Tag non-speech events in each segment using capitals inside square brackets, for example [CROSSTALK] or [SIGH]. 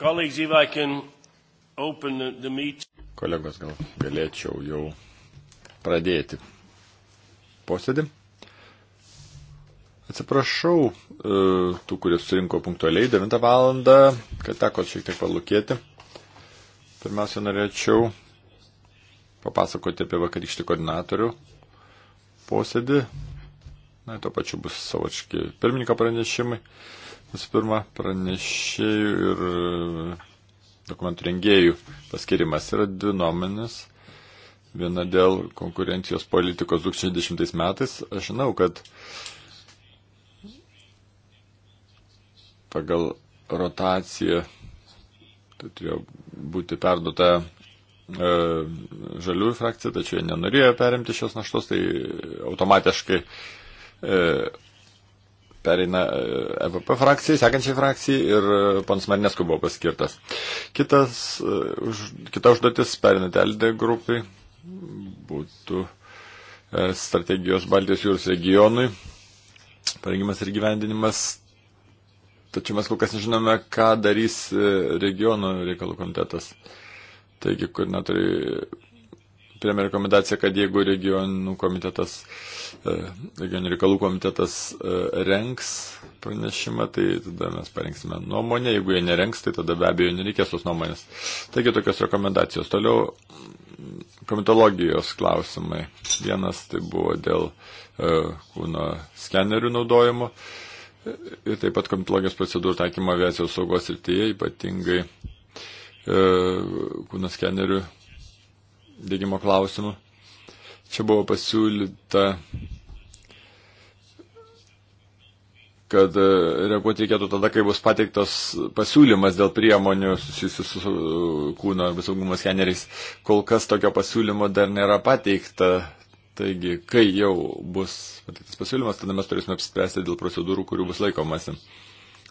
Kolegos, gal galėčiau jau pradėti posėdį. Atsiprašau e, tų, kurie surinko punktualiai 9 valandą, kad teko šiek tiek palūkėti. Pirmiausia, norėčiau papasakoti apie vakarykštį koordinatorių posėdį. Na, tuo pačiu bus savočki pirmininko pranešimai. Uh, Visų pirma, pranešėjų ir e, dokumentų rengėjų paskirimas yra dvi nuomenės. Viena dėl konkurencijos politikos 2010 metais. Aš žinau, kad pagal rotaciją tai turėjo būti perduota e, žaliųjų frakcija, tačiau jie nenorėjo perimti šios naštos, tai automatiškai e, pereina EVP e frakcijai, sekančiai frakcijai ir e, pons Marinesku buvo paskirtas. Kitas, e, už, kita užduotis pereina Teldė grupai būtų strategijos Baltijos jūros regionui, parengimas ir gyvendinimas. Tačiau mes kol kas nežinome, ką darys regionų reikalų komitetas. Taigi, koordinatoriai priemė rekomendaciją, kad jeigu regionų komitetas, e, regionų reikalų komitetas e, renks pranešimą, tai tada mes parinksime nuomonę, jeigu jie nerenks, tai tada be abejo nereikės tos nuomonės. Taigi tokios rekomendacijos. Toliau mm, komitologijos klausimai. Vienas tai buvo dėl e, kūno skenerių naudojimo ir taip pat komitologijos procedūrų taikymo aviacijos saugos srityje, ypatingai kūno skenerių dėgymo klausimu. Čia buvo pasiūlyta, kad e, reaguoti reikėtų tada, kai bus pateiktas pasiūlymas dėl priemonių susijusių su kūno arba saugumo skeneriais. Kol kas tokio pasiūlymo dar nėra pateikta. Taigi, kai jau bus pateiktas pasiūlymas, tada mes turėsime apspręsti dėl procedūrų, kurių bus laikomasi.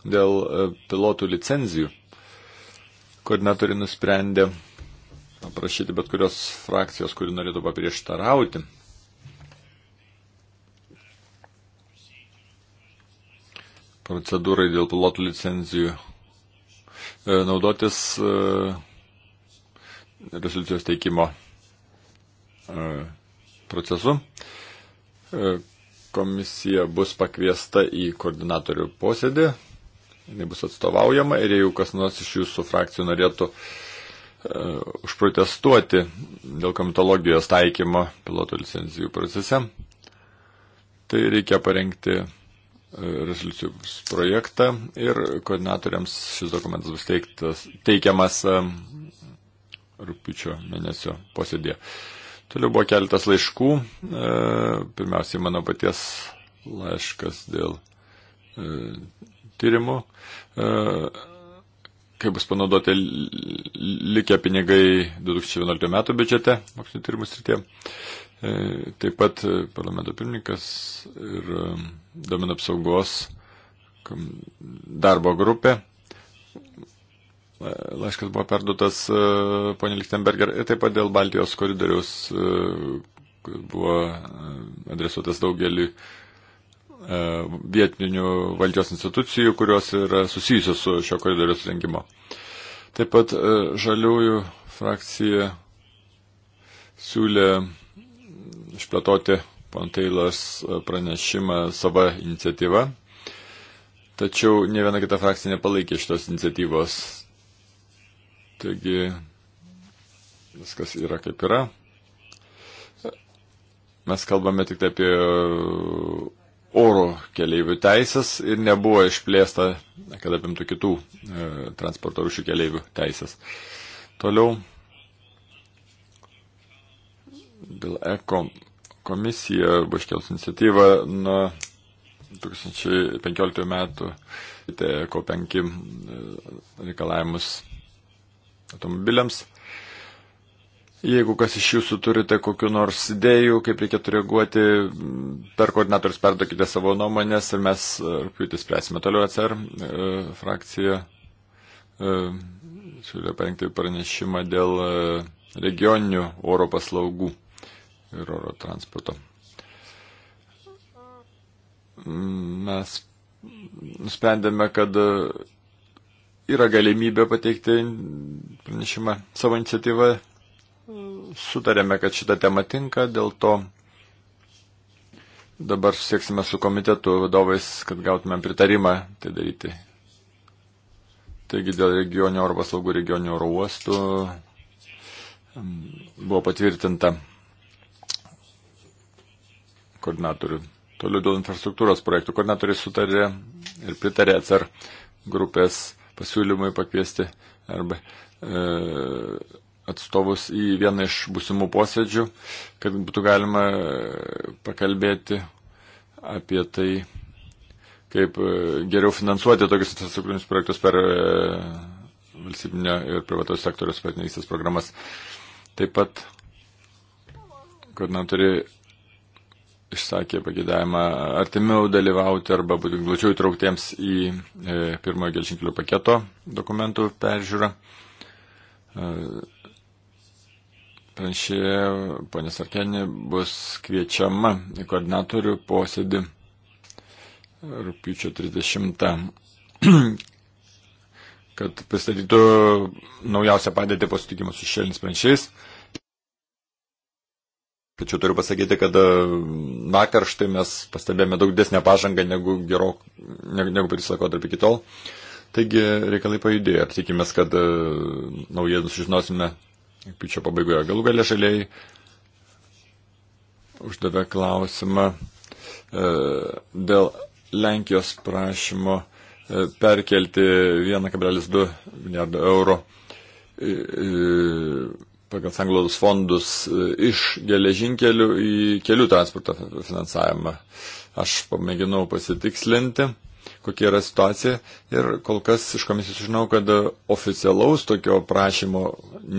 Dėl e, pilotų licenzijų koordinatoriai nusprendė paprašyti bet kurios frakcijos, kuri norėtų paprieštarauti. Procedūrai dėl pilotų licenzijų e, naudotis e, rezoliucijos teikimo e, procesu. Komisija bus pakviesta į koordinatorių posėdį, jinai bus atstovaujama ir jeigu kas nors iš jūsų frakcijų norėtų uh, E, užprotestuoti dėl komitologijos taikymo piloto licencijų procese. Tai reikia parengti e, rezoliucijų projektą ir koordinatoriams šis dokumentas bus teiktas, teikiamas e, rūpiučio mėnesio posėdėje. Toliau buvo keletas laiškų. Pirmiausiai mano paties laiškas dėl tyrimų kaip bus panaudoti likę pinigai 2011 metų biudžete, mokslinio tyrimų srityje. E, taip pat e, parlamento pirmininkas ir e, domino apsaugos darbo grupė. Laiškas buvo perduotas ponė Lichtenberger ir taip pat dėl Baltijos koridoriaus buvo adresuotas daugeliu E, vietinių valdžios institucijų, kurios yra susijusios su šio koridoriaus rengimo. Taip pat e, žaliųjų frakcija siūlė išplėtoti Ponteilas e, pranešimą savo iniciatyvą, tačiau ne viena kita frakcija nepalaikė šitos iniciatyvos. Taigi viskas yra kaip yra. Mes kalbame tik tai apie oro keleivių teisės ir nebuvo išplėsta, kad apimtų kitų e, transporto rūšių keleivių teisės. Toliau dėl ECO komisija buvo iškelus iniciatyva nuo 2015 metų tai ECO 5 e, reikalavimus automobiliams. Jeigu kas iš jūsų turite kokiu nors idėjų, kaip reikėtų reaguoti, per koordinatorius perduokite savo nuomonės ir mes e, rūpjūtį spręsime toliau atsar e, frakciją. E, siūlė parengti pranešimą dėl regioninių oro paslaugų ir oro transporto. Mes nusprendėme, kad yra galimybė pateikti pranešimą savo iniciatyvą sutarėme, kad šitą temą tinka, dėl to dabar sieksime su komitetu vadovais, kad gautume pritarimą tai daryti. Taigi dėl regioninio arba saugų regioninio oro uostų buvo patvirtinta koordinatorių. Toliau dėl infrastruktūros projektų koordinatoriai sutarė ir pritarė atsar grupės pasiūlymui pakviesti arba e, atstovus į vieną iš būsimų posėdžių, kad būtų galima e, pakalbėti apie tai, kaip e, geriau finansuoti tokius infrastruktūrinius projektus per e, valstybinio ir privataus sektoriaus partnerystės programas. Taip pat koordinatoriai išsakė pagėdavimą artimiau dalyvauti arba būti glačiau įtrauktiems į pirmojo gelžinkelių paketo dokumentų peržiūrą pranešėja ponė Sarkenė bus kviečiama į koordinatorių posėdį rūpiučio 30, [CLEARS THROAT] kad pristatytų naujausią padėtį po sutikimo su šelnis pranešėjais. Tačiau turiu pasakyti, kad e, vakar štai mes pastebėjome daug desnę pažangą negu, gerok, negu, negu per visą laikotarpį iki tol. Taigi reikalai pajudėjo ir tikimės, kad e, naujieną sužinosime rūpiučio pabaigoje. Galų galę žaliai uždavė klausimą e, dėl Lenkijos prašymo e, perkelti 1,2 milijardo eurų e, pagal sanglaudos fondus iš geležinkelių į kelių transporto finansavimą. Aš pamėginau pasitikslinti kokia yra situacija. Ir kol kas iš komisijos žinau, kad oficialaus tokio prašymo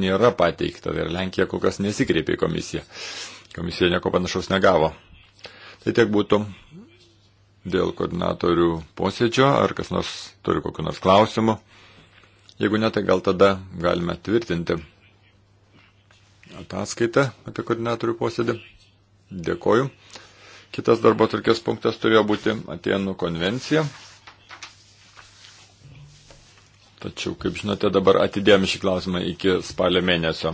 nėra pateikta ir Lenkija kol kas nesikreipė į komisiją. Komisija nieko panašaus negavo. Tai tiek būtų dėl koordinatorių posėdžio, ar kas nors turi kokiu nors klausimu. Jeigu ne, tai gal tada galime tvirtinti ataskaitą apie koordinatorių posėdį. Dėkoju. Kitas darbo turkės punktas turėjo būti Atenų konvencija. Tačiau, kaip žinote, dabar atidėjome šį klausimą iki spalio mėnesio.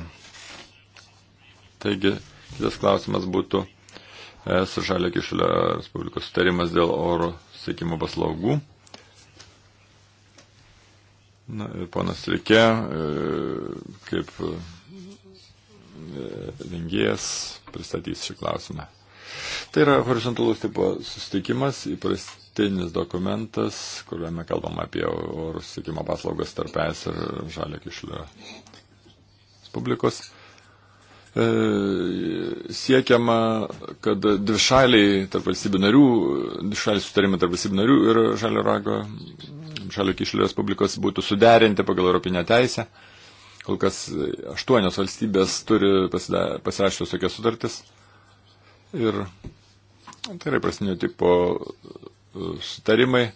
Taigi, kitas klausimas būtų e, su Žalio Kišulio Respublikos sutarimas dėl oro sėkimo paslaugų. Na ir ponas Rikė, e, kaip e, rengėjas, pristatys šį klausimą. Tai yra horizontalus tipo susitikimas, įprasti paskutinis dokumentas, kuriame kalbam apie orų sėkimo paslaugas tarp ES ir Žalio Kišlio Respublikos. E, siekiama, kad dvišaliai tarp valstybių narių, dvišaliai sutarimai tarp valstybių narių ir Žalio Rago, Žalio Kišlio Respublikos būtų suderinti pagal Europinę teisę. Kol kas aštuonios valstybės turi pasirašytos tokias sutartis. Ir Tai yra prasminio tipo sutarimai.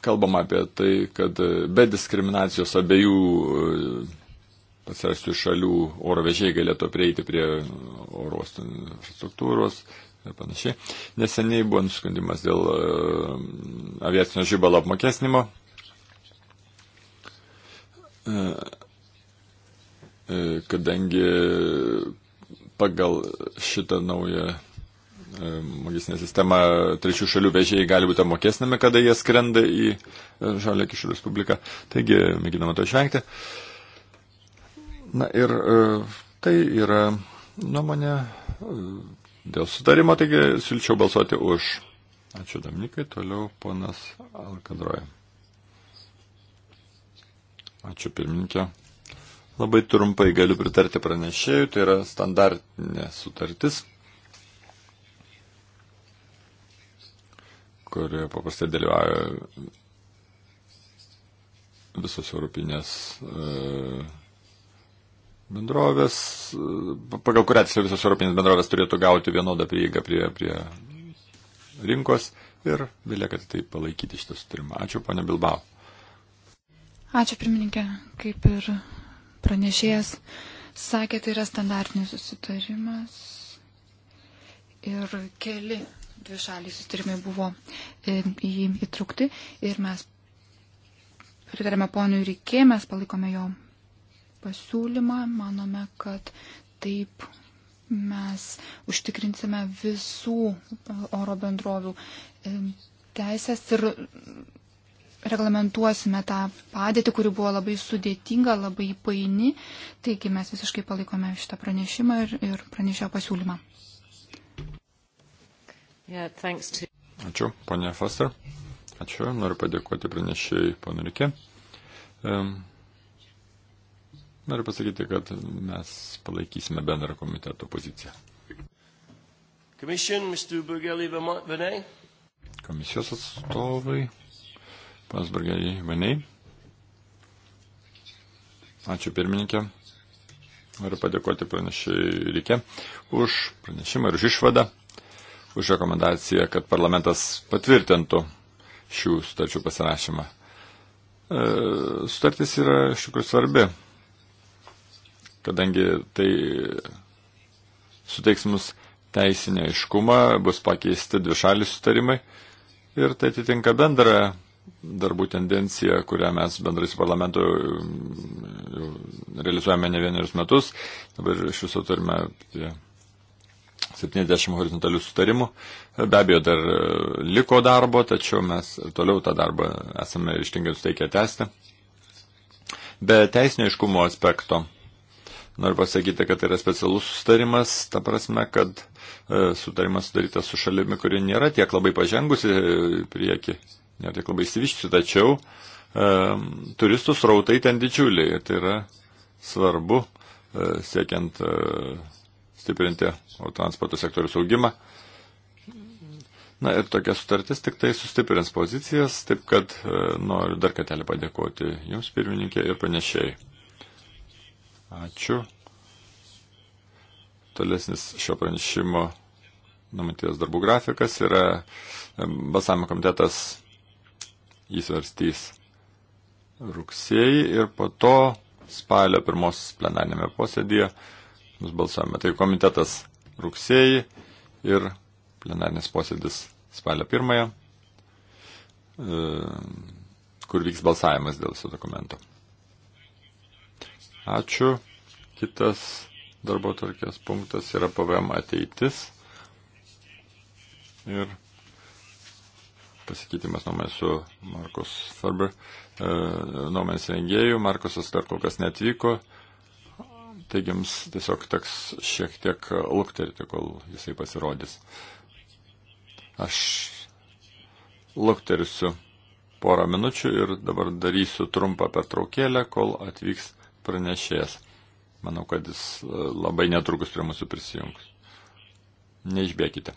Kalbam apie tai, kad be diskriminacijos abiejų pasirastų e, šalių oro vežėjai galėtų prieiti prie oro infrastruktūros ir panašiai. Neseniai buvo nuskandimas dėl e, aviacinio žybalo apmokesnimo. E, kadangi pagal šitą naują E, mokestinę sistemą trečių šalių vežėjai gali būti apmokestinami, kada jie skrenda į e, Žalę Kišų Respubliką. Taigi, mėginama to išvengti. Na ir e, tai yra nuomonė dėl sutarimo, taigi siūlyčiau balsuoti už. Ačiū Dominikai, toliau ponas Alkadroja. Ačiū pirmininkė. Labai trumpai galiu pritarti pranešėjui, tai yra standartinė sutartis kuri paprastai dalyvauja visos europinės e, bendrovės, e, pagal kurią tiksliau visos europinės bendrovės turėtų gauti vienodą prieigą prie, prie rinkos ir belieka tai palaikyti šitą sutarimą. Ačiū, ponia Bilbao. Ačiū, pirmininkė, kaip ir pranešėjas sakė, tai yra standartinis susitarimas ir keli dvi šaliai sustarimai buvo e, įtraukti ir mes pritarėme ponui Rikė, mes palikome jo pasiūlymą, manome, kad taip mes užtikrinsime visų oro bendrovių e, teisės ir reglamentuosime tą padėtį, kuri buvo labai sudėtinga, labai paini. Taigi mes visiškai palikome šitą pranešimą ir, ir pranešėjo pasiūlymą. Yeah, to... Ačiū, ponė Foster. Ačiū, noriu padėkoti pranešėjai, ponė Rikė. Um, noriu pasakyti, kad mes palaikysime bendrą komiteto poziciją. Komisijos atstovai, panas Burgeliai Vanei. Ačiū pirmininkė. Noriu padėkoti pranešėjai Rikė už pranešimą ir už išvadą už rekomendaciją, kad parlamentas patvirtintų šių sutarčių pasirašymą. E, sutartis yra iš tikrųjų svarbi, kadangi tai suteiks mus teisinę iškumą, bus pakeisti dvišaliai sutarimai ir tai atitinka bendrą darbų tendenciją, kurią mes bendrai su parlamentu mm, realizuojame ne vienerius metus. Dabar iš viso turime apie 70 horizontalių sutarimų. Be abejo, dar e, liko darbo, tačiau mes toliau tą darbą esame ištingai suteikę tęsti. Be teisinio iškumo aspekto. Noriu pasakyti, kad tai yra specialus sutarimas, ta prasme, kad e, sutarimas sudarytas su šalimi, kuri nėra tiek labai pažengusi e, prieki, nėra tiek labai įsivyščiusi, tačiau e, turistų srautai ten didžiuliai. Tai yra svarbu e, siekiant e, stiprinti autotransporto sektorius augimą. Na ir tokia sutartis tik tai sustiprins pozicijas, taip kad e, noriu dar kartelį padėkoti Jums, pirmininkė, ir panašiai. Ačiū. Tolesnis šio pranešimo numatytas darbų grafikas yra e, balsavimo komitetas įsvarstys rugsėjį ir po to spalio pirmos plenarnėme posėdėje bus balsuojama. Tai komitetas rugsėjai ir plenarnis posėdis spalio pirmąją, e, kur vyks balsavimas dėl viso dokumento. Ačiū. Kitas darbo tvarkės punktas yra PVM ateitis ir pasikeitimas nuomonės su Markus Farber, e, nuomonės rengėjų. Markusas dar kol kas netvyko taigi jums tiesiog teks šiek tiek lukterti, kol jisai pasirodys. Aš luktersiu porą minučių ir dabar darysiu trumpą pertraukėlę, kol atvyks pranešėjas. Manau, kad jis e, labai netrukus prie mūsų prisijungs. Neišbėkite.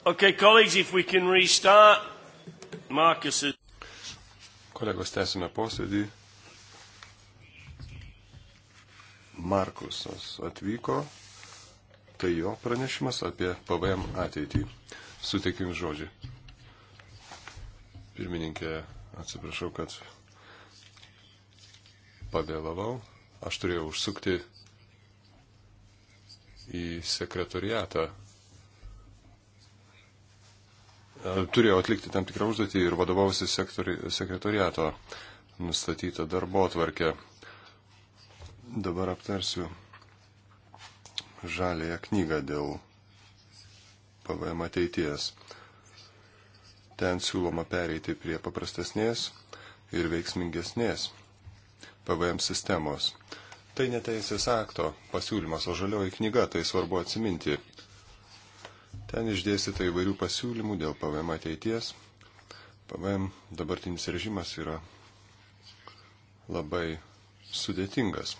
Okay, colleagues, if we can restart. Marcus is... Kolegos, tęsime posėdį. Markusas atvyko, tai jo pranešimas apie PVM ateitį. Suteikim žodžiu. Pirmininkė, atsiprašau, kad pavėlavau. Aš turėjau užsukti į sekretoriatą turėjo atlikti tam tikrą užduotį ir vadovausi sekretoriato nustatytą darbo atvarkę. Dabar aptarsiu žalėją knygą dėl PVM ateities. Ten siūloma pereiti prie paprastesnės ir veiksmingesnės PVM sistemos. Tai neteisės akto pasiūlymas, o žalioji knyga, tai svarbu atsiminti. Ten išdėstyta įvairių pasiūlymų dėl PVM ateities. PVM dabartinis režimas yra labai sudėtingas.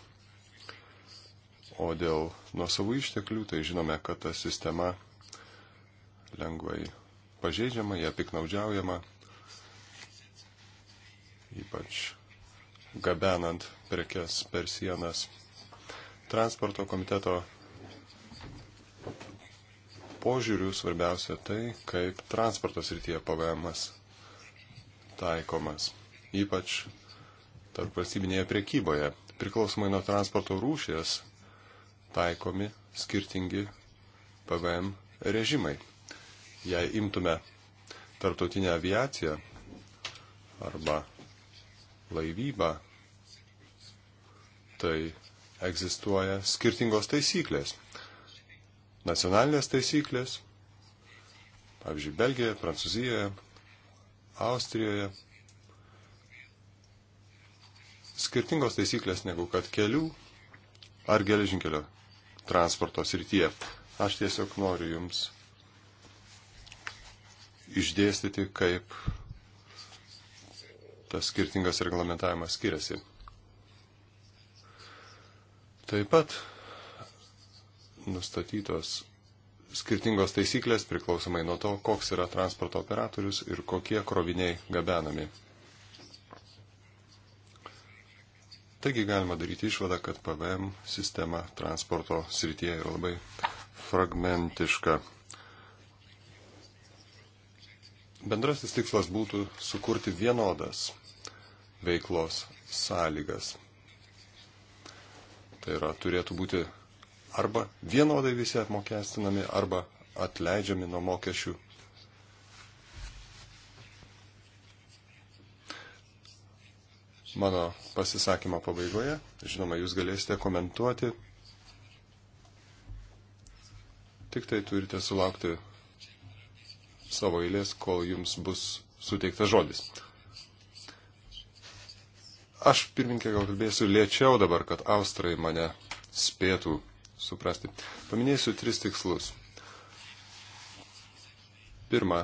O dėl nuosavų išteklių, tai žinome, kad ta sistema lengvai pažeidžiama, ją piknaudžiaujama, ypač gabenant prekes per sienas. Transporto komiteto požiūrių svarbiausia tai, kaip transportos rytyje PVM taikomas, ypač tarp valstybinėje priekyboje. Priklausomai nuo transporto rūšies taikomi skirtingi PVM režimai. Jei imtume tarptautinę aviaciją arba laivybą, tai egzistuoja skirtingos taisyklės nacionalinės taisyklės, pavyzdžiui, Belgijoje, Prancūzijoje, Austrijoje, skirtingos taisyklės negu kad kelių ar geležinkelio transporto srityje. Aš tiesiog noriu Jums išdėstyti, kaip tas skirtingas reglamentavimas skiriasi. Taip pat nustatytos skirtingos taisyklės priklausomai nuo to, koks yra transporto operatorius ir kokie kroviniai gabenami. Taigi galima daryti išvadą, kad PVM sistema transporto srityje yra labai fragmentiška. Bendrasis tikslas būtų sukurti vienodas veiklos sąlygas. Tai yra, turėtų būti arba vienodai visi apmokestinami, arba atleidžiami nuo mokesčių. Mano pasisakymo pabaigoje, žinoma, jūs galėsite komentuoti. Tik tai turite sulaukti savo eilės, kol jums bus suteiktas žodis. Aš pirmininkė gal kalbėsiu lėčiau dabar, kad austrai mane spėtų suprasti. Paminėsiu tris tikslus. Pirma,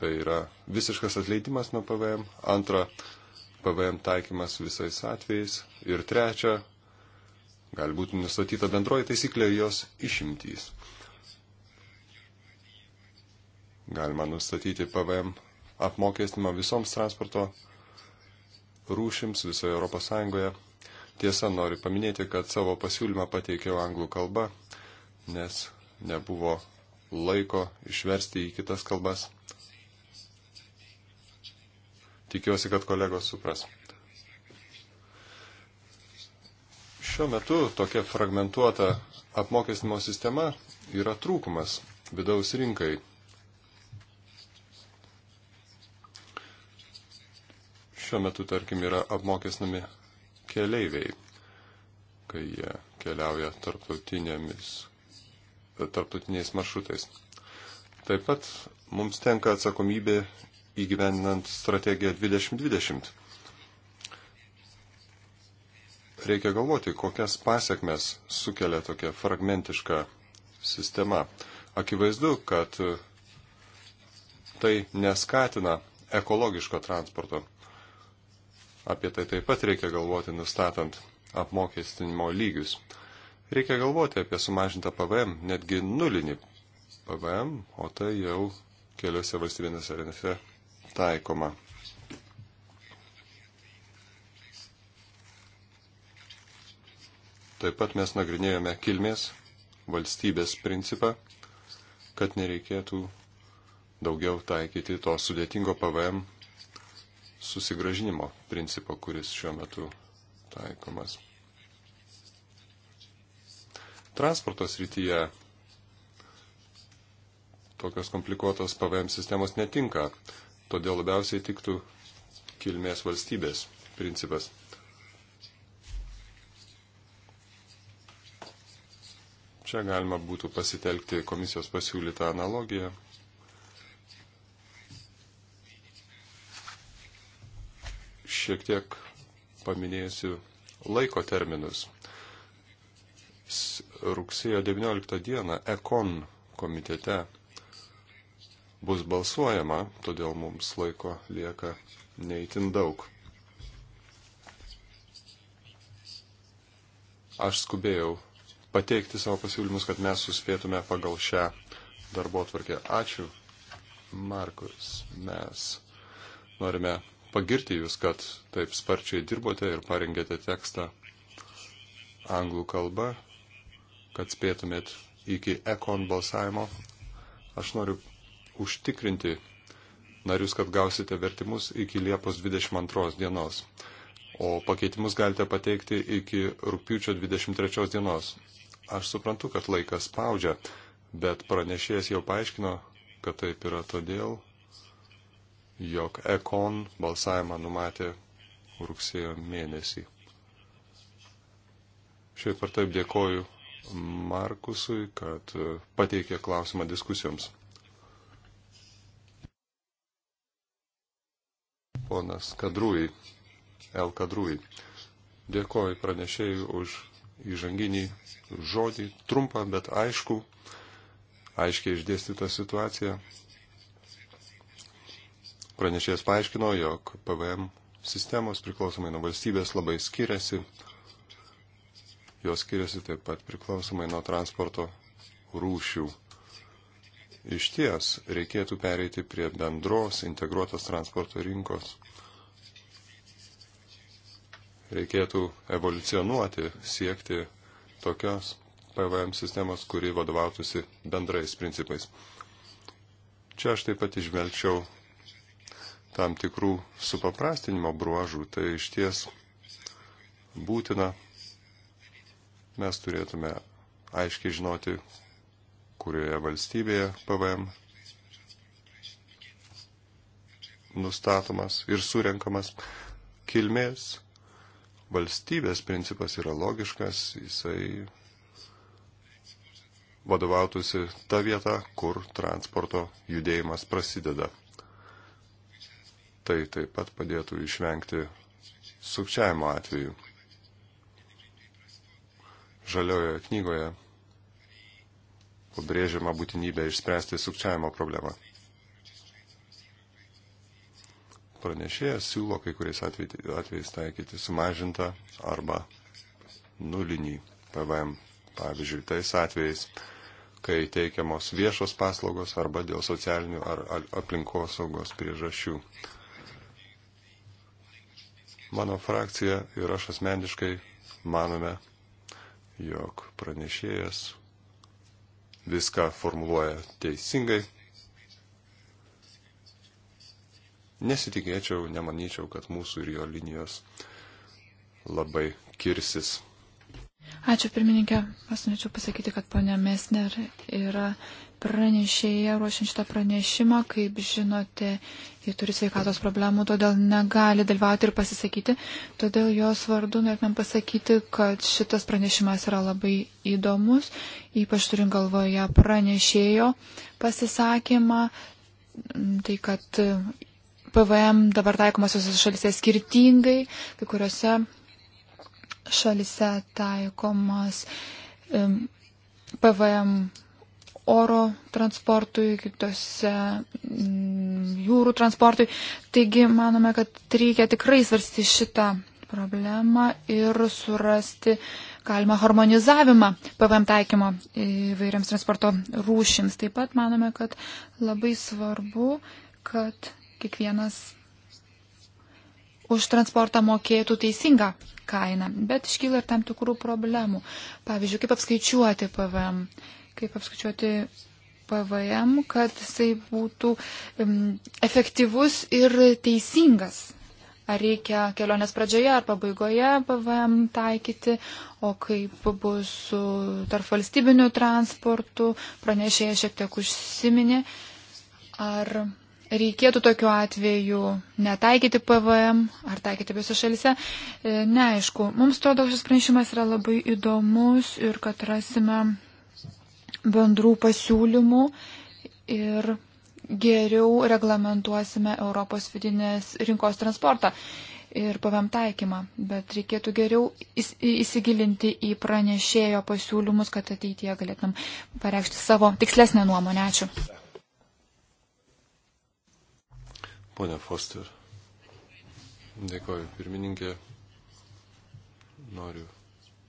tai yra visiškas atleidimas nuo PVM. Antra, PVM taikymas visais atvejais. Ir trečia, gali būti nustatyta bendroji taisyklė ir jos išimtys. Galima nustatyti PVM apmokestimą visoms transporto rūšims visoje Europos Sąjungoje Tiesa, noriu paminėti, kad savo pasiūlymą pateikiau anglų kalbą, nes nebuvo laiko išversti į kitas kalbas. Tikiuosi, kad kolegos supras. Šiuo metu tokia fragmentuota apmokestinimo sistema yra trūkumas vidaus rinkai. Šiuo metu, tarkim, yra apmokestinami keleiviai, kai jie keliauja tarptautiniais maršrutais. Taip pat mums tenka atsakomybė įgyvendinant strategiją 2020. Reikia galvoti, kokias pasiekmes sukelia tokia fragmentiška sistema. Akivaizdu, kad tai neskatina ekologiško transporto. Apie tai taip pat reikia galvoti, nustatant apmokestinimo lygius. Reikia galvoti apie sumažintą PVM, netgi nulinį PVM, o tai jau keliose valstybinėse renose taikoma. Taip pat mes nagrinėjome kilmės valstybės principą, kad nereikėtų daugiau taikyti to sudėtingo PVM susigražinimo principo, kuris šiuo metu taikomas. Transporto srityje tokios komplikuotos PVM sistemos netinka, todėl labiausiai tiktų kilmės valstybės principas. Čia galima būtų pasitelkti komisijos pasiūlytą analogiją šiek tiek paminėsiu laiko terminus. Rugsėjo 19 dieną Ekon komitete bus balsuojama, todėl mums laiko lieka neįtin daug. Aš skubėjau pateikti savo pasiūlymus, kad mes suspėtume pagal šią darbo tvarkę. Ačiū, Markus. Mes norime pagirti Jūs, kad taip sparčiai dirbote ir parengėte tekstą anglų kalba, kad spėtumėt iki ekon balsavimo. Aš noriu užtikrinti narius, kad gausite vertimus iki Liepos 22 dienos, o pakeitimus galite pateikti iki rūpiučio 23 dienos. Aš suprantu, kad laikas spaudžia, bet pranešėjas jau paaiškino, kad taip yra todėl, jog Ekon balsavimą numatė rugsėjo mėnesį. Šiaip ar taip dėkoju Markusui, kad e, pateikė klausimą diskusijoms. Ponas Kadrui, El Kadrui, dėkoju pranešėjui už įžanginį žodį, trumpą, bet aišku, aiškiai išdėstytą situaciją. Pranešėjas paaiškino, jog PVM sistemos priklausomai nuo valstybės labai skiriasi. Jos skiriasi taip pat priklausomai nuo transporto rūšių. Iš ties reikėtų pereiti prie bendros integruotos transporto rinkos. Reikėtų evoliucionuoti, siekti tokios PVM sistemos, kuri vadovautųsi bendrais principais. Čia aš taip pat išvelgčiau tam tikrų supaprastinimo bruožų, tai iš ties būtina mes turėtume aiškiai žinoti, kurioje valstybėje PVM nustatomas ir surenkamas kilmės. Valstybės principas yra logiškas, jisai vadovautųsi ta vieta, kur transporto judėjimas prasideda. Tai taip pat padėtų išvengti sukčiavimo atveju. Žaliojoje knygoje pabrėžiama būtinybė išspręsti sukčiavimo problemą. Pranešėjas siūlo kai kuriais atvejais taikyti sumažintą arba nulinį PVM, pavyzdžiui, tais atvejais, kai teikiamos viešos paslaugos arba dėl socialinių ar aplinkosaugos priežasčių. Mano frakcija ir aš asmeniškai manome, jog pranešėjas viską formuluoja teisingai. Nesitikėčiau, nemanyčiau, kad mūsų ir jo linijos labai kirsis. Ačiū pirmininkė. Aš norėčiau pasakyti, kad ponia Mesner yra pranešėja ruošiant šitą pranešimą, kaip žinote, ji turi sveikatos problemų, todėl negali dalyvauti ir pasisakyti. Todėl jos vardu norėtumėm pasakyti, kad šitas pranešimas yra labai įdomus, ypač turint galvoje pranešėjo pasisakymą, tai kad PVM dabar taikomas visose šalise skirtingai, kai kuriuose šalise taikomas. Um, PVM oro transportui, kitose mm, jūrų transportui. Taigi manome, kad reikia tikrai svarsti šitą problemą ir surasti galima harmonizavimą PVM taikymo įvairiams transporto rūšims. Taip pat manome, kad labai svarbu, kad kiekvienas už transportą mokėtų teisingą kainą, bet iškyla ir tam tikrų problemų. Pavyzdžiui, kaip apskaičiuoti PVM kaip apskaičiuoti PVM, kad jisai būtų um, efektyvus ir teisingas. Ar reikia kelionės pradžioje ar pabaigoje PVM taikyti, o kaip bus su tarp valstybiniu transportu, pranešėja šiek tiek užsiminė, ar reikėtų tokiu atveju netaikyti PVM ar taikyti visose šalise, e, neaišku. Mums to šis pranešimas yra labai įdomus ir kad rasime bendrų pasiūlymų ir geriau reglamentuosime Europos vidinės rinkos transportą ir pavėm taikymą, bet reikėtų geriau įsigilinti į pranešėjo pasiūlymus, kad ateityje galėtum pareikšti savo tikslesnę nuomonę. Ačiū. Pone Foster, dėkoju pirmininkė. Noriu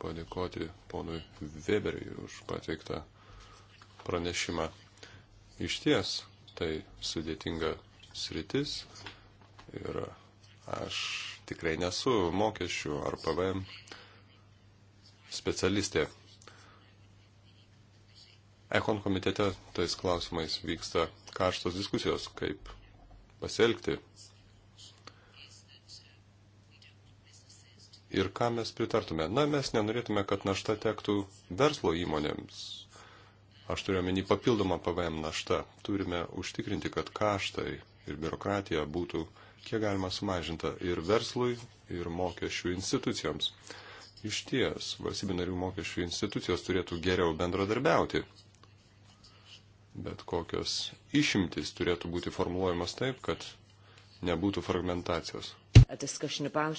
padėkoti ponui Weberiui už pateiktą pranešimą. Iš ties, tai sudėtinga sritis ir aš tikrai nesu mokesčių ar PVM specialistė. Ekon komitete tais klausimais vyksta karštos diskusijos, kaip pasielgti ir ką mes pritartume. Na, mes nenorėtume, kad našta tektų verslo įmonėms, Aš turiu omeny papildomą PVM naštą. Turime užtikrinti, kad kaštai ir biurokratija būtų kiek galima sumažinta ir verslui, ir mokesčių institucijoms. Iš ties, valstybinarių mokesčių institucijos turėtų geriau bendradarbiauti. Bet kokios išimtis turėtų būti formuluojamas taip, kad nebūtų fragmentacijos.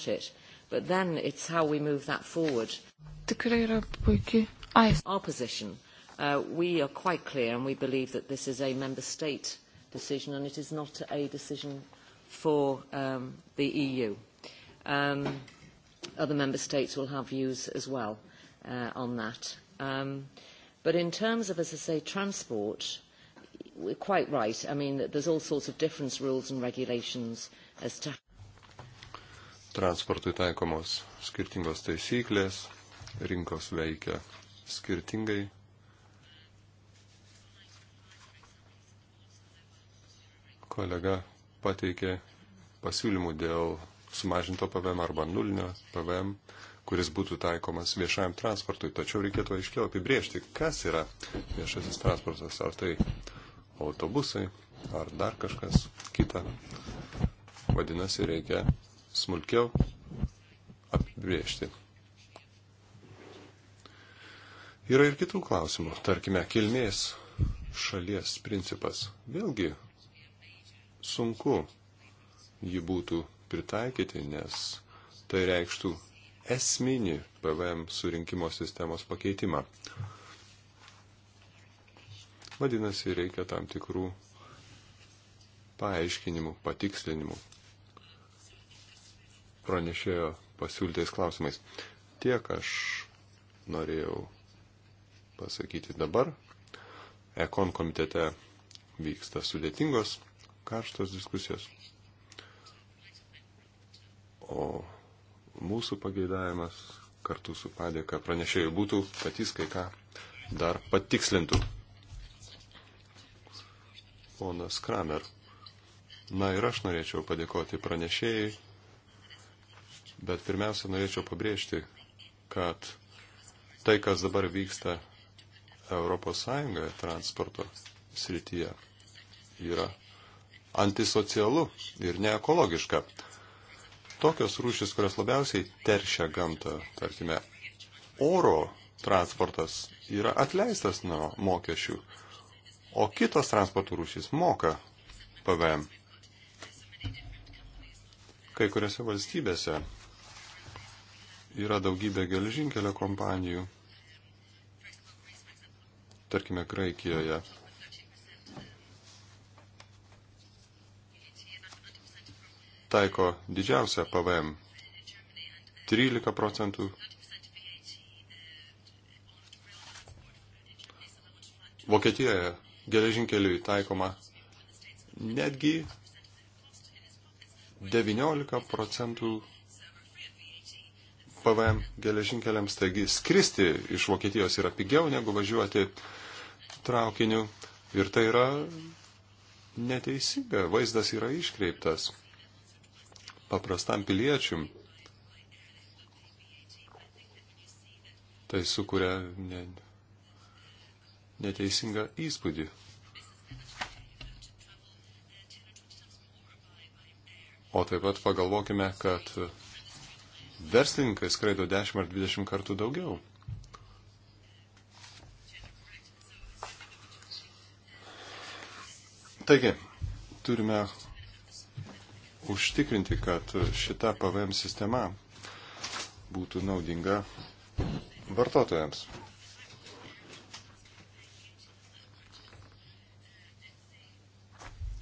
It, Tikrai yra puikiai. Ai. Uh, we are quite clear and we believe that this is a member state decision and it is not a decision for um, the EU. Um, other member states will have views as well uh, on that. Um, but in terms of, as I say, transport, we're quite right. I mean, there's all sorts of different rules and regulations as to transportui taikomos skirtingos taisyklės, rinkos veikia skirtingai, kolega pateikė pasiūlymų dėl sumažinto PVM arba nulinio PVM, kuris būtų taikomas viešajam transportui. Tačiau reikėtų aiškiau apibriežti, kas yra viešasis transportas. Ar tai autobusai, ar dar kažkas kita. Vadinasi, reikia smulkiau apibriežti. Yra ir kitų klausimų, tarkime, kilmės šalies principas. Vėlgi sunku jį būtų pritaikyti, nes tai reikštų esminį PVM surinkimo sistemos pakeitimą. Vadinasi, reikia tam tikrų paaiškinimų, patikslinimų pranešėjo pasiūlytais klausimais. Tiek aš norėjau pasakyti dabar. Ekon komitete vyksta sudėtingos karštos diskusijos. O mūsų pageidavimas kartu su padėka pranešėjų būtų, kad jis kai ką dar patikslintų. Ponas Kramer. Na ir aš norėčiau padėkoti pranešėjai, bet pirmiausia norėčiau pabrėžti, kad tai, kas dabar vyksta ES transporto srityje, yra antisocialu ir neekologiška. Tokios rūšis, kurios labiausiai teršia gamtą, tarkime, oro transportas yra atleistas nuo mokesčių, o kitos transporto rūšys moka PVM. Kai kuriuose valstybėse yra daugybė geležinkelio kompanijų, tarkime Graikijoje, taiko didžiausią PVM 13 procentų. Vokietijoje geležinkeliui taikoma netgi 19 procentų PVM geležinkeliams, taigi skristi iš Vokietijos yra pigiau negu važiuoti traukiniu ir tai yra neteisinga, vaizdas yra iškreiptas paprastam piliečium. Tai sukuria ne, neteisingą įspūdį. O taip pat pagalvokime, kad verslininkai skraido 10 ar 20 kartų daugiau. Taigi, turime užtikrinti, kad šita PVM sistema būtų naudinga vartotojams.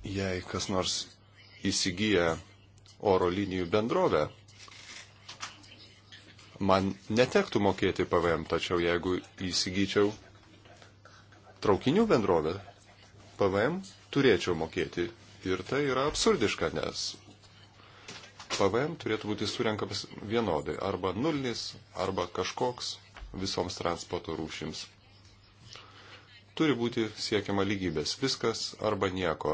Jei kas nors įsigyja oro linijų bendrovę, man netektų mokėti PVM, tačiau jeigu įsigyčiau traukinių bendrovę, PVM turėčiau mokėti. Ir tai yra absurdiška, nes PVM turėtų būti surenkamas vienodai, arba nulis, arba kažkoks visoms transporto rūšims. Turi būti siekiama lygybės viskas arba nieko.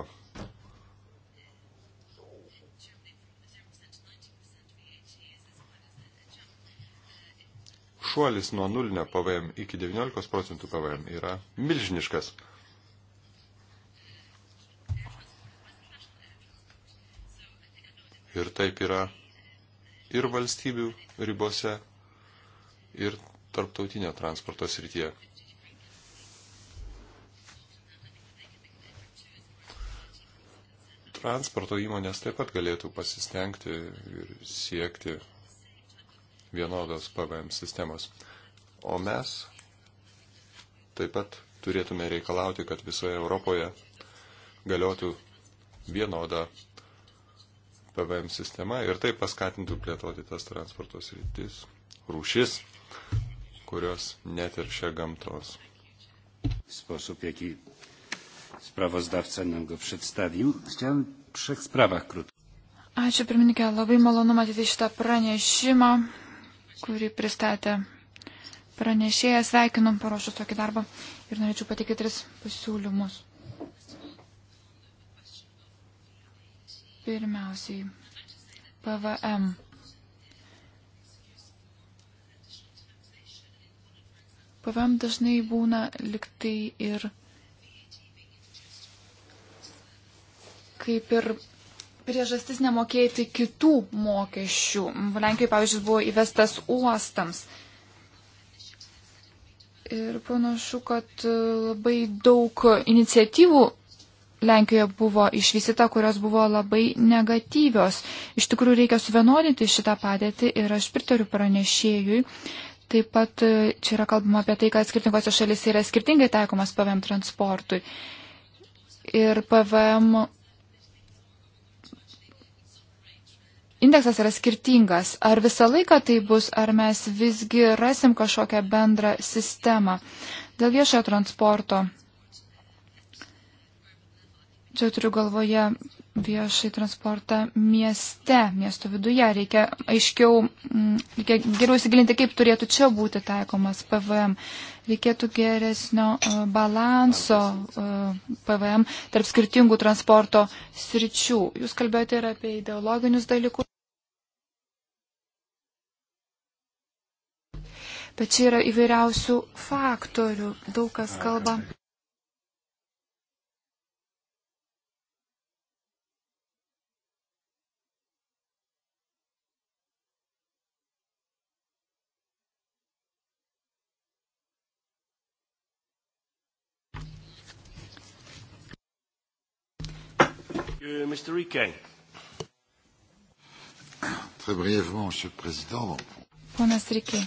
Šuolis nuo nulinio PVM iki 19 procentų PVM yra milžiniškas. Ir taip yra ir valstybių ribose, ir tarptautinio transporto srityje. Transporto įmonės taip pat galėtų pasistengti ir siekti vienodos PVM sistemos. O mes taip pat turėtume reikalauti, kad visoje Europoje galiotų vienoda PVM sistema ir tai paskatintų plėtoti tas transporto sritis, rūšis, kurios neteršia gamtos. Sposób, jaki sprawozdawca nam go przedstawił, chciałem w trzech sprawach krótko. Ačiū pirmininkė, labai malonu matyti šitą pranešimą, kurį pristatė pranešėjas. Sveikinu paruošus tokį darbą ir norėčiau pateikti tris pasiūlymus. Pirmiausiai, PVM. PVM dažnai būna liktai ir kaip ir priežastis nemokėti kitų mokesčių. Lenkijoje, pavyzdžiui, buvo įvestas uostams. Ir panašu, kad labai daug iniciatyvų Lenkijoje buvo išvisita, kurios buvo labai negatyvios. Iš tikrųjų reikia suvienodinti šitą padėtį ir aš pritariu pranešėjui. Taip pat e, čia yra kalbama apie tai, kad skirtingose šalise yra skirtingai taikomas PVM transportui. Ir PVM indeksas yra skirtingas. Ar visą laiką tai bus, ar mes visgi rasim kažkokią bendrą sistemą dėl viešojo transporto Čia turiu galvoje viešai transportą mieste, miesto viduje. Reikia aiškiau, mm, reikia geriau įsigilinti, kaip turėtų čia būti taikomas PVM. Reikėtų geresnio e, balanso e, PVM tarp skirtingų transporto sričių. Jūs kalbėjote ir apie ideologinius dalykus. Bet čia yra įvairiausių faktorių. Daug kas kalba Mr. Rike. Très brièvement, Monsieur le Président. Ponas Rike,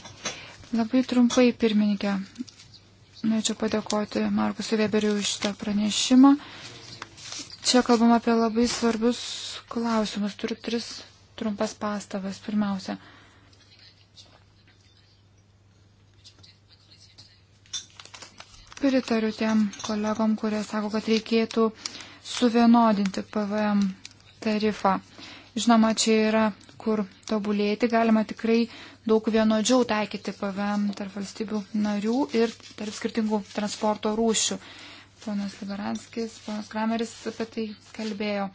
labai trumpai pirmininkė. Norėčiau padėkoti Markusui Weberiu už šitą pranešimą. Čia kalbam apie labai svarbius klausimus. Turiu tris trumpas pastabas. Pirmiausia. Pritariu tiem kolegom, kurie sako, kad reikėtų uh, suvienodinti PVM tarifą. Žinoma, čia yra kur tobulėti, galima tikrai daug vienodžiau taikyti PVM tarp valstybių narių ir tarp skirtingų transporto rūšių. Ponas Liberanskis, ponas Krameris apie tai kalbėjo.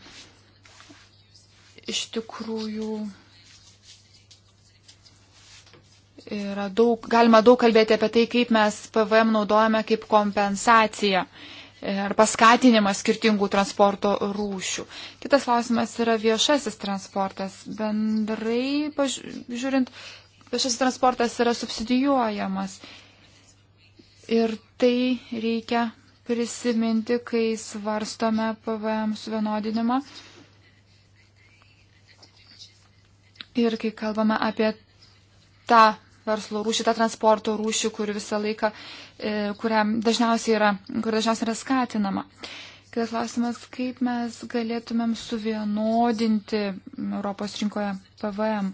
Iš tikrųjų, yra daug, galima daug kalbėti apie tai, kaip mes PVM naudojame kaip kompensaciją. Uh, E, ar paskatinimas skirtingų transporto rūšių. Kitas klausimas yra viešasis transportas. Bendrai, žiūrint, viešasis transportas yra subsidijuojamas. Ir tai reikia prisiminti, kai svarstome PVM suvienodinimą. Ir kai kalbame apie tą verslo rūšį, tą transporto rūšį, kur visą laiką, e, kuria dažniausiai yra, kur dažniausiai yra skatinama. Kitas klausimas, kaip mes galėtumėm suvienodinti Europos rinkoje PVM.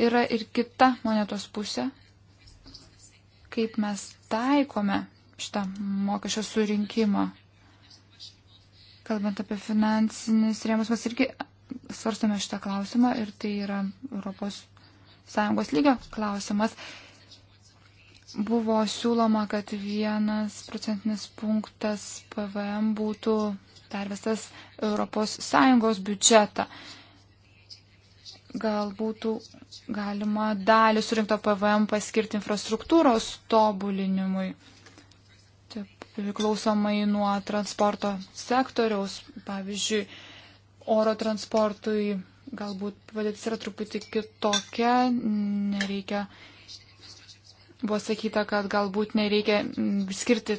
Yra ir kita monetos pusė, kaip mes taikome šitą mokesčio surinkimą. Kalbant apie finansinis rėmus, mes irgi svarstame šitą klausimą ir tai yra Europos sąjungos lygio klausimas. Buvo siūloma, kad vienas procentinis punktas PVM būtų pervestas Europos Sąjungos biudžetą. Gal būtų galima dalį surinkto PVM paskirti infrastruktūros tobulinimui priklausomai nuo transporto sektoriaus, pavyzdžiui, oro transportui galbūt padėtis yra truputį kitokia, nereikia, buvo sakyta, kad galbūt nereikia mm, skirti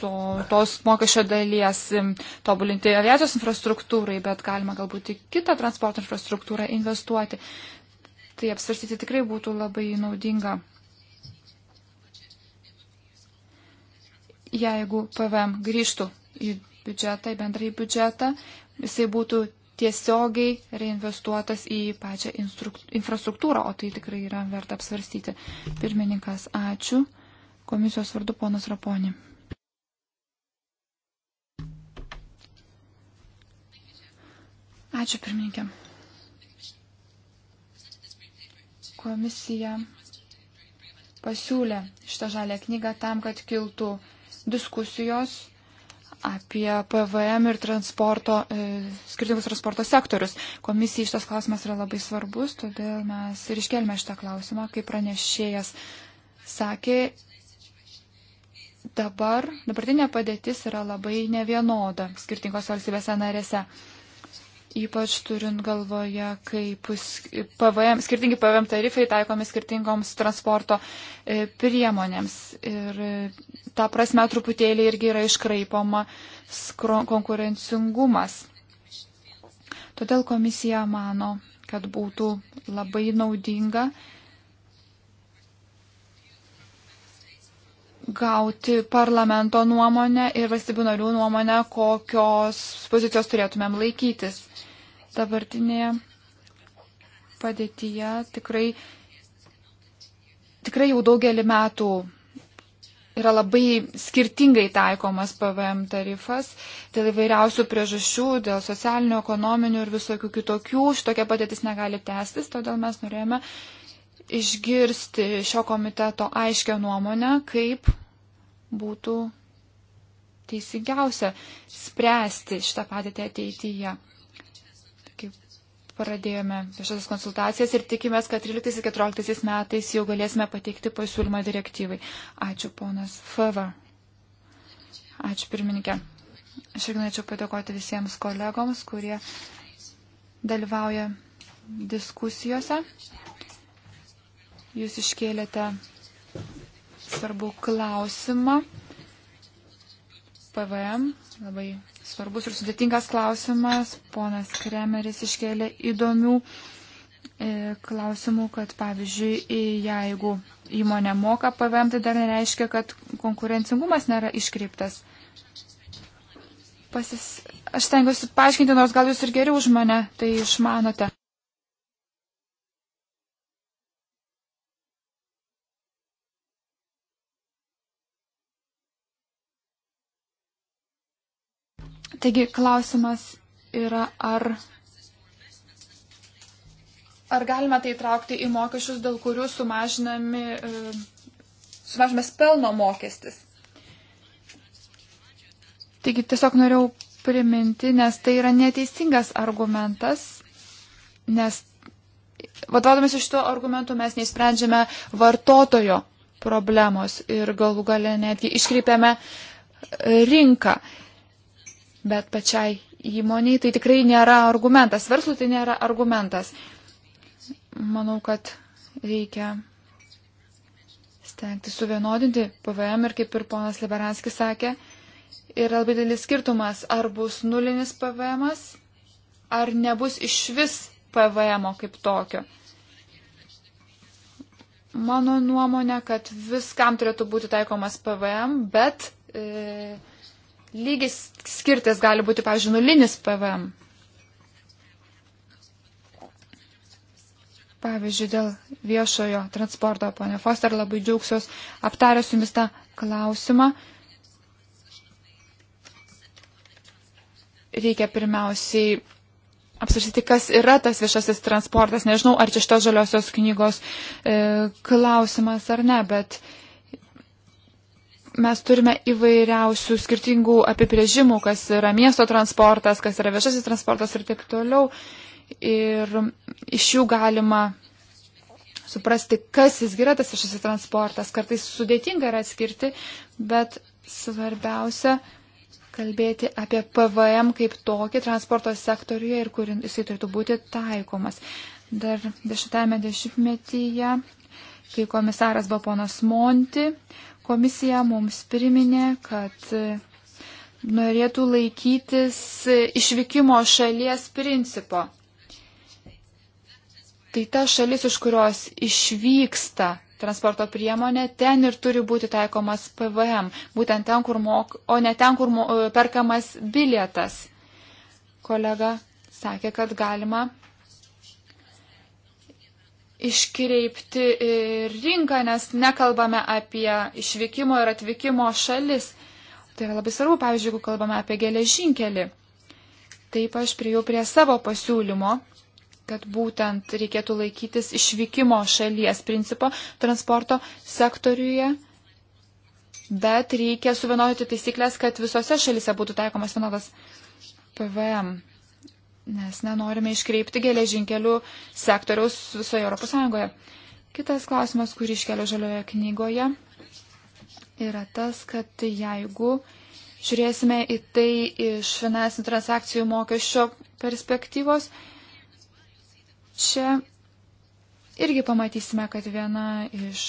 to, tos mokesčio dalies mm, tobulinti aviacijos infrastruktūrai, bet galima galbūt į kitą transporto infrastruktūrą investuoti. Tai apsvarstyti tikrai būtų labai naudinga. Jeigu PVM grįžtų į biudžetą, į bendrąjį biudžetą, jisai būtų tiesiogiai reinvestuotas į pačią infrastruktūrą, o tai tikrai yra verta apsvarstyti. Pirmininkas, ačiū. Komisijos vardu ponas Raponi. Ačiū pirmininkė. Komisija pasiūlė šitą žalę knygą tam, kad kiltų diskusijos apie PVM ir transporto, e, skirtingus transporto sektorius. Komisijai šitas klausimas yra labai svarbus, todėl mes ir iškelme šitą klausimą, kaip pranešėjas sakė, dabar, dabartinė padėtis yra labai nevienoda skirtingos valstybėse narėse ypač turint galvoje, kaip PVM, skirtingi PVM tarifai taikomi skirtingoms transporto e, priemonėms. Ir e, ta prasme truputėlį irgi yra iškraipoma konkurencingumas. Todėl komisija mano, kad būtų labai naudinga gauti parlamento nuomonę ir valstybių narių nuomonę, kokios pozicijos turėtumėm laikytis. Dabartinėje padėtyje tikrai, tikrai jau daugelį metų yra labai skirtingai taikomas PVM tarifas dėl įvairiausių priežasčių, dėl socialinių, ekonominių ir visokių kitokių. Šitokia patėtis negali tęstis, todėl mes norėjome išgirsti šio komiteto aiškę nuomonę, kaip būtų teisingiausia spręsti šitą padėtį ateityje. Kaip pradėjome viešasias konsultacijas ir tikimės, kad 13-14 metais jau galėsime pateikti pasiūlymą direktyvai. Ačiū, ponas Fever. Ačiū, pirmininkė. Aš irgi norėčiau padėkoti visiems kolegoms, kurie dalyvauja diskusijose. Jūs iškėlėte svarbų klausimą. PVM, labai svarbus ir sudėtingas klausimas. Ponas Kremeris iškėlė įdomių e, klausimų, kad pavyzdžiui, e, jeigu įmonė moka PVM, tai dar nereiškia, kad konkurencingumas nėra iškreiptas. Pasis... Aš stengiuosi paaiškinti, nors gal jūs ir geriau už mane tai išmanote. Taigi klausimas yra, ar, ar galima tai traukti į mokesčius, dėl kurių sumažinami, e, sumažinamas pelno mokestis. Taigi tiesiog norėjau priminti, nes tai yra neteisingas argumentas, nes vadovaudomės iš to argumentų mes neįsprendžiame vartotojo problemos ir galų gale netgi iškreipiame rinką. Bet pačiai įmoniai tai tikrai nėra argumentas, verslui tai nėra argumentas. Manau, kad reikia stengti suvienodinti PVM ir kaip ir ponas Liberanskis sakė, yra labai didelis skirtumas, ar bus nulinis PVM, ar nebus iš vis PVM kaip tokio. Mano nuomonė, kad viskam turėtų būti taikomas PVM, bet e, lygis skirtis gali būti, pavyzdžiui, nulinis PVM. Pavyzdžiui, dėl viešojo transporto, ponė Foster, labai džiaugsiuos aptaręs jumis tą klausimą. Reikia pirmiausiai apsvarstyti, kas yra tas viešasis transportas. Nežinau, ar čia šitos žaliosios knygos e, klausimas ar ne, bet e, mes turime įvairiausių skirtingų apibrėžimų, kas yra miesto transportas, kas yra viešasis transportas ir taip toliau. Ir iš jų galima suprasti, kas jis yra tas viešasis transportas. Kartais sudėtinga yra atskirti, bet svarbiausia kalbėti apie PVM kaip tokį transporto sektoriuje ir kur jisai turėtų būti taikomas. Dar dešimtame dešimtmetyje, kai komisaras buvo ponas Monti, Komisija mums priminė, kad norėtų laikytis išvykimo šalies principo. Tai ta šalis, iš kurios išvyksta transporto priemonė, ten ir turi būti taikomas PVM, būtent ten, kur mok, o ne ten, kur mo, perkamas bilietas. Kolega sakė, kad galima iškreipti rinką, nes nekalbame apie išvykimo ir atvykimo šalis. Tai yra labai svarbu, pavyzdžiui, jeigu kalbame apie geležinkelį. Taip aš prieėjau prie savo pasiūlymo, kad būtent reikėtų laikytis išvykimo šalies principo transporto sektoriuje, bet reikia suvienodinti taisyklės, kad visose šalise būtų taikomas vienodas PVM nes nenorime iškreipti geležinkelių sektoriaus visoje Europos Sąjungoje. Kitas klausimas, kurį iškelia žalioje knygoje, yra tas, kad jeigu žiūrėsime į tai iš finansinių transakcijų mokesčio perspektyvos, čia irgi pamatysime, kad viena iš,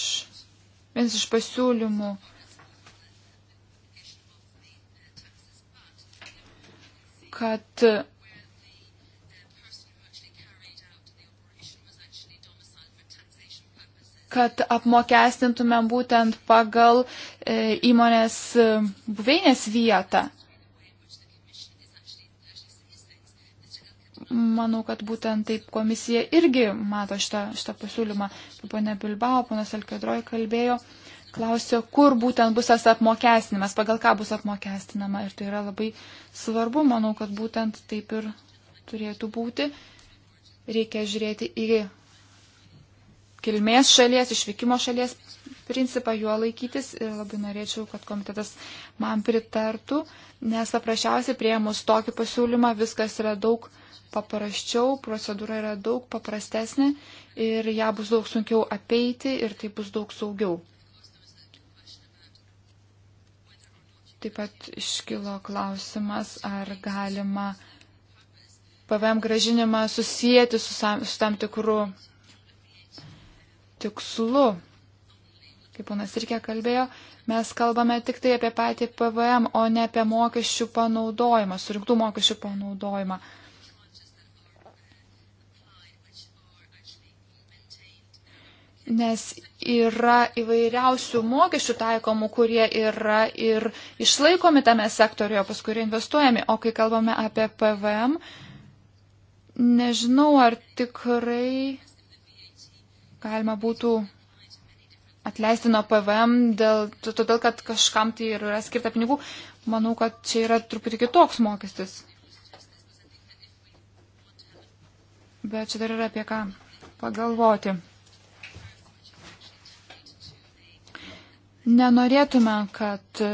vienas iš pasiūlymų kad kad apmokestintumėm būtent pagal e, įmonės e, buveinės vietą. Manau, kad būtent taip komisija irgi mato šitą, šitą pasiūlymą. Pane Bilbao, ponas Elkedroj kalbėjo, klausė, kur būtent bus tas apmokestinimas, pagal ką bus apmokestinama. Ir tai yra labai svarbu, manau, kad būtent taip ir turėtų būti. Reikia žiūrėti į kilmės šalies, išvykimo šalies principą juo laikytis ir labai norėčiau, kad komitetas man pritartų, nes paprasčiausiai prie mūsų tokį pasiūlymą viskas yra daug paprasčiau, procedūra yra daug paprastesnė ir ją bus daug sunkiau apeiti ir tai bus daug saugiau. Taip pat iškilo klausimas, ar galima PVM gražinimą susijęti su, su tam tikru tikslu. Kaip ponas Irkė kalbėjo, mes kalbame tik tai apie patį PVM, o ne apie mokesčių panaudojimą, surinktų mokesčių panaudojimą. Nes yra įvairiausių mokesčių taikomų, kurie yra ir išlaikomi tame sektorijoje, paskui investuojami. O kai kalbame apie PVM, nežinau, ar tikrai galima būtų atleisti nuo PVM, dėl, todėl kad kažkam tai yra skirta pinigų, manau, kad čia yra truputį kitoks mokestis. Bet čia dar yra apie ką pagalvoti. Nenorėtume, kad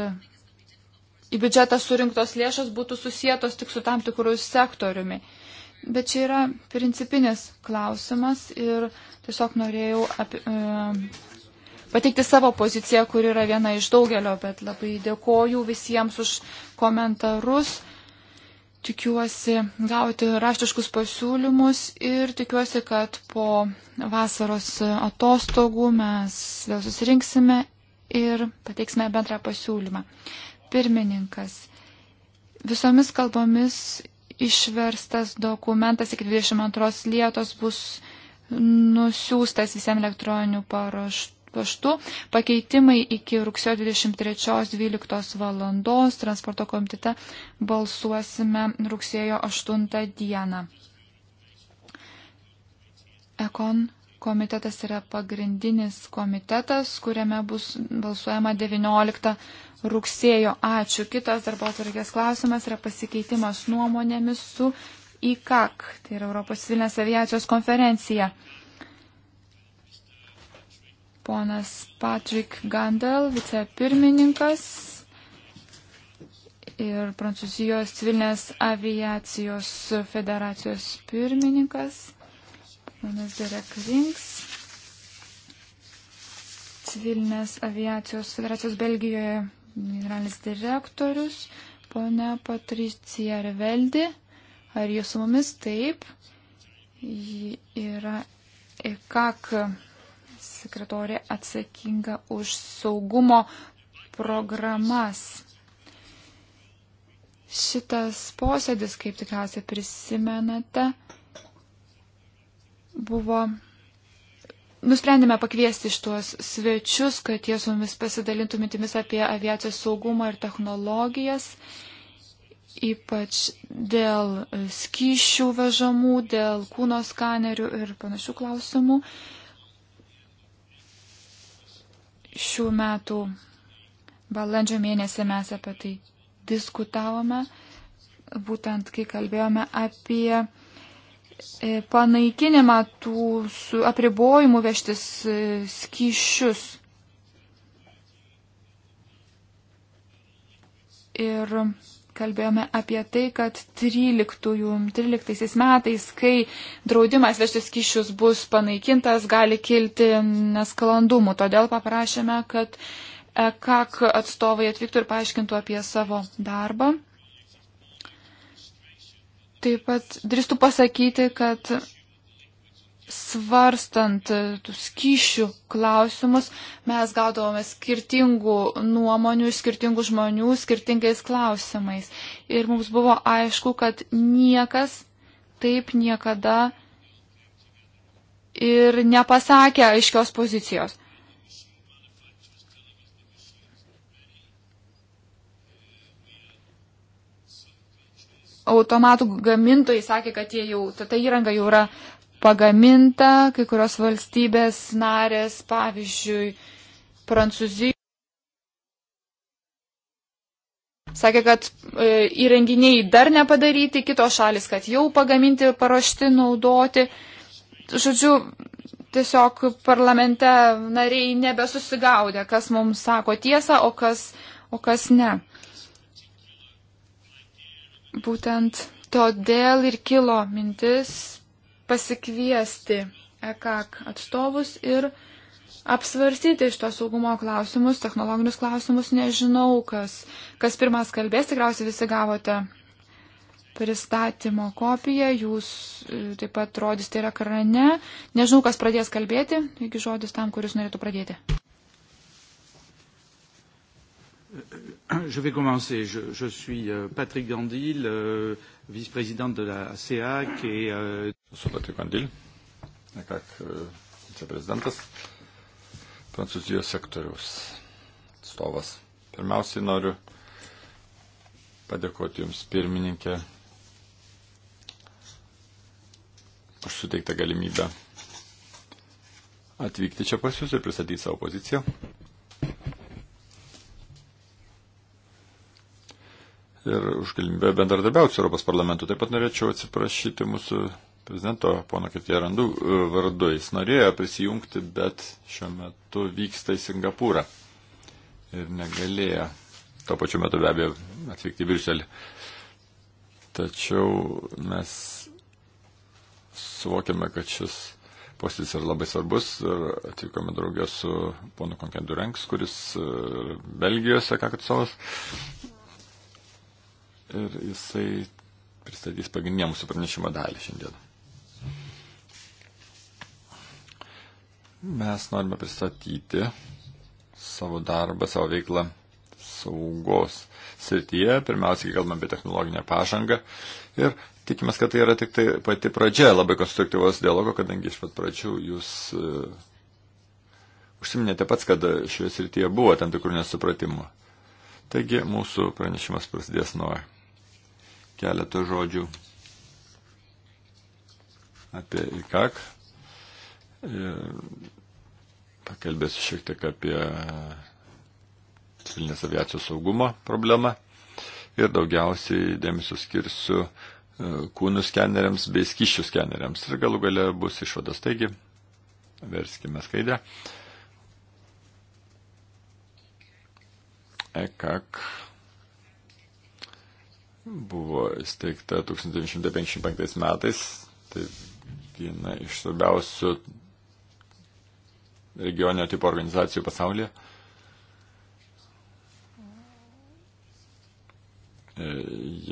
į biudžetą surinktos lėšos būtų susijėtos tik su tam tikrus sektoriumi. Bet čia yra principinis klausimas ir tiesiog norėjau apie, e, pateikti savo poziciją, kur yra viena iš daugelio, bet labai dėkoju visiems už komentarus. Tikiuosi gauti raštiškus pasiūlymus ir tikiuosi, kad po vasaros atostogų mes vėl susirinksime ir pateiksime bendrą pasiūlymą. Pirmininkas. Visomis kalbomis išverstas dokumentas iki 22 lietos bus nusiųstas visiems elektroniniu paštu. Pakeitimai iki rugsėjo 23.12 valandos transporto komitete balsuosime rugsėjo 8 dieną. Ekon komitetas yra pagrindinis komitetas, kuriame bus balsuojama 19 rugsėjo. Ačiū. Kitas darbo atvarkės klausimas yra pasikeitimas nuomonėmis su IKAK, tai yra Europos civilinės aviacijos konferencija. Ponas Patrick Gandel, vicepirmininkas ir Prancūzijos civilinės aviacijos federacijos pirmininkas. Ponas Derek Vinks, civilinės aviacijos federacijos Belgijoje generalinis direktorius, ponia Patricija Reveldi. Ar jūs su mumis? Taip. Ji yra EKAK sekretorė atsakinga už saugumo programas. Šitas posėdis, kaip tikriausiai prisimenate, buvo Nusprendėme pakviesti šitos svečius, kad jie su mumis pasidalintų mintimis apie aviacijos saugumą ir technologijas, ypač dėl e, skyšių vežamų, dėl kūno skanerių ir panašių klausimų. Šių metų balandžio mėnesį mes apie tai diskutavome, būtent kai kalbėjome apie E, panaikinimą tų apribojimų vežtis e, skyšius. Ir kalbėjome apie tai, kad 13, 13 metais, kai draudimas vežtis skyšius bus panaikintas, gali kilti nesklandumų. Todėl paprašėme, kad e KAK atstovai atvyktų ir paaiškintų apie savo darbą. Taip pat drįstu pasakyti, kad svarstant tų skyšių klausimus, mes gaudavome skirtingų nuomonių iš skirtingų žmonių skirtingais klausimais. Ir mums buvo aišku, kad niekas taip niekada ir nepasakė aiškios pozicijos. automatų gamintojai sakė, kad jie jau, ta, ta įranga jau yra pagaminta, kai kurios valstybės narės, pavyzdžiui, Prancūzija. Sakė, kad e, įrenginiai dar nepadaryti, kitos šalis, kad jau pagaminti, paruošti, naudoti. Žodžiu, tiesiog parlamente nariai nebesusigaudė, kas mums sako tiesą, o kas, o kas ne. Būtent todėl ir kilo mintis pasikviesti EKAK atstovus ir apsvarstyti iš to saugumo klausimus, technologinius klausimus, nežinau, kas, kas pirmas kalbės, tikriausiai visi gavote pristatymo kopiją, jūs e, taip pat rodysite ir ekrane, nežinau, kas pradės kalbėti, iki žodis tam, kuris norėtų pradėti. E, e, Je vais commencer. Je, je suis euh, Patrick Gandil, euh, vice-président de la CEAC et... Euh... Esu Patrick Gandil, ECAC euh, viceprezidentas, Prancūzijos sektoriaus atstovas. Pirmiausiai noriu padėkoti Jums, pirmininkė, už suteiktą galimybę atvykti čia pas Jūs ir pristatyti savo poziciją. ir už galimybę bendradarbiauti su Europos parlamentu. Taip pat norėčiau atsiprašyti mūsų prezidento pono Ketierandų vardu. Jis norėjo prisijungti, bet šiuo metu vyksta į Singapūrą ir negalėjo tuo pačiu metu be abejo atvykti į Briuselį. Tačiau mes suvokiame, kad šis postis yra labai svarbus ir atvykome draugės su ponu Konkendu Renks, kuris e, Belgijos seka atstovas ir jisai pristatys pagrindinę mūsų pranešimo dalį šiandien. Mes norime pristatyti savo darbą, savo veiklą saugos srityje. Pirmiausiai kalbame apie technologinę pažangą ir tikimės, kad tai yra tik tai pati pradžia labai konstruktyvos dialogo, kadangi iš pat pradžių jūs uh, užsiminėte pats, kad šioje srityje buvo tam tikrų nesupratimų. Taigi mūsų pranešimas prasidės nuo keletą žodžių apie IKAK. E, pakalbėsiu šiek tiek apie civilinės aviacijos saugumo problemą ir daugiausiai dėmesio skirsiu e, kūnų skeneriams bei skyšių skeneriams. Ir galų gale bus išvadas. Taigi, verskime skaidę. ECAC buvo įsteigta 1955 metais. Tai viena iš svarbiausių regioninio tipo organizacijų pasaulyje. E,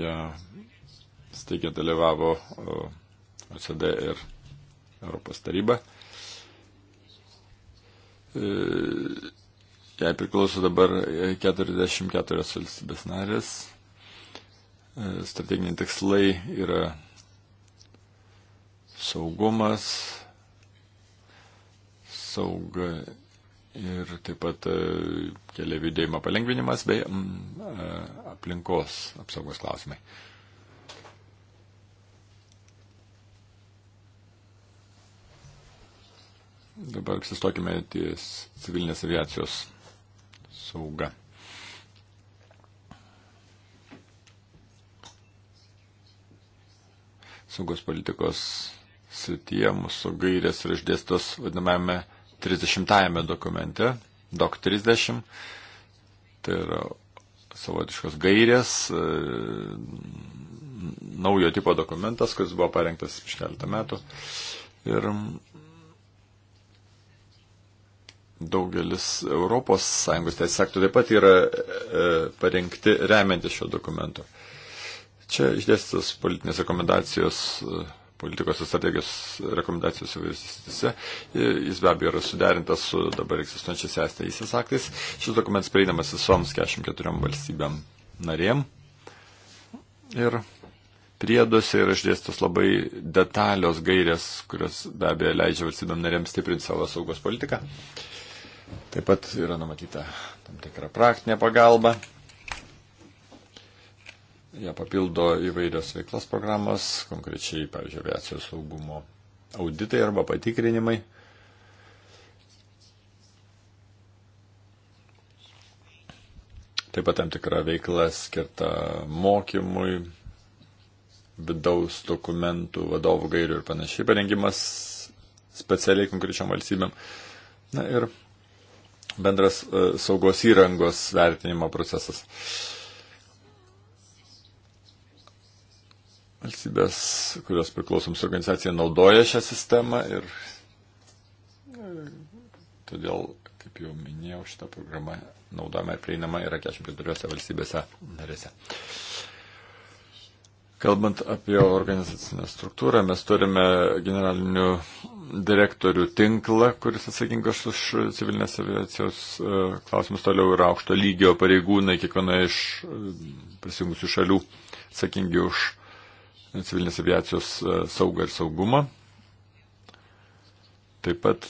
ja steigė dalyvavo OCD ir Europos taryba. E, jai priklauso dabar 44 valstybės narės, strateginiai tikslai yra saugumas, sauga ir taip pat e, keliavių judėjimo palengvinimas bei mm, e, aplinkos apsaugos klausimai. Dabar apsistokime ties civilinės aviacijos sauga. saugos politikos srityje mūsų gairės yra išdėstos vadinamame 30-ame dokumente, DOC 30. Tai yra savotiškos gairės, e, naujo tipo dokumentas, kuris buvo parengtas prieš keletą metų. Ir daugelis ES teisės aktų taip pat yra e, parengti remiantis šio dokumento. Čia išdėstos politinės rekomendacijos, e, politikos ir strategijos rekomendacijos įvairiose. E, jis be abejo yra suderintas su dabar egzistuojančiais es teisės aktais. Šis dokumentas prieinamas visoms 44 valstybėm narėm. Ir prieduose yra išdėstos labai detalios gairės, kurios be abejo leidžia valstybėm narėm stiprinti savo saugos politiką. Taip pat yra numatyta tam tikra praktinė pagalba ją papildo įvairios veiklos programos, konkrečiai, pavyzdžiui, aviacijos saugumo auditai arba patikrinimai. Taip pat tam tikra veikla skirta mokymui, vidaus dokumentų, vadovų gairių ir panašiai parengimas specialiai konkrečiam valstybėm. Na ir bendras e, saugos įrangos vertinimo procesas. E, Valstybės, kurios priklausoms organizacija, naudoja šią sistemą ir e, todėl, kaip jau minėjau, šitą programą naudojama ir prieinama yra 44 valstybėse narėse. Kalbant apie organizacinę struktūrą, mes turime generalinių direktorių tinklą, kuris atsakingas už civilinės aviacijos e, klausimus. Toliau yra aukšto lygio pareigūnai kiekvienoje iš e, prisijungusių šalių atsakingi už uh, civilinės aviacijos e, saugą ir saugumą. Taip pat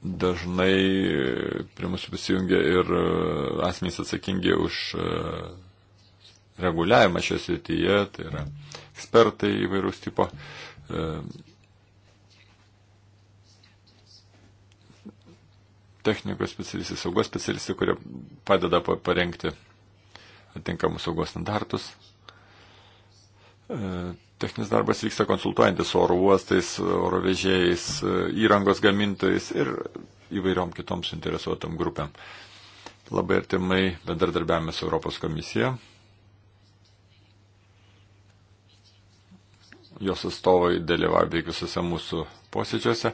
dažnai prie mūsų prisijungia ir e, asmenys atsakingi už e, reguliavimą šioje srityje, tai yra ekspertai įvairūs tipo. technikos specialistai, saugos specialistai, kurie padeda parengti atinkamus saugos standartus, E, techninis darbas vyksta konsultuojantis oro uostais, oro vežėjais, e, įrangos gamintojais ir įvairiom kitom suinteresuotam grupėm. Labai artimai bendradarbiavame su Europos komisija. Jos atstovai dalyvauja beveik visose mūsų posėdžiuose,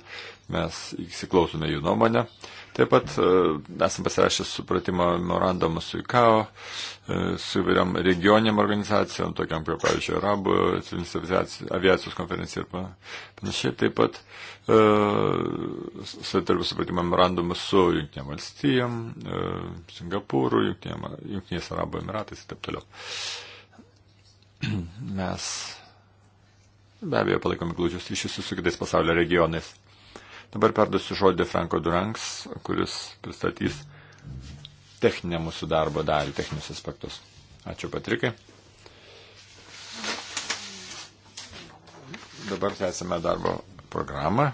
mes įsiklausome jų nuomonę. Taip pat e, esame pasirašę supratimo memorandumą su ICAO, e, su įvairiam regioniam organizacijom, tokiam kaip, pavyzdžiui, Arabų aviacijos konferencija ir panašiai. Taip pat e, sutarbių supratimo memorandumą su Junktinėm valstijom, Singapūru, Junktinės Arabų Emiratais ir taip toliau. [CLEARS THROAT] Mes Be abejo, palaikome glaudžius ryšius su kitais pasaulio regionais. Dabar perduosiu žodį Franko Duranks, kuris pristatys techninę mūsų darbo dalį, techninius aspektus. Ačiū Patrikai. Dabar tęsime darbo programą.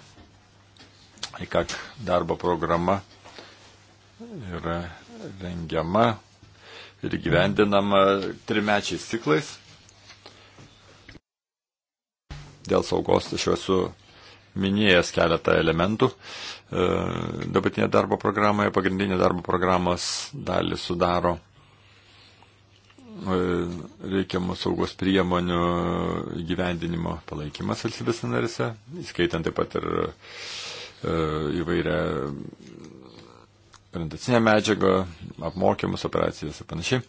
IKAK darbo programa yra rengiama ir gyvendinama trimečiais ciklais dėl saugos aš esu minėjęs keletą elementų. E, dabartinė darbo programoje, pagrindinė darbo programos dalį sudaro e, reikiamų saugos priemonių gyvendinimo palaikymas valstybės narise, įskaitant taip pat ir e, įvairią orientacinę medžiagą, apmokymus, operacijas ir panašiai.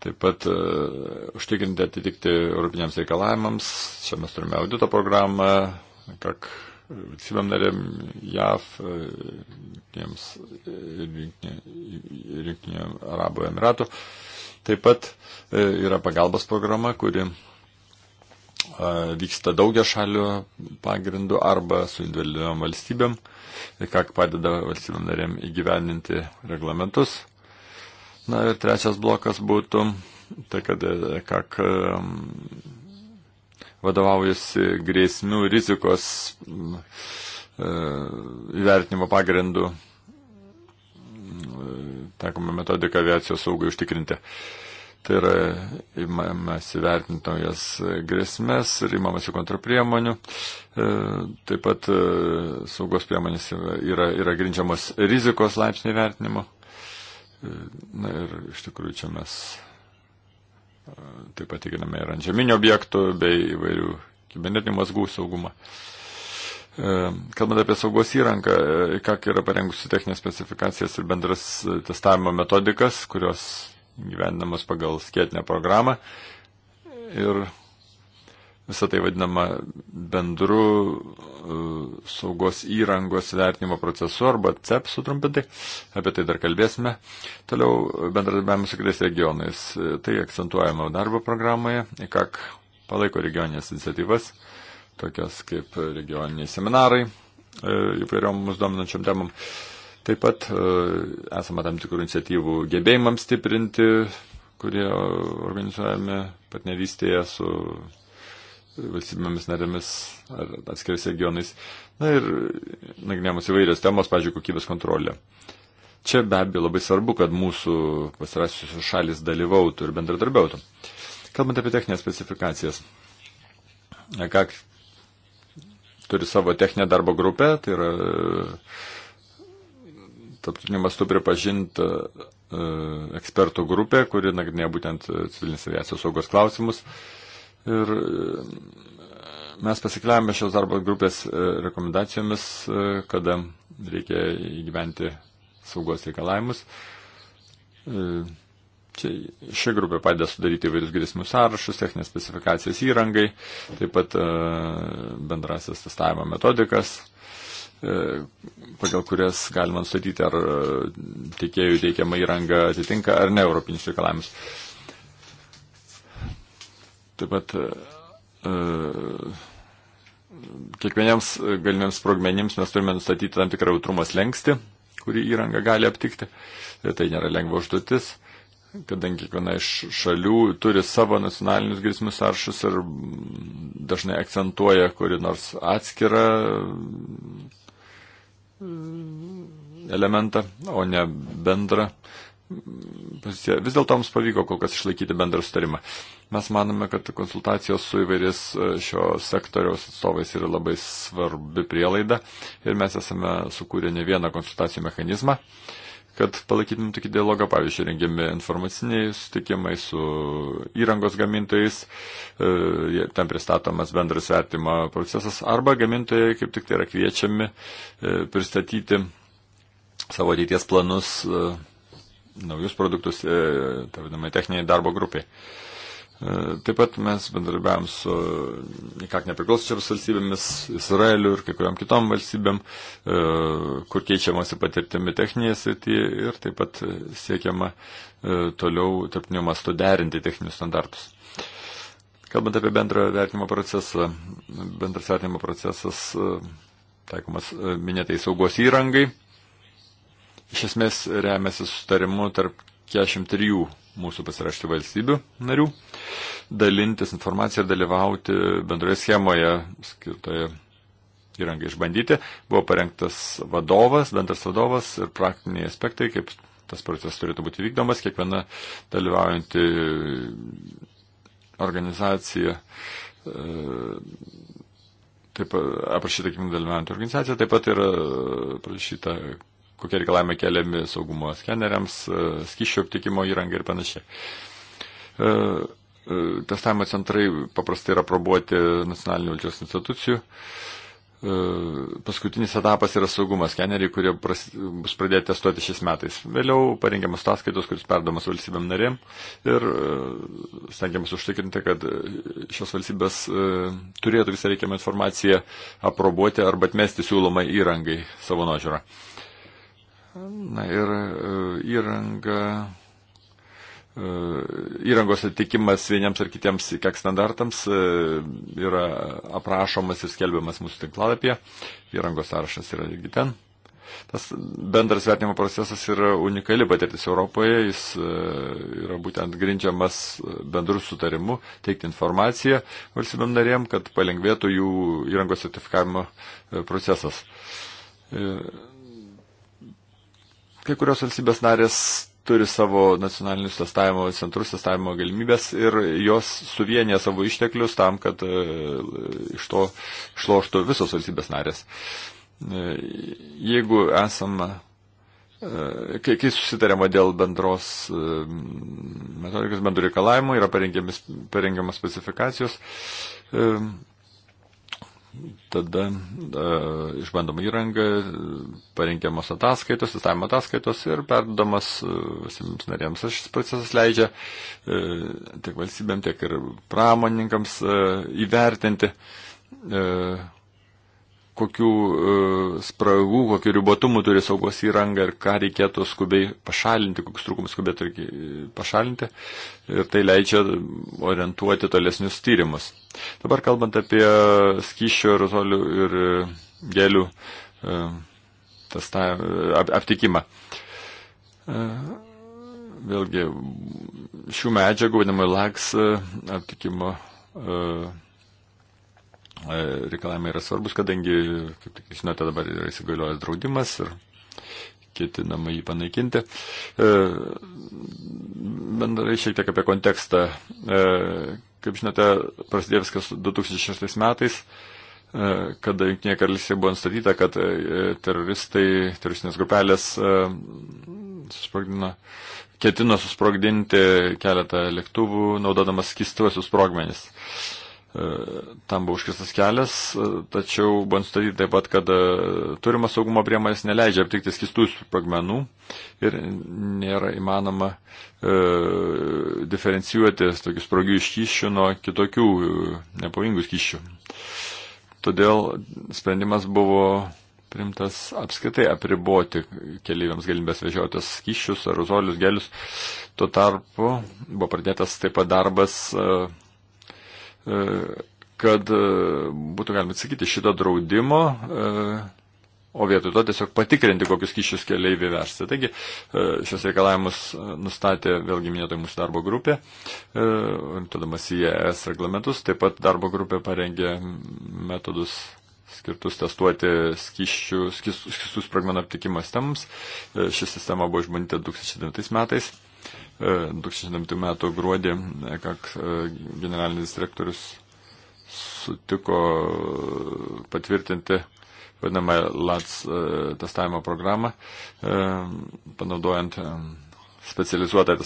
Taip pat uh, užtikrinti atitikti europiniams reikalavimams. Čia mes turime audito programą, kak valstybėm narėm JAV, e, jiems e, rinkinio Arabų Emiratų. Taip pat yra pagalbos programa, kuri vyksta daugia šalių pagrindų arba su individualiom valstybėm, kak padeda valstybėm narėm įgyvendinti reglamentus Na ir trečias blokas būtų, tai kad e, kak e, vadovaujasi grėsmių rizikos e, įvertinimo pagrindų taikoma metodika aviacijos saugai užtikrinti. Tai yra, mes įvertinti naujas grėsmės ir įmamasi kontrapriemonių. Taip pat saugos priemonės yra, yra grindžiamos rizikos laipsnį vertinimu. Na ir iš tikrųjų čia mes taip pat tikiname ir ant žeminių objektų bei įvairių kibernetinių mazgų saugumą. E, kalbant apie saugos įrangą, e, KAK yra parengusi techninės specifikacijas ir bendras e, testavimo metodikas, kurios gyvendamos pagal skėtinę programą. Ir Visą tai vadinama bendru e, saugos įrangos vertinimo procesu arba CEP sutrumpintai. Apie tai dar kalbėsime. Toliau e, bendradarbiavimas su kitais regionais. E, tai akcentuojama darbo programoje, IKAK palaiko regioninės iniciatyvas, tokias kaip regioniniai seminarai įvairiom mus dominančiam temam. Taip pat esame tam tikrų iniciatyvų gebėjimams stiprinti, kurie organizuojami partnerystėje su valstybėmis narėmis ar atskirais regionais. Na ir nagrinėjamos įvairios temos, pažiūrėjau, kokybės kontrolė. Čia be abejo labai svarbu, kad mūsų pasirasiusios šalis dalyvautų ir bendradarbiautų. Kalbant apie techninės specifikacijas, ką turi savo techninę darbo grupę, tai yra e, tarptautiniu mastu pripažinta e, ekspertų grupė, kuri nagrinėja būtent e, civilinės aviacijos saugos klausimus. Uh, Ir e, mes pasikliavome šios darbo grupės e, rekomendacijomis, e, kada reikia įgyventi saugos reikalavimus. Čia ši grupė padeda sudaryti įvairius grėsmių sąrašus, techninės specifikacijas įrangai, taip pat bendrasis testavimo metodikas, pagal kurias galima nustatyti, ar teikėjų teikiama įranga atitinka ar ne europinius reikalavimus. Taip pat e, e, kiekvieniems galiniams sprogmenims mes turime nustatyti tam tikrą jautrumas lengsti, kurį įranga gali aptikti. Ir tai nėra lengva užduotis, kadangi kiekviena iš šalių turi savo nacionalinius grėsmių sąrašus ir dažnai akcentuoja kuri nors atskirą e, elementą, o ne bendrą poziciją. Vis dėlto mums pavyko kol kas išlaikyti bendrą sutarimą. Mes manome, kad konsultacijos su įvairiais e, šio sektoriaus atstovais yra labai svarbi prielaida ir mes esame sukūrę ne vieną konsultacijų mechanizmą kad palaikytum tokį dialogą, pavyzdžiui, rengiami informaciniai sutikimai su įrangos gamintojais, e, ten pristatomas bendras vertimo procesas, arba gamintojai kaip tik tai yra kviečiami e, pristatyti savo ateities planus naujus produktus, e, tą vadinamą techninį darbo grupį. E, taip pat mes bendradarbiavom su nekak nepriklausočiams valstybėmis, Izraeliu ir kai kuriam kitom valstybėm, e, kur keičiamasi patirtimi techninėje srityje ir taip pat siekiama toliau tarpinio masto derinti techninius standartus. Kalbant apie bendrą vertinimo procesą, bendras vertinimo procesas taikomas minėtai saugos įrangai, iš esmės remiasi sustarimu tarp 43 mūsų pasirašytų valstybių narių, dalintis informaciją ir dalyvauti bendroje schemoje skirtoje įrangai išbandyti. Buvo parengtas vadovas, bendras vadovas ir praktiniai aspektai, kaip tas procesas turėtų būti vykdomas, kiekviena dalyvaujanti organizacija. E, taip, aprašyta kiekviena dalyvaujantį organizaciją, taip pat yra prašyta, kokie reikalavimai keliami saugumo skeneriams, e, skyšio aptikimo įrangai ir panašiai. E, e, testavimo centrai paprastai yra probuoti nacionalinių valdžios institucijų. Paskutinis etapas yra saugumas skeneriai, kurie pras, bus pradėti testuoti šiais metais. Vėliau parengiamas ataskaitos, kuris perdomas valstybėm narėm ir stengiamas užtikrinti, kad šios valstybės turėtų visą reikiamą informaciją aprobuoti arba atmesti siūlomą įrangai savo nuožiūrą. Na ir e, įranga, e, įrangos atitikimas vieniems ar kitiems kiek standartams e, yra aprašomas ir skelbiamas mūsų tinklalapyje. Įrangos sąrašas yra irgi ten. Tas bendras vertinimo procesas yra unikali patirtis Europoje, jis yra būtent grindžiamas bendrų sutarimu teikti informaciją valstybėm narėm, kad palengvėtų jų įrangos sertifikavimo procesas. Kai kurios valstybės narės turi savo nacionalinius testavimo centrus, testavimo galimybės ir jos suvienė savo išteklius tam, kad e, iš to išloštų visos valstybės narės. E, jeigu esame, kai, kai susitarėma dėl bendros e, metodikos bendrų reikalavimų, yra parengiamas specifikacijos, tada e, išbandoma įranga, parengiamos ataskaitos, įstatymo ataskaitos ir perdodamas visiems e, narėms. Šis procesas leidžia e, tiek valstybėm, tiek ir pramoninkams e, įvertinti, e, kokių e, spragų, kokių ribotumų turi saugos įranga ir ką reikėtų skubiai pašalinti, kokius trūkumus skubiai turi e, pašalinti. Ir tai leidžia orientuoti tolesnius tyrimus. Dabar kalbant apie skyšio, rozolių ir e, gelių tas, ta, ap, aptikimą. Vėlgi, šių medžiagų, vadinamai laks aptikimo E, reikalavimai yra svarbus, kadangi, kaip tik žinote, dabar yra įsigaliojęs draudimas ir ketinama jį panaikinti. E, bendrai šiek tiek apie kontekstą. E, kaip žinote, prasidėjo viskas 2006 metais kada Junktinėje karalystėje buvo nustatyta, kad teroristai, teroristinės grupelės susprogdino, ketino susprogdinti keletą lėktuvų, naudodamas kistuosius sprogmenis. Uh, E, tam buvo užkirstas kelias, e, tačiau buvo nustatyti taip pat, kad e, turimas saugumo priemonės neleidžia aptikti skistų sprogmenų ir nėra įmanoma e, diferencijuoti tokių sprogių iš kiščių nuo kitokių nepavingų kiščių. Todėl sprendimas buvo primtas apskritai apriboti keliaiviams galimybės vežiotis skyšius, aerozolius, gelius. Tuo tarpu buvo pradėtas taip pat darbas e, E, kad e, būtų galima atsakyti šitą draudimo, e, o vietoj to tiesiog patikrinti, kokius kyšius keliaiviai versti. Taigi šios reikalavimus nustatė vėlgi minėtoji mūsų darbo grupė, orientuodamas į ES reglamentus, taip pat darbo grupė parengė metodus skirtus testuoti skyšių, skistų sprogmenų aptikimo sistemams. Ši sistema buvo išbandyta 2009 metais. 2009 m. gruodį ECAC e, generalinis direktorius sutiko patvirtinti vadinamą LATS e, testavimo programą, e, panaudojant specializuotą,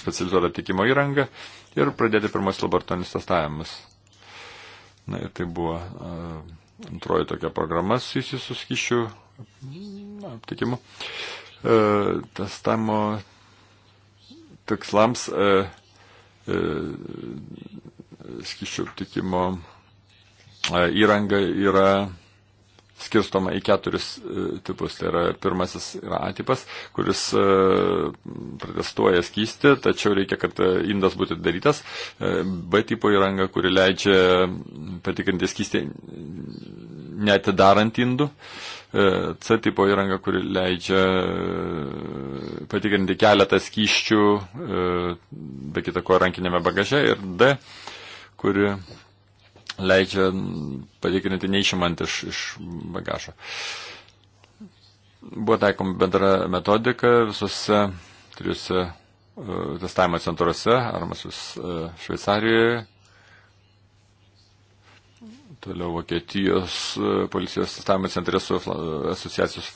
specializuotą tikimo įrangą ir pradėti pirmas laboratorinis testavimus. Na ir tai buvo antroji tokia programa susijusi su skyšių aptikimu. Testavimo tikslams e, e, skiščių aptikimo e, įranga yra skirstoma į keturis e, tipus. Tai yra pirmasis yra atipas, kuris e, protestuoja skysti, tačiau reikia, kad e, indas būtų darytas. E, B tipo įranga, kuri leidžia patikrinti skystį netidarant indų. E, E, C tipo įranga, kuri leidžia e, patikrinti keletą skyščių, e, be kita ko rankinėme bagaže, ir D, kuri leidžia patikrinti neišimant iš, iš bagažo. Buvo taikoma bendra metodika visose trijose testavimo centruose, Armasus Šveicarijoje, Toliau Vokietijos e, policijos testavimo centre su asociacijos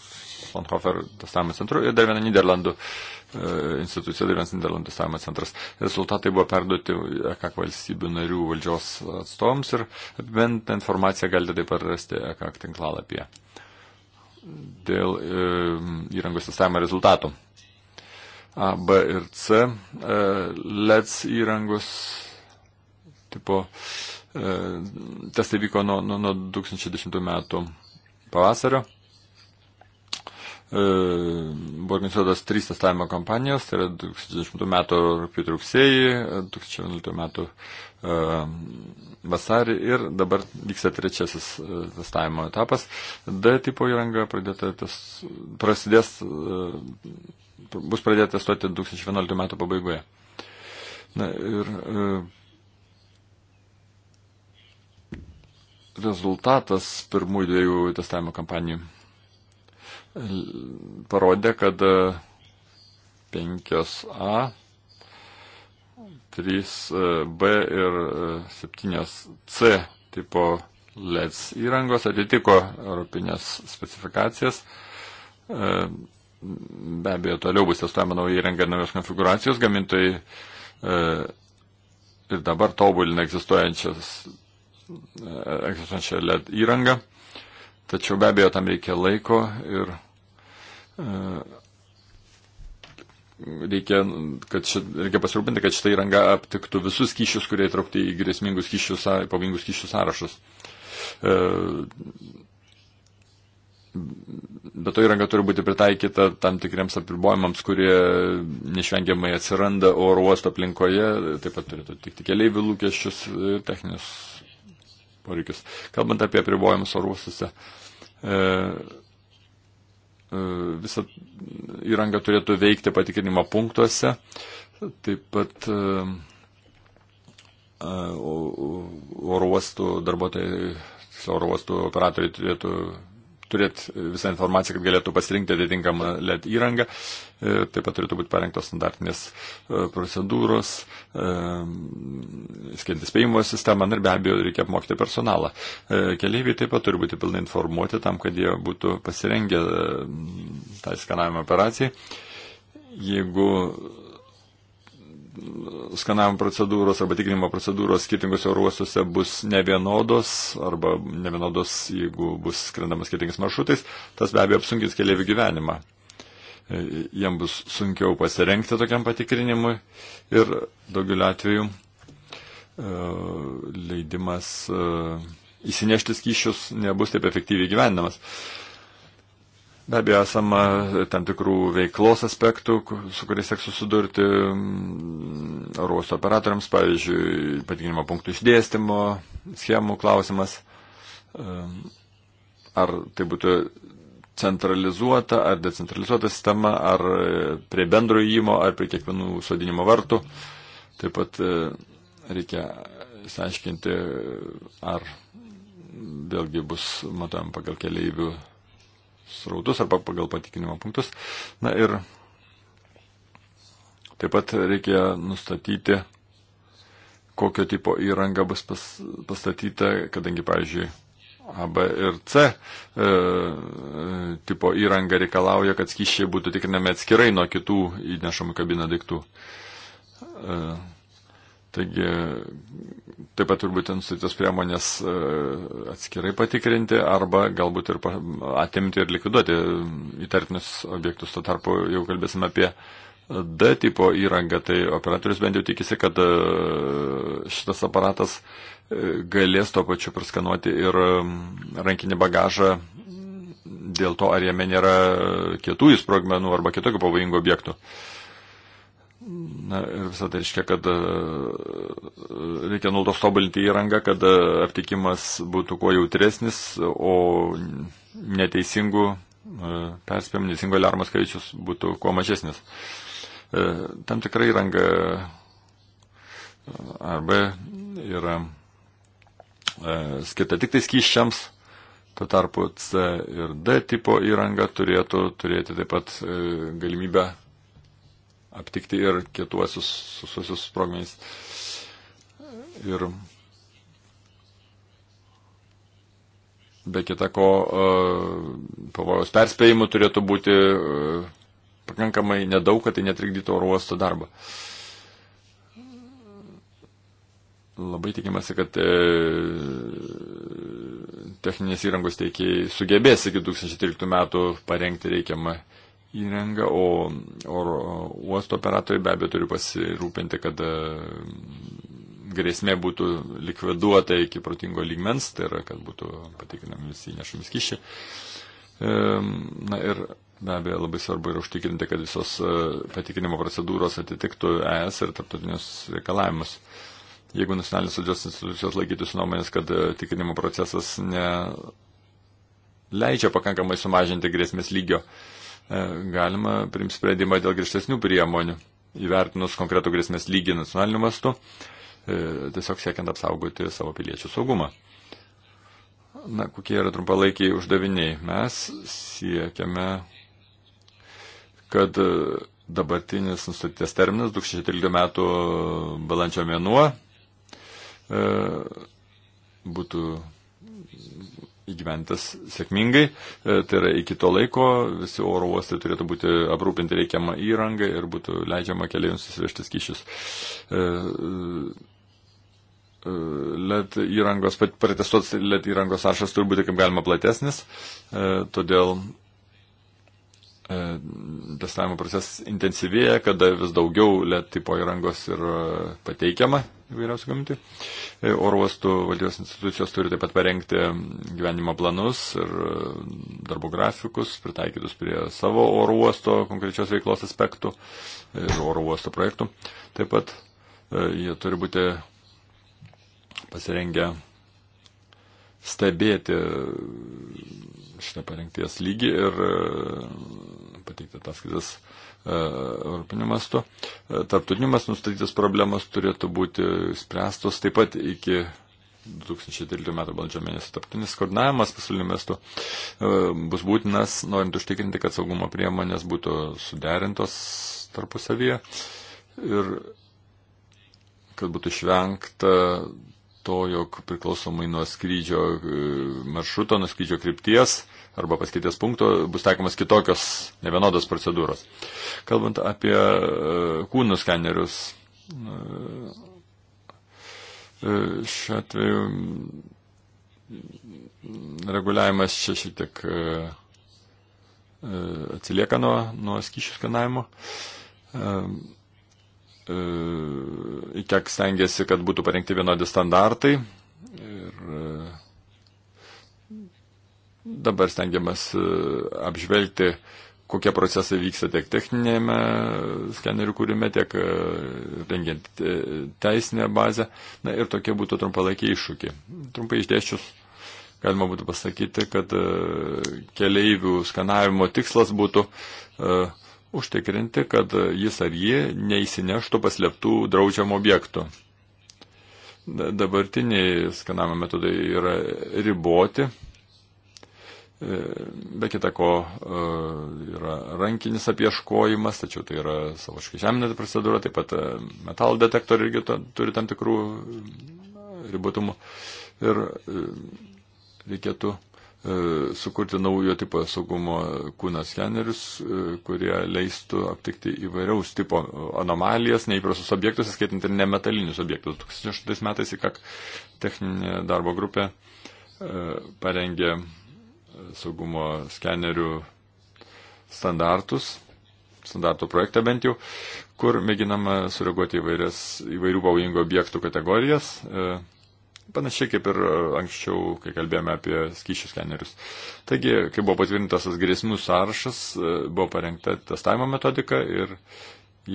Fraunhofer testavimo centru ir dar viena Niderlandų e, institucija, dar vienas Niderlandų testavimo centras. Rezultatai buvo perduoti EKAK valstybių narių valdžios atstovams ir bent informaciją galite taip pat rasti EKAK tinklalapyje dėl e, įrangos testavimo rezultatų. A, B ir C. LEDs įrangos tipo Tas įvyko tai nuo, nuo, nuo 2010 metų pavasario. E, buvo organizuotas trys testavimo kampanijos, tai yra 2010 metų rūpjūtį rugsėjį, 2011 metų e, vasarį ir dabar vyksta trečiasis e, testavimo etapas. D tipo įranga pradėta tes, prasidės, bus pradėta testuoti 2011 metų pabaigoje. Na ir rezultatas pirmųjų dviejų testavimo kampanijų parodė, kad 5A, e, 3B e, ir 7C e, tipo LEDs įrangos atitiko europinės specifikacijas. Be abejo, toliau bus testuojama nauja įranga naujos konfiguracijos, gamintojai ir dabar tobulina egzistuojančias egzistuojančią LED įrangą, tačiau be abejo tam reikia laiko ir e, reikia, kad ši, reikia pasirūpinti, kad šitą įrangą aptiktų visus kyšius, kurie įtraukti į grėsmingus kyšius, pavojingus kyšius sąrašus. E, Bet to įranga turi būti pritaikyta tam tikriems apribojimams, kurie neišvengiamai atsiranda oro uosto aplinkoje, taip pat turėtų tikti keliaivių lūkesčius, techninius poreikius. Kalbant apie apribojimus oruosiuose, e, e, visa įranga turėtų veikti patikrinimo punktuose, taip pat e, e oruostų darbuotojai, oruostų operatoriai turėtų turėti e, visą informaciją, kad galėtų pasirinkti atitinkamą LED įrangą. E, taip pat turėtų būti parengtos standartinės e, procedūros, skirti spėjimo sistemą ir be abejo reikia apmokyti personalą. Keleiviai taip pat turi būti pilnai informuoti tam, kad jie būtų pasirengę tai skanavimo operacijai. Jeigu skanavimo procedūros arba tikrinimo procedūros skirtingose oruostuose bus nevienodos arba nevienodos, jeigu bus skrendamas skirtingais maršrutais, tas be abejo apsunkins keliaivių gyvenimą. E, jiem bus sunkiau pasirenkti tokiam patikrinimui ir daugeliu atveju e, leidimas e, įsinešti skyšius nebus taip efektyviai gyvenimas. Be abejo, esama tam tikrų veiklos aspektų, su kuriais teks susidurti mm, ruosto operatoriams, pavyzdžiui, patikinimo punktų išdėstymo, schemų klausimas, ehm, ar tai būtų centralizuota ar decentralizuota sistema, ar e, prie bendro įjimo, ar prie kiekvienų sodinimo vartų. Taip pat e, reikia išsiaiškinti, ar vėlgi bus matom pagal keliaivių srautus arba pagal patikinimo punktus. Na ir taip pat reikia nustatyti, kokio tipo įranga bus pas, pastatyta, kadangi, pavyzdžiui, A, B ir C e, tipo įranga reikalauja, kad skyšiai būtų tikrinami atskirai nuo kitų įnešamų kabiną daiktų. E, Taigi taip pat turbūt nustatytos priemonės e, atskirai patikrinti arba galbūt ir atimti ir likviduoti įtartinius objektus. Tuo tarpu jau kalbėsime apie D tipo įrangą, tai operatorius bent jau tikisi, kad e, šitas aparatas e, galės tuo pačiu praskanuoti ir rankinį bagažą dėl to, ar jame nėra kietųjų sprogmenų arba kitokių pavojingų objektų. Uh, Na ir visą tai reiškia, kad e, reikia nuolatos tobulinti įrangą, kad e, aptikimas būtų kuo jautresnis, o neteisingų e, perspėjimų, neteisingo alarmo skaičius būtų kuo mažesnis. Tam tikra įranga arba yra skirta tik tai skyščiams, tuo tarpu C ir D tipo įranga turėtų turėti taip pat galimybę aptikti ir kietuosius susijusius sprogmenys. Ir be kita ko, e, pavojaus perspėjimų turėtų būti e, pakankamai nedaug, kad tai netrikdytų oro uosto darbą. Labai tikimasi, kad e, techninės įrangos teikiai sugebės iki 2013 metų parengti reikiamą įrangą, o oro uosto operatoriai be abejo turi pasirūpinti, kad e, grėsmė būtų likviduota iki protingo lygmens, tai yra, kad būtų patikrinami visi nešami skyšiai. E, na ir be abejo labai svarbu yra užtikrinti, kad visos e, patikrinimo procedūros atitiktų ES ir tarptautinius reikalavimus. Jeigu nacionalinės valdžios institucijos laikytųsi nuomonės, kad tikrinimo procesas ne leidžia pakankamai sumažinti grėsmės lygio, uh, E, galima priimti sprendimą dėl griežtesnių priemonių, įvertinus konkretų grėsmės lygį nacionaliniu mastu, e, tiesiog siekiant apsaugoti savo piliečių saugumą. Na, kokie yra trumpalaikiai uždaviniai? Mes siekiame, kad e, dabartinis nustatytas terminas 2013 metų balandžio mėnuo būtų įgyventas sėkmingai. E, tai yra iki to laiko visi oro uostai turėtų būti aprūpinti reikiamą įrangą ir būtų leidžiama keliaiviams susivežti skyšius. E, e, LED įrangos, pratestuotas LED įrangos sąrašas turi būti kaip galima platesnis, todėl testavimo procesas intensyvėja, kada vis daugiau LED tipo įrangos yra pateikiama įvairiausių komitų. E, oro uostų valdžios institucijos turi taip pat parengti gyvenimo planus ir e, darbų grafikus, pritaikytus prie savo oro uosto konkrečios veiklos aspektų e, ir oro uosto projektų. Taip pat jie turi būti pasirengę stebėti šitą parengties lygį ir pateikti ataskaitas europiniu mastu. E, tarptautiniu mastu nustatytas problemas turėtų būti spręstos taip pat iki 2013 m. balandžio mėnesio tarptautinis koordinavimas pasauliniu mastu e, bus būtinas, norint užtikrinti, kad saugumo priemonės būtų suderintos tarpusavyje ir kad būtų išvengta to, jog priklausomai nuo skrydžio e, maršruto, nuo skrydžio krypties, arba paskirties punkto bus taikomas kitokios nevienodos procedūros. Kalbant apie e, kūnų skanerius, e, e, šiuo atveju mm, reguliavimas čia šiek tiek atsilieka nuo, nuo skyšių skanavimo. Kiek stengiasi, kad būtų parengti vienodi standartai ir Dabar stengiamas e, apžvelgti, kokie procesai vyksta tiek techninėme skenerių kūrime, tiek e, rengiant e, teisinę bazę. Na ir tokie būtų trumpalaikiai iššūkiai. Trumpai išdėščius galima būtų pasakyti, kad keleivių skanavimo tikslas būtų uh, užtikrinti, kad jis ar ji neįsineštų paslėptų draudžiamų objektų. Dabartiniai skanavimo metodai yra riboti E, be kita ko e, yra rankinis apieškojimas, tačiau tai yra savoškai žeminanti procedūra, taip pat e, metalų detektoriai irgi to, turi tam tikrų ribotumų. Ir reikėtų sukurti naujo tipo saugumo kūno skenerius, kurie leistų aptikti įvairiaus tipo anomalijas, neįprastus objektus, skaitant ir nemetalinius objektus. 2008 metais į ką techninė darbo grupė parengė saugumo skenerių standartus, standartų projektą bent jau, kur mėginama sureaguoti įvairias, įvairių pavojingų objektų kategorijas, e, panašiai kaip ir e, anksčiau, kai kalbėjome apie skyšių skenerius. Taigi, kai buvo patvirtintas tas grėsmių sąrašas, e, buvo parengta testavimo metodika ir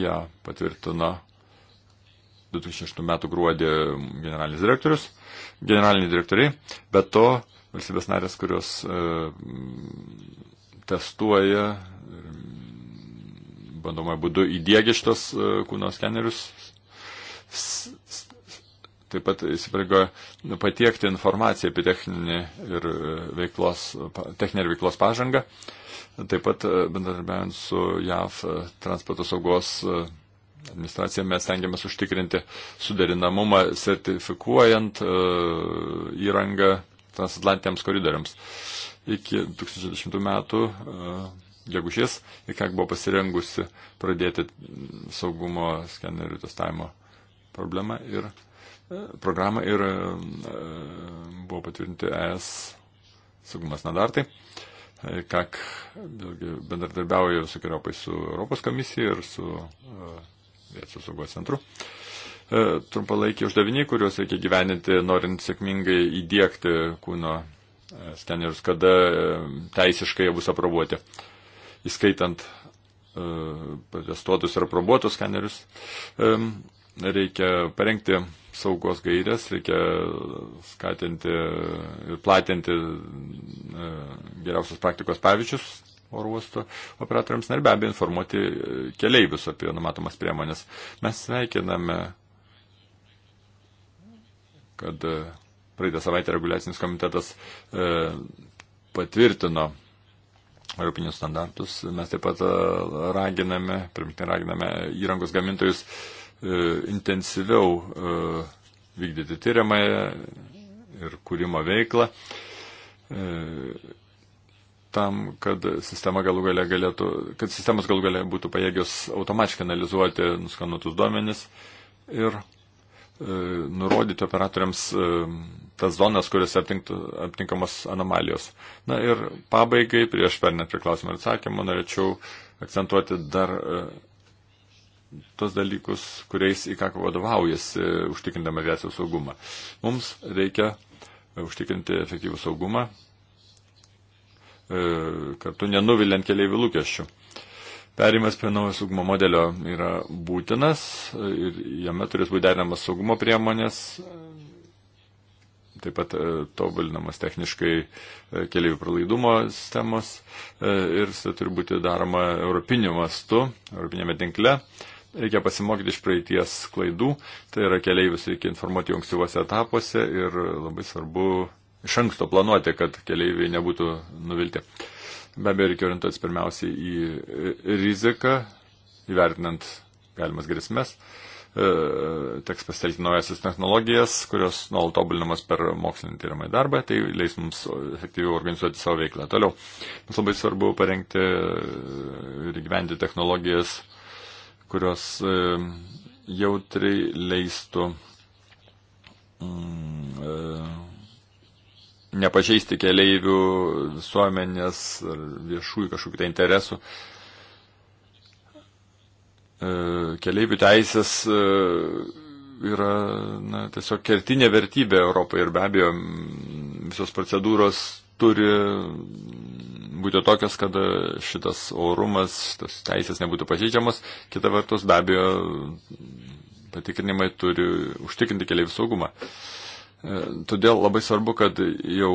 ją patvirtino 2006 m. gruodį generalinis direktorius, generaliniai direktoriai, bet to valstybės narės, kurios e, testuoja e, bandomai būdu įdėgi šitos e, kūno skenerius, taip pat įsipareigoja patiekti informaciją apie techninį ir veiklos, techninę ir veiklos pažangą, taip pat bendradarbiaujant su JAV transporto saugos administracija mes tengiamės užtikrinti suderinamumą sertifikuojant įrangą transatlantiniams koridoriams. Iki 2010 metų e, gegužės ir kiek buvo pasirengusi pradėti saugumo skenerių testavimo problemą ir e, programą ir e, buvo patvirtinti ES saugumas nadartai. KAK bendradarbiauja visokiojopai su Europos komisija ir su Vietų saugos centru. Uh, E, trumpalaikiai uždaviniai, kuriuos reikia gyveninti, norint sėkmingai įdėkti kūno e, skenerius, kada e, teisiškai jie bus aprobuoti, įskaitant protestuotus ir aprobuotus skenerius. Reikia parengti saugos gairias, reikia skatinti ir platinti geriausios praktikos pavyzdžius oro uosto operatoriams ir be abejo informuoti keleivius apie numatomas priemonės. Mes sveikiname kad e, praeitą savaitę reguliacinis komitetas e, patvirtino europinius standartus. Mes taip pat e, raginame, primtinai raginame įrangos gamintojus e, intensyviau e, vykdyti tyriamąją ir kūrimo veiklą. E, tam, kad sistema galų galia galėtų, kad sistemas galų galia būtų pajėgios automatiškai analizuoti nuskanuotus duomenis ir E, nurodyti operatoriams e, tas zonas, kuriuose aptinkamos anomalijos. Na ir pabaigai, prieš pernant prie klausimą ir atsakymą, norėčiau akcentuoti dar e, tos dalykus, kuriais į ką vadovaujasi užtikrindama aviacijos saugumą. Mums reikia užtikrinti efektyvų saugumą, kartu nenuviliant keliaivių lūkesčių. Perimas prie naujo saugumo modelio yra būtinas ir jame turės būti derinamas saugumo priemonės, taip pat e, tobulinamas techniškai e, keliaivių pralaidumo sistemos e, ir tai turi būti daroma europiniu mastu, europinėme tinkle. Reikia pasimokyti iš praeities klaidų, tai yra keliaivius reikia informuoti ankstyvose etapuose ir labai svarbu iš anksto planuoti, kad keliaiviai nebūtų nuvilti. Uh, Be abejo, reikia orientuotis pirmiausiai į riziką, įvertinant galimas grėsmės. E, teks pasitelkti naujasias technologijas, kurios nuolat tobulinamas per mokslinį tyrimą į darbą, tai leis mums efektyviau organizuoti savo veiklą. Toliau, mums labai svarbu parengti ir gyventi technologijas, kurios e, jautriai leistų mm, e, nepažeisti keleivių, visuomenės ar viešųjų kažkokių tai interesų. E, keleivių teisės e, yra na, tiesiog kertinė vertybė Europoje ir be abejo visos procedūros turi būti tokios, kad šitas orumas, šitas teisės nebūtų pažeidžiamas. Kita vertus, be abejo, patikrinimai turi užtikrinti keliaivių saugumą. Uh, E, todėl labai svarbu, kad jau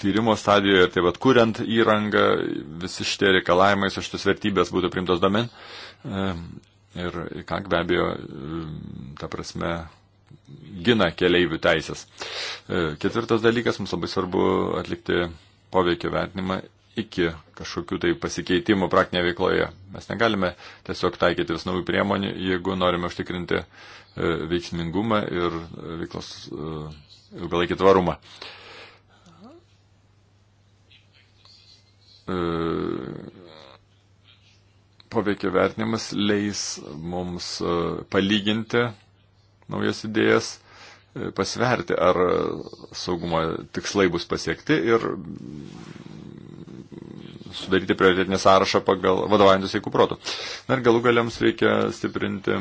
tyrimo stadijoje, taip pat kuriant įrangą, visi šitie reikalavimai su šitas vertybės būtų primtos domen. E, ir ką be abejo, e, ta prasme, gina keleivių teisės. Ketvirtas dalykas, mums labai svarbu atlikti poveikio vertinimą iki kažkokių tai pasikeitimų praktinėje veikloje. Mes negalime tiesiog taikyti vis naujų priemonių, jeigu norime užtikrinti veiksmingumą ir veiklos ilgalaikį tvarumą. E, poveikio vertinimas leis mums e, palyginti naujas idėjas, e, pasverti, ar saugumo tikslai bus pasiekti ir sudaryti prioritetinį sąrašą pagal vadovaujantis eikų protų. Na ir galų galiams reikia stiprinti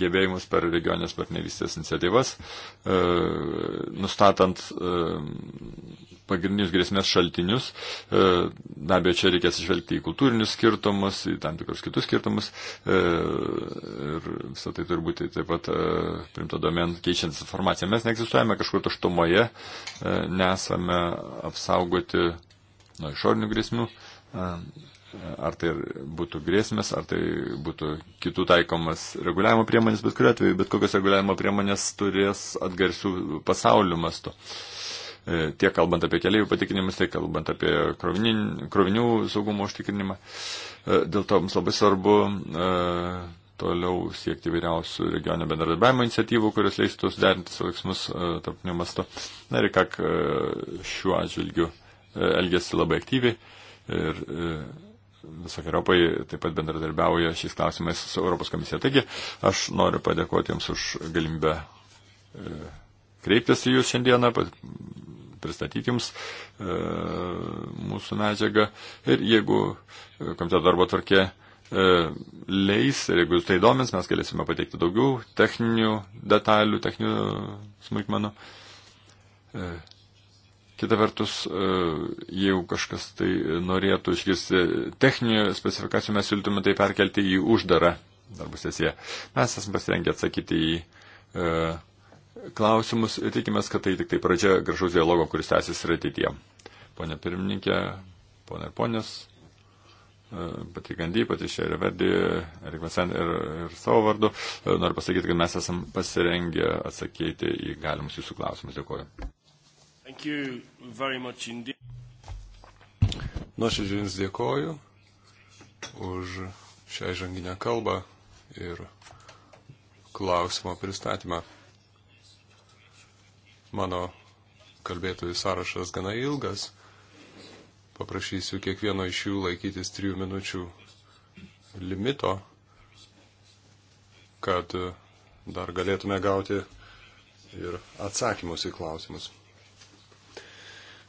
gebėjimus per regionės partnerystės iniciatyvas, e, nustatant e, pagrindinius grėsmės šaltinius. E, be abejo, čia reikės išvelgti į kultūrinius skirtumus, į tam tikrus kitus skirtumus. E, ir visą tai turi būti taip pat e, primta domen keičiantis informaciją. Mes neegzistuojame kažkur tuštumoje, e, nesame apsaugoti nuo išorinių grėsmių. E, Ar tai būtų grėsmės, ar tai būtų kitų taikomas reguliavimo priemonės, bet kuriuo atveju, bet kokios reguliavimo priemonės turės atgarsių pasaulių mastu. E, tiek kalbant apie keliaivių patikinimus, tiek kalbant apie krovinių, krovinių saugumo užtikrinimą. E, dėl to mums labai svarbu e, toliau siekti vyriausių regionio bendradarbiavimo iniciatyvų, kurios leistų suderinti savo veiksmus tarptautiniu mastu. Na ir ką šiuo atžvilgiu elgesi labai aktyviai ir e, visokiojopai taip pat bendradarbiauja šiais klausimais su Europos komisija. Taigi aš noriu padėkoti Jums už galimybę e, kreiptis į Jūs šiandieną, pristatyti Jums e, mūsų medžiagą ir jeigu komiteto darbo tvarkė leis, ir jeigu tai domins, mes galėsime pateikti daugiau techninių detalių, techninių smulkmenų. Kita vertus, e, jeigu kažkas tai norėtų išgirsti techninių specifikacijų, mes siūlytume tai perkelti į uždarą darbų sesiją. Mes esame pasirengę atsakyti į e, klausimus ir tikimės, kad tai tik tai pradžia gražaus dialogo, kuris tęsis ir ateityje. Pone pirmininkė, pone ir ponės, e, pati Gandy, pati Šerė Verdi, Erik Vasen ir, ir savo vardu, e, noriu pasakyti, kad mes esame pasirengę atsakyti į galimus jūsų klausimus. Dėkuoju. Nuoširdžiai Jums dėkoju už šią žanginę kalbą ir klausimo pristatymą. Mano kalbėtojų sąrašas gana ilgas. Paprašysiu kiekvieno iš jų laikytis trijų minučių limito, kad dar galėtume gauti ir atsakymus į klausimus.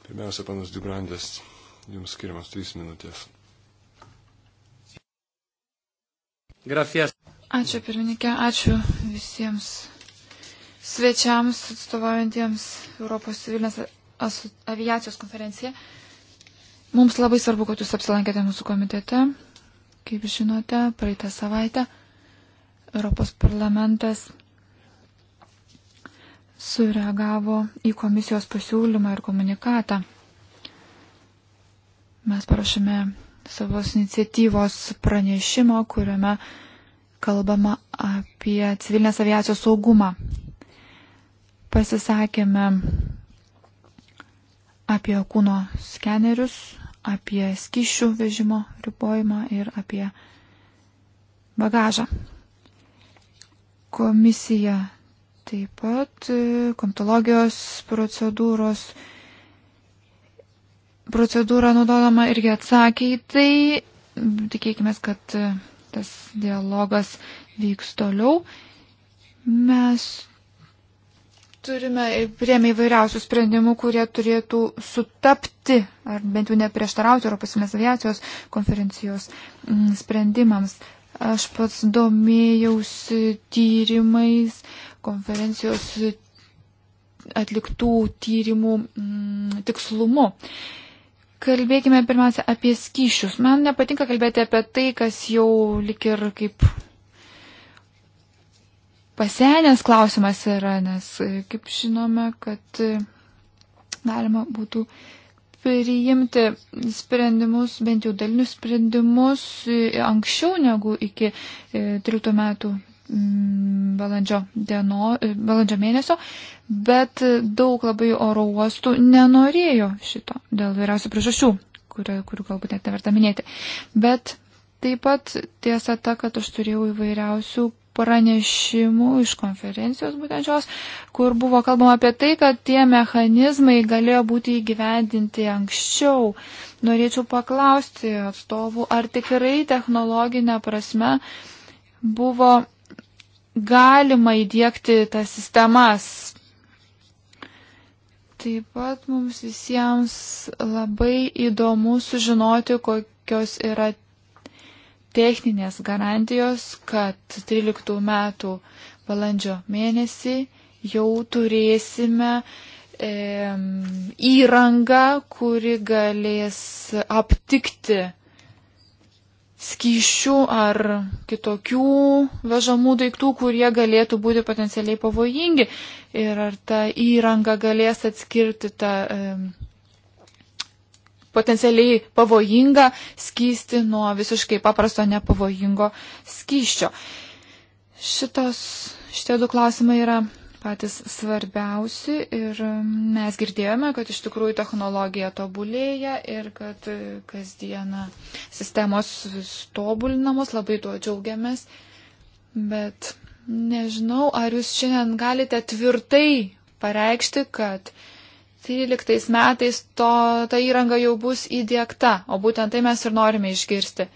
Pirmiausia, panas Dugrandės, jums skiriamas 3 minutės. Gracias. Ačiū pirmininkė, ačiū visiems svečiams atstovaujantiems Europos civilinės aviacijos konferenciją. Mums labai svarbu, kad jūs apsilankėte mūsų komitete. Kaip žinote, praeitą savaitę Europos parlamentas sureagavo į komisijos pasiūlymą ir komunikatą. Mes parašėme savos iniciatyvos pranešimo, kuriame kalbama apie civilinės aviacijos saugumą. Pasisakėme apie kūno skenerius, apie skyšių vežimo ribojimą ir apie bagažą. Komisija Taip pat e, kontologijos procedūros. Procedūra naudodama irgi atsakė į tai. Tikėkime, kad e, tas dialogas vyks toliau. Mes turime priemė įvairiausių sprendimų, kurie turėtų sutapti ar bent jau neprieštarauti Europos aviacijos konferencijos sprendimams. Aš pats domėjausi tyrimais, konferencijos atliktų tyrimų mm, tikslumu. Kalbėkime pirmiausia apie skyšius. Man nepatinka kalbėti apie tai, kas jau lik ir kaip pasenęs klausimas yra, nes kaip žinome, kad galima būtų priimti sprendimus, bent jau dalinius sprendimus e, anksčiau negu iki 13 e, metų mm, balandžio, dieno, e, balandžio mėnesio, bet daug labai oro uostų nenorėjo šito dėl vairiausių priežasčių, kurių, kurių galbūt net neverta minėti. Bet taip pat tiesa ta, kad aš turėjau įvairiausių pranešimų iš konferencijos būtent šios, kur buvo kalbama apie tai, kad tie mechanizmai galėjo būti įgyvendinti anksčiau. Norėčiau paklausti atstovų, ar tikrai technologinė prasme buvo galima įdėkti tas sistemas. Taip pat mums visiems labai įdomu sužinoti, kokios yra techninės garantijos, kad 13 metų balandžio mėnesį jau turėsime e, įrangą, kuri galės aptikti skyšių ar kitokių vežamų daiktų, kurie galėtų būti potencialiai pavojingi. Ir ar ta įranga galės atskirti tą e, potencialiai pavojingą skysti nuo visiškai paprasto nepavojingo skyščio. Šitos, šitie du klausimai yra patys svarbiausi ir mes girdėjome, kad iš tikrųjų technologija tobulėja ir kad kasdieną sistemos vis tobulinamos, labai tuo džiaugiamės, bet nežinau, ar jūs šiandien galite tvirtai pareikšti, kad uh, 13 metais to, ta įranga jau bus įdėkta, o būtent tai mes ir norime išgirsti.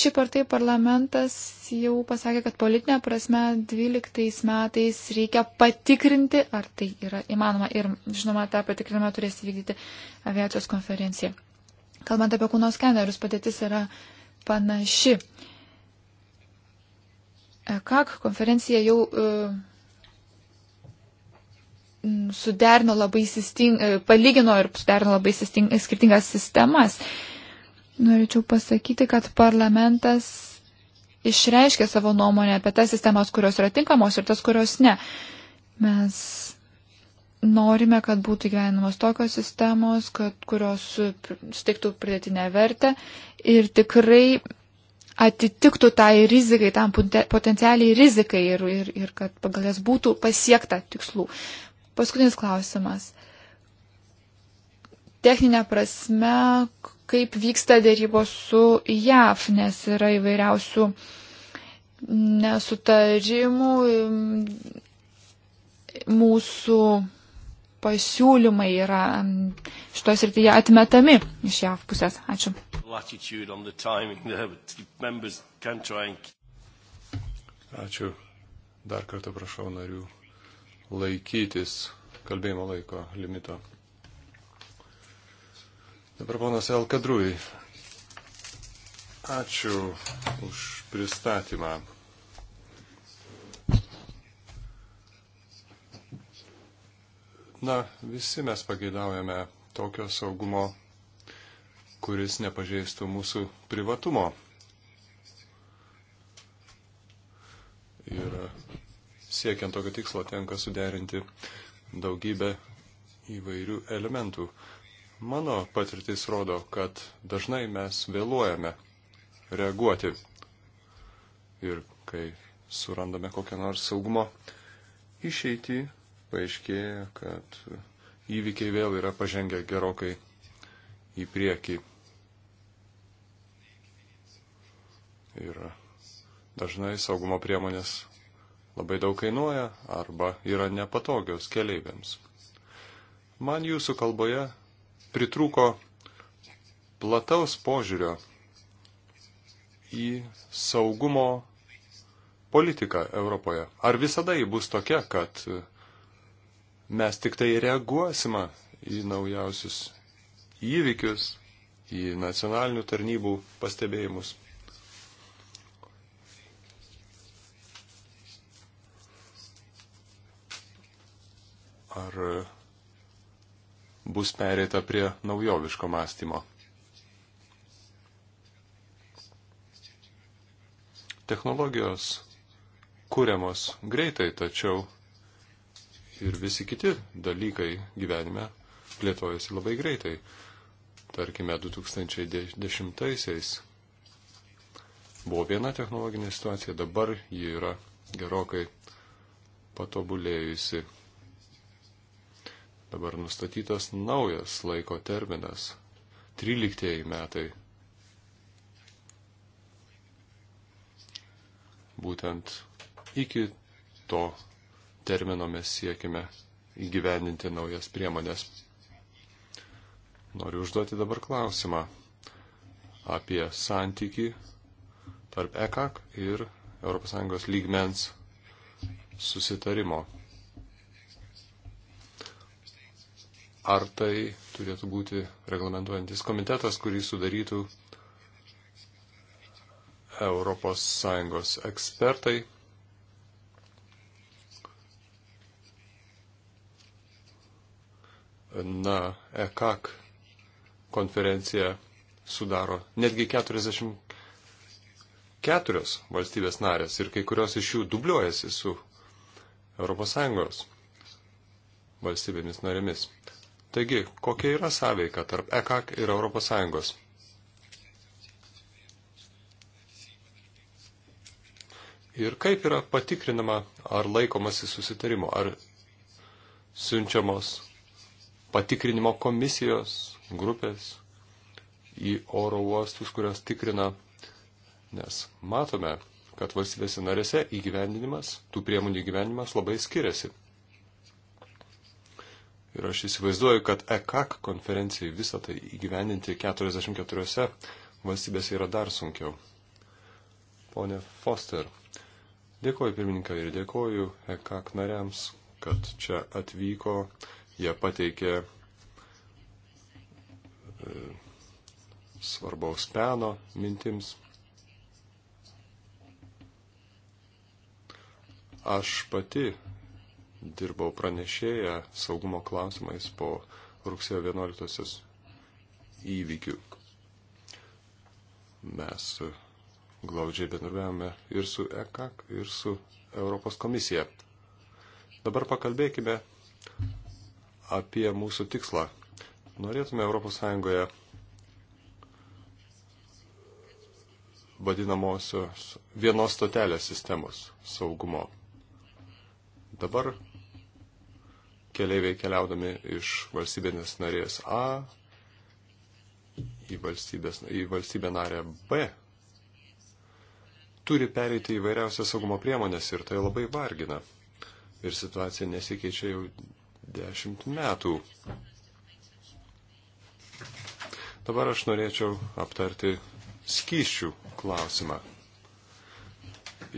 Šiaip ar tai parlamentas jau pasakė, kad politinė prasme 12 metais reikia patikrinti, ar tai yra įmanoma ir, žinoma, tą patikrinimą turės vykdyti aviacijos konferencija. Kalbant apie kūno skenerius, padėtis yra panaši. ECAC konferencija jau. Uh, Mm, suderino labai sisting, e, palygino ir suderino labai sisting, skirtingas sistemas. Norėčiau pasakyti, kad parlamentas išreiškė savo nuomonę apie tas sistemas, kurios yra tinkamos ir tas, kurios ne. Mes norime, kad būtų gyvenamos tokios sistemos, kad, kurios suteiktų pridėtinę vertę ir tikrai atitiktų tai rizikai, tam potencialiai rizikai ir, ir, ir kad pagal jas būtų pasiekta tikslų. Paskutinis klausimas. Techninė prasme, kaip vyksta dėrybos su JAV, nes yra įvairiausių nesutarimų, mūsų pasiūlymai yra šitos rytyje atmetami iš JAV pusės. Ačiū. Ačiū. Dar kartą prašau narių laikytis kalbėjimo laiko limito. Dabar ponas Elkadrui. Ačiū už pristatymą. Na, visi mes pageidaujame tokio saugumo, kuris nepažeistų mūsų privatumo. Ir siekiant tokio tikslo tenka suderinti daugybę įvairių elementų. Mano patirtis rodo, kad dažnai mes vėluojame reaguoti ir kai surandame kokią nors saugumo išeitį, paaiškėja, kad įvykiai vėl yra pažengę gerokai į priekį. Ir dažnai saugumo priemonės labai daug kainuoja arba yra nepatogios keleiviams. Man jūsų kalboje pritrūko plataus požiūrio į saugumo politiką Europoje. Ar visada ji bus tokia, kad mes tik tai reaguosime į naujausius įvykius, į nacionalinių tarnybų pastebėjimus? ar bus pereita prie naujoviško mąstymo. Technologijos kūriamos greitai, tačiau ir visi kiti dalykai gyvenime plėtojasi labai greitai. Tarkime, 2010-aisiais buvo viena technologinė situacija, dabar ji yra gerokai patobulėjusi. Dabar nustatytas naujas laiko terminas - 13 metai. Būtent iki to termino mes siekime įgyvendinti naujas priemonės. Noriu užduoti dabar klausimą apie santyki tarp ECAC ir ES lygmens susitarimo. ar tai turėtų būti reglamentuojantis komitetas, kurį sudarytų ES ekspertai. Na, ECAC konferencija sudaro netgi 44 valstybės narės ir kai kurios iš jų dubliuojasi su ES valstybėmis narėmis. Taigi, kokia yra sąveika tarp ECAC ir ES? Ir kaip yra patikrinama, ar laikomasi susitarimo, ar siunčiamos patikrinimo komisijos grupės į oro uostus, kurios tikrina, nes matome, kad valstybėse narėse įgyvendinimas, tų priemonių įgyvendinimas labai skiriasi. Ir aš įsivaizduoju, kad ECAC konferencijai visą tai įgyvendinti 44 valstybėse yra dar sunkiau. Pone Foster, dėkoju pirmininkai ir dėkoju ECAC nariams, kad čia atvyko, jie pateikė e, svarbaus peno mintims. Aš pati dirbau pranešėję saugumo klausimais po rugsėjo 11 įvykių. Mes glaudžiai bendradarbiavome ir su ECAC, ir su Europos komisija. Dabar pakalbėkime apie mūsų tikslą. Norėtume ES vadinamosios vienos stotelės sistemos saugumo. Dabar keliaiviai keliaudami iš valstybės narės A į, valstybės, į valstybę narę B turi pereiti įvairiausias saugumo priemonės ir tai labai vargina. Ir situacija nesikeičia jau dešimt metų. Dabar aš norėčiau aptarti skyšių klausimą.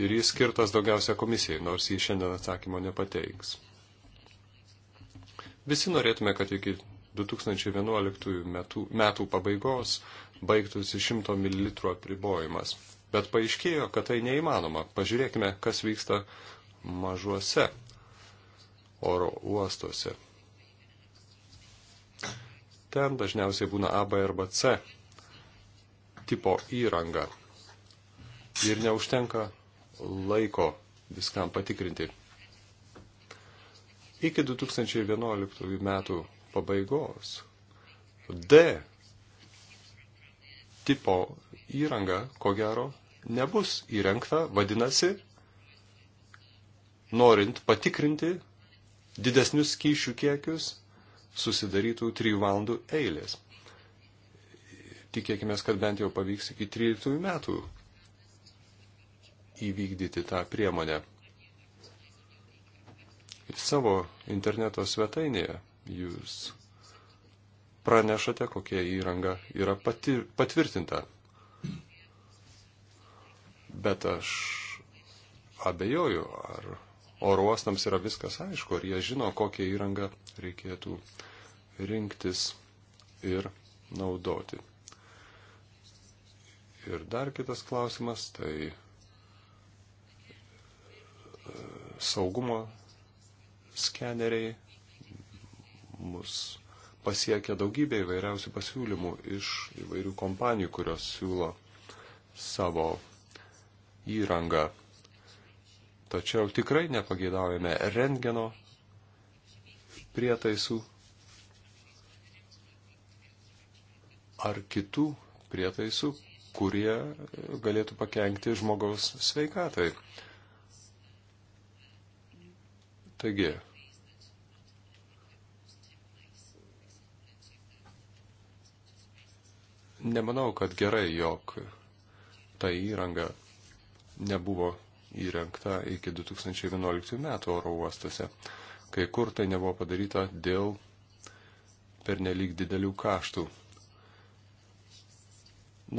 Ir jis skirtas daugiausia komisijai, nors jį šiandien atsakymo nepateiks. Visi norėtume, kad iki 2011 metų, metų pabaigos baigtųsi 100 ml apribojimas. Bet paaiškėjo, kad tai neįmanoma. Pažiūrėkime, kas vyksta mažuose oro uostuose. Ten dažniausiai būna A, B arba C tipo įranga. Ir neužtenka laiko viskam patikrinti iki 2011 metų pabaigos D tipo įranga, ko gero, nebus įrengta, vadinasi, norint patikrinti didesnius skyšių kiekius, susidarytų 3 valandų eilės. Tikėkime, kad bent jau pavyks iki 13 metų įvykdyti tą priemonę savo interneto svetainėje jūs pranešate, kokia įranga yra pati, patvirtinta. Bet aš abejoju, ar oro uostams yra viskas aišku, ar jie žino, kokią įrangą reikėtų rinktis ir naudoti. Ir dar kitas klausimas, tai e, saugumo skeneriai. Mus pasiekia daugybė įvairiausių pasiūlymų iš įvairių kompanijų, kurios siūlo savo įrangą. Tačiau tikrai nepageidaujame rentgeno prietaisų ar kitų prietaisų, kurie galėtų pakengti žmogaus sveikatai. Taigi, nemanau, kad gerai, jog ta įranga nebuvo įrengta iki 2011 metų oro uostuose. Kai kur tai nebuvo padaryta dėl pernelyg didelių kaštų.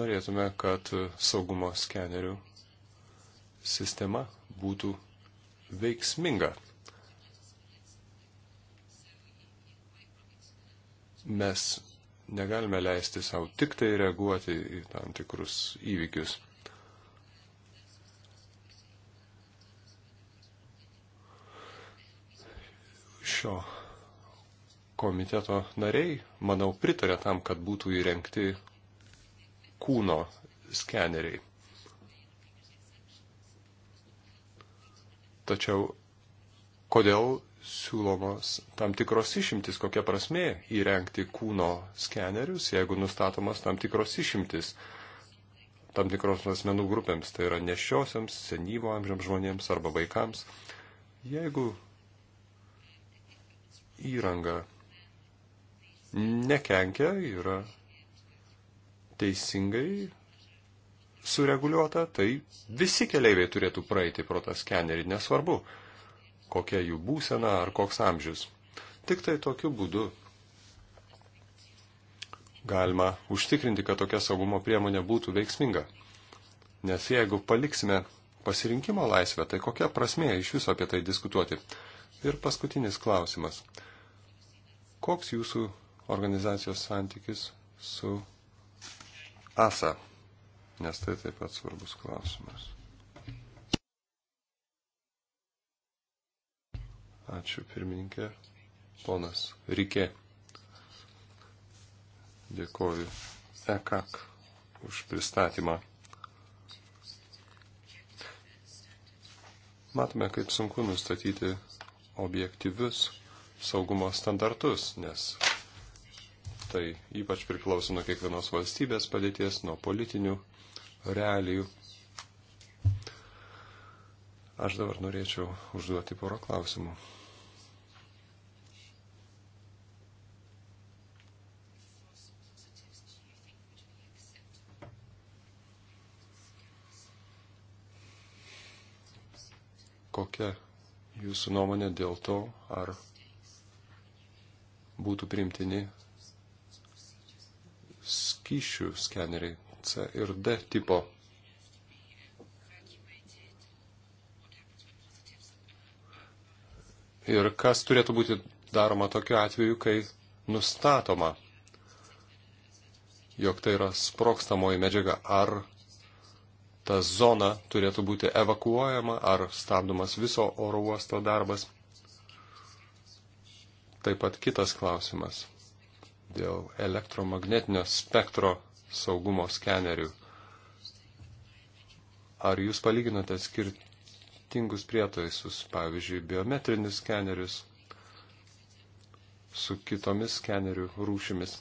Norėtume, kad saugumo skenerių sistema būtų veiksminga. Mes negalime leisti savo tik tai reaguoti į tam tikrus įvykius. Šio komiteto nariai, manau, pritarė tam, kad būtų įrengti kūno skeneriai. Tačiau kodėl siūlomos tam tikros išimtis, kokia prasme įrengti kūno skenerius, jeigu nustatomas tam tikros išimtis tam tikros asmenų grupėms, tai yra nešiosiams, senyvo amžiams žmonėms arba vaikams. Jeigu įranga nekenkia, yra teisingai sureguliuota, tai visi keliaiviai turėtų praeiti pro tą skenerį, nesvarbu, kokia jų būsena ar koks amžius. Tik tai tokiu būdu galima užtikrinti, kad tokia saugumo priemonė būtų veiksminga. Nes jeigu paliksime pasirinkimo laisvę, tai kokia prasmė iš viso apie tai diskutuoti? Ir paskutinis klausimas. Koks jūsų organizacijos santykis su ASA? Nes tai taip pat svarbus klausimas. Ačiū pirmininkė. Ponas Rikė. Dėkoju EKAK už pristatymą. Matome, kaip sunku nustatyti objektyvius saugumo standartus, nes tai ypač priklauso nuo kiekvienos valstybės padėties, nuo politinių realijų Aš dabar norėčiau užduoti porą klausimų. Kokia jūsų nuomonė dėl to, ar būtų primtini skyšių skeneriai C ir D tipo ir kas turėtų būti daroma tokiu atveju, kai nustatoma, jog tai yra sprokstamoji medžiaga, ar ta zona turėtų būti evakuojama, ar stabdomas viso oro uosto darbas. Taip pat kitas klausimas dėl elektromagnetinio spektro saugumo skenerių. Ar jūs palyginote skirti? ypatingus prietaisus, pavyzdžiui, biometrinius skenerius su kitomis skenerių rūšimis.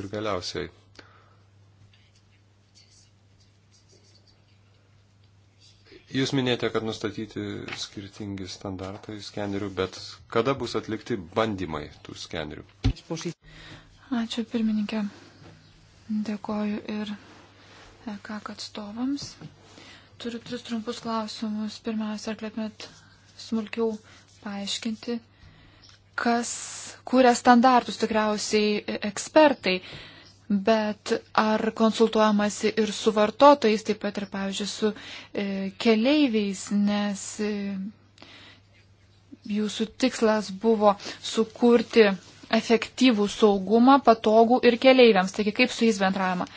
Ir galiausiai Jūs minėjote, kad nustatyti skirtingi standartai skenerių, bet kada bus atlikti bandymai tų skenerių? Ačiū pirmininkė. Dėkoju ir EKAK atstovams. Turiu tris trumpus klausimus. Pirmiausia, ar galėtumėt smulkiau paaiškinti, kas kūrė standartus, tikriausiai ekspertai, bet ar konsultuojamasi ir su vartotojais, taip pat ir, pavyzdžiui, su e, keleiviais, nes e, jūsų tikslas buvo sukurti efektyvų saugumą, patogų ir keleiviams. Taigi, kaip su jais bendravimą?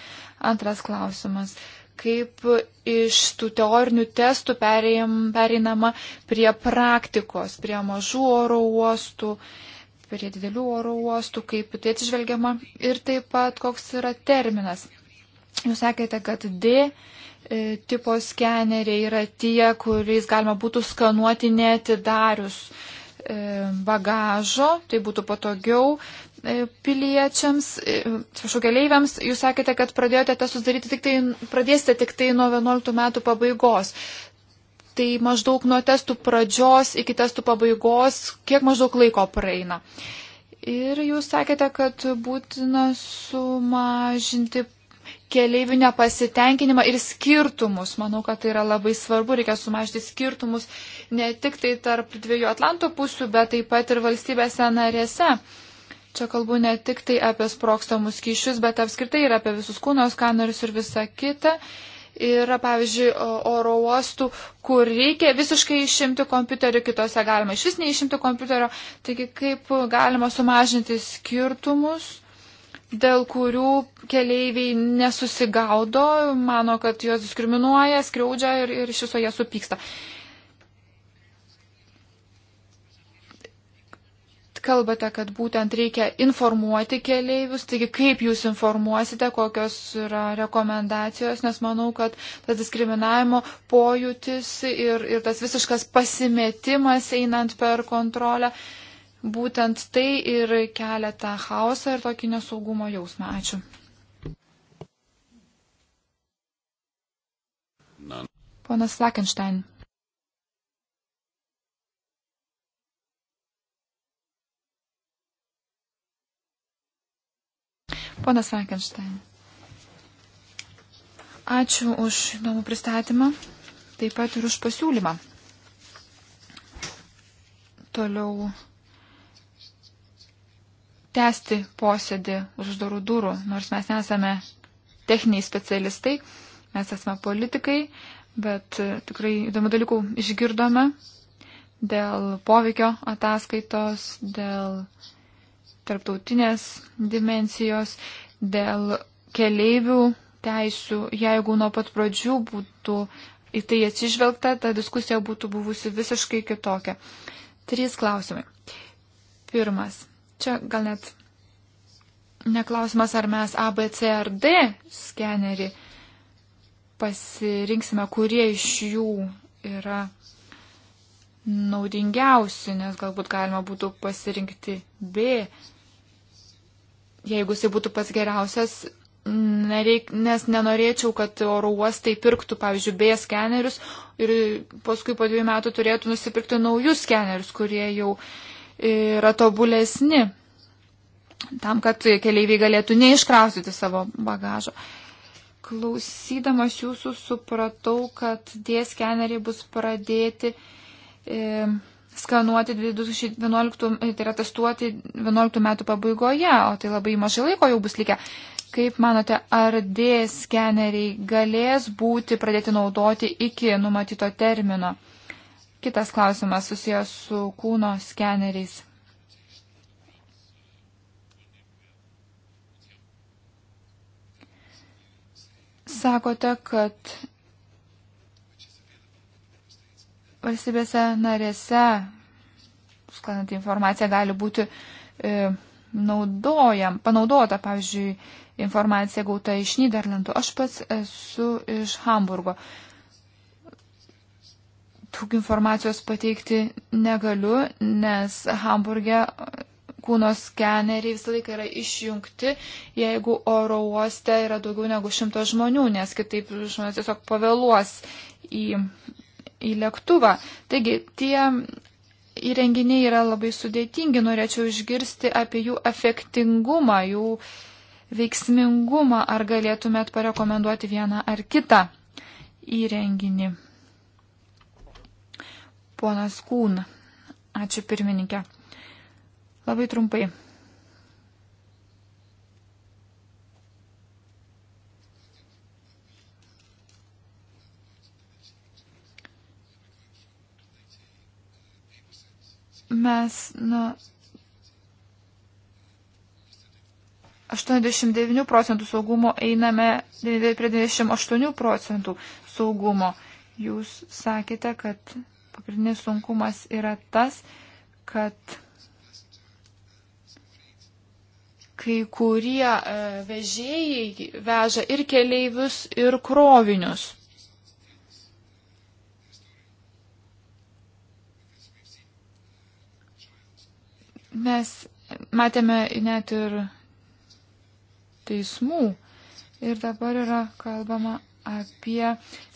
Antras klausimas. E, kaip iš tų teorinių testų pereinama prie praktikos, prie mažų oro uostų, prie didelių oro uostų, kaip tai atsižvelgiama ir taip pat koks yra terminas. Jūs sakėte, kad D e, tipo skeneriai yra tie, kuriais galima būtų skanuoti netidarius e, bagažo, tai būtų patogiau, E, piliečiams, e, atsiprašau, keleiviams, jūs sakėte, kad pradėjote testus daryti tik tai, pradėsite tik tai nuo 11 metų pabaigos. Tai maždaug nuo testų pradžios iki testų pabaigos, kiek maždaug laiko praeina. Ir jūs sakėte, kad būtina sumažinti keleivių nepasitenkinimą ir skirtumus. Manau, kad tai yra labai svarbu, reikia sumažinti skirtumus ne tik tai tarp dviejų Atlanto pusių, bet taip pat ir valstybėse narėse. Čia kalbu ne tik tai apie sprokstamus kyšius, bet apskritai ir apie visus kūno skanerius ir visą kitą. Yra, pavyzdžiui, oro uostų, kur reikia visiškai išimti kompiuterį, kitose galima iš vis neišimti kompiuterio. Taigi, kaip galima sumažinti skirtumus, dėl kurių keleiviai nesusigaudo, mano, kad juos diskriminuoja, skriaudžia ir, ir iš viso jie supyksta. Uh, kalbate, kad būtent reikia informuoti keleivius, taigi kaip jūs informuosite, kokios yra rekomendacijos, nes manau, kad tas diskriminavimo pojūtis ir, ir tas visiškas pasimetimas einant per kontrolę, būtent tai ir kelia tą chaosą ir tokį nesaugumo jausmą. Ačiū. Ponas Lakenstein. Ponas Frankenstein. Ačiū už įdomų pristatymą, taip pat ir už pasiūlymą. Toliau tęsti posėdį už uždarų durų, nors mes nesame techniniai specialistai, mes esame politikai, bet tikrai įdomių dalykų išgirdome dėl poveikio ataskaitos, dėl tarptautinės dimensijos, dėl keleivių teisių, jeigu nuo pat pradžių būtų į tai atsižvelgta, ta diskusija būtų buvusi visiškai kitokia. Trys klausimai. Pirmas. Čia gal net neklausimas, ar mes A, B, C ar D skenerį pasirinksime, kurie iš jų yra naudingiausi, nes galbūt galima būtų pasirinkti B jeigu jisai būtų pats geriausias, nereik, nes nenorėčiau, kad oro uostai pirktų, pavyzdžiui, B skenerius ir paskui po dviejų metų turėtų nusipirkti naujus skenerius, kurie jau yra tobulesni, tam, kad keleiviai galėtų neiškrausyti savo bagažo. Klausydamas jūsų supratau, kad D skeneriai bus pradėti. E, skanuoti 2011, e, tai yra testuoti 11 metų pabaigoje, o tai labai mažai laiko jau bus likę. Kaip manote, ar D skeneriai galės būti pradėti naudoti iki numatyto termino? Kitas klausimas susijęs su kūno skeneriais. Sakote, kad valstybėse narėse sklandant informacija gali būti e, naudojam, panaudota, pavyzdžiui, informacija gauta iš Niderlandų. Aš pats esu iš Hamburgo. Tuk informacijos pateikti negaliu, nes Hamburge kūno skeneriai visą laiką yra išjungti, jeigu oro uoste yra daugiau negu šimto žmonių, nes kitaip žmonės tiesiog pavėluos į į lėktuvą. Taigi tie įrenginiai yra labai sudėtingi, norėčiau išgirsti apie jų efektingumą, jų veiksmingumą, ar galėtumėt parekomenduoti vieną ar kitą įrenginį. Ponas Kūn, ačiū pirmininkė. Labai trumpai. mes, na, nu, 89 procentų saugumo einame prie 98 procentų saugumo. Jūs sakėte, kad pagrindinis sunkumas yra tas, kad kai kurie e, vežėjai veža ir keleivius, ir krovinius. Mes matėme net ir teismų ir dabar yra kalbama apie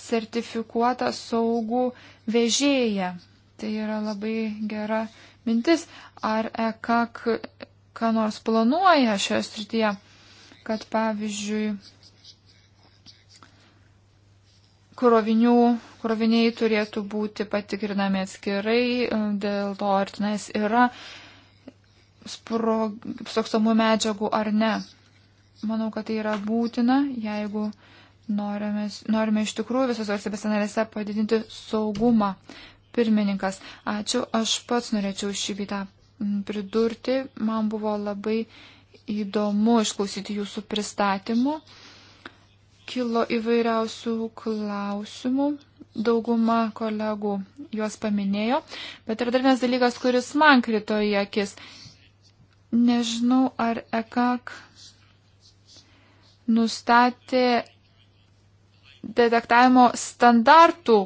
sertifikuotą saugų vežėją. Tai yra labai gera mintis. Ar ECA ką nors planuoja šioje srityje, kad pavyzdžiui krovinių, kroviniai turėtų būti patikrinami atskirai dėl to, ar tenais yra sprogstamų medžiagų ar ne. Manau, kad tai yra būtina, jeigu norime, norime iš tikrųjų visose valstybėse narėse padidinti saugumą. Pirmininkas, ačiū, aš pats norėčiau šį bitą pridurti. Man buvo labai įdomu išklausyti jūsų pristatymų. Kilo įvairiausių klausimų, dauguma kolegų juos paminėjo, bet yra dar vienas dalykas, kuris man krito į akis. Nežinau, ar EKAK nustatė detektavimo standartų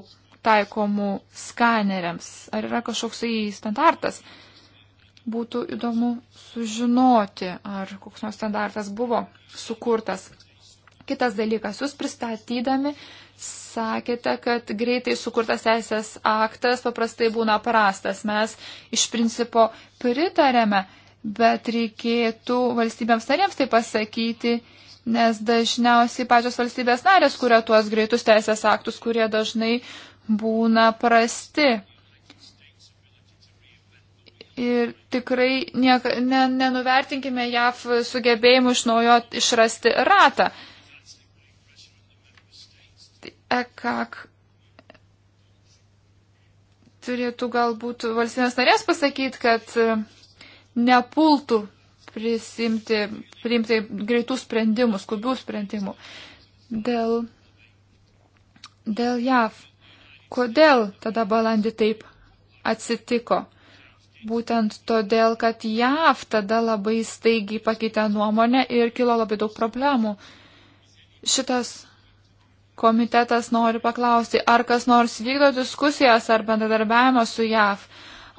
taikomų skaneriams. Ar yra kažkoksai standartas? Būtų įdomu sužinoti, ar koks nors standartas buvo sukurtas. Kitas dalykas, jūs pristatydami sakėte, kad greitai sukurtas teisės aktas paprastai būna prastas. Mes iš principo pritarėme bet reikėtų valstybėms narėms tai pasakyti, nes dažniausiai pačios valstybės narės kuria tuos greitus teisės aktus, kurie dažnai būna prasti. Ir tikrai niek, ne, nenuvertinkime JAF sugebėjimų iš naujo išrasti ratą. Ekak turėtų galbūt valstybės narės pasakyti, kad nepultų prisimti, priimti greitų sprendimų, skubių sprendimų. Dėl, dėl JAV. Kodėl tada balandį taip atsitiko? Būtent todėl, kad JAV tada labai staigiai pakeitė nuomonę ir kilo labai daug problemų. Šitas komitetas nori paklausti, ar kas nors vykdo diskusijas ar bendradarbiavimą su JAV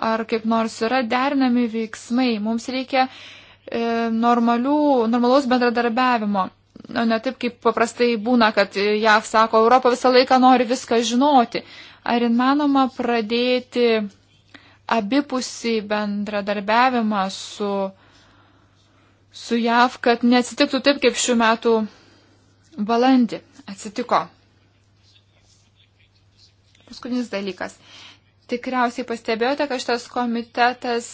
ar kaip nors yra derinami veiksmai. Mums reikia e, normalių, normalaus bendradarbiavimo. O ne taip, kaip paprastai būna, kad JAV sako, Europa visą laiką nori viską žinoti. Ar įmanoma pradėti abipusį bendradarbiavimą su, su JAV, kad neatsitiktų taip, kaip šių metų balandį atsitiko? Paskutinis dalykas. Tikriausiai pastebėjote, kad šitas komitetas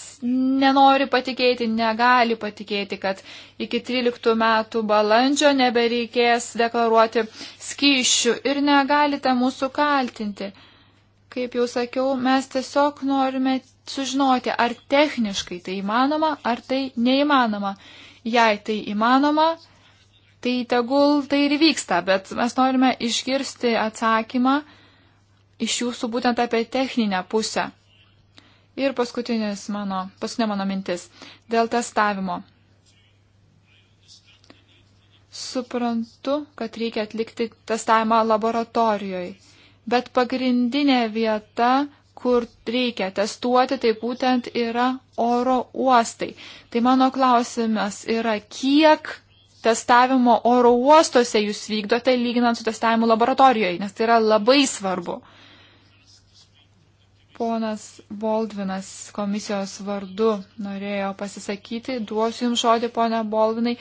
nenori patikėti, negali patikėti, kad iki 13 metų balandžio nebereikės deklaruoti skyšių ir negalite mūsų kaltinti. Kaip jau sakiau, mes tiesiog norime sužinoti, ar techniškai tai įmanoma, ar tai neįmanoma. Jei tai įmanoma, tai tegul tai ir vyksta, bet mes norime išgirsti atsakymą iš jūsų būtent apie techninę pusę. Ir paskutinis mano, paskutinė mano mintis dėl testavimo. Suprantu, kad reikia atlikti testavimą laboratorijoje, bet pagrindinė vieta, kur reikia testuoti, tai būtent yra oro uostai. Tai mano klausimas yra, kiek testavimo oro uostuose jūs vykdote lyginant su testavimu laboratorijoje, nes tai yra labai svarbu. Ponas Boldvinas komisijos vardu norėjo pasisakyti. Duosiu Jums žodį, ponė Boldvinai,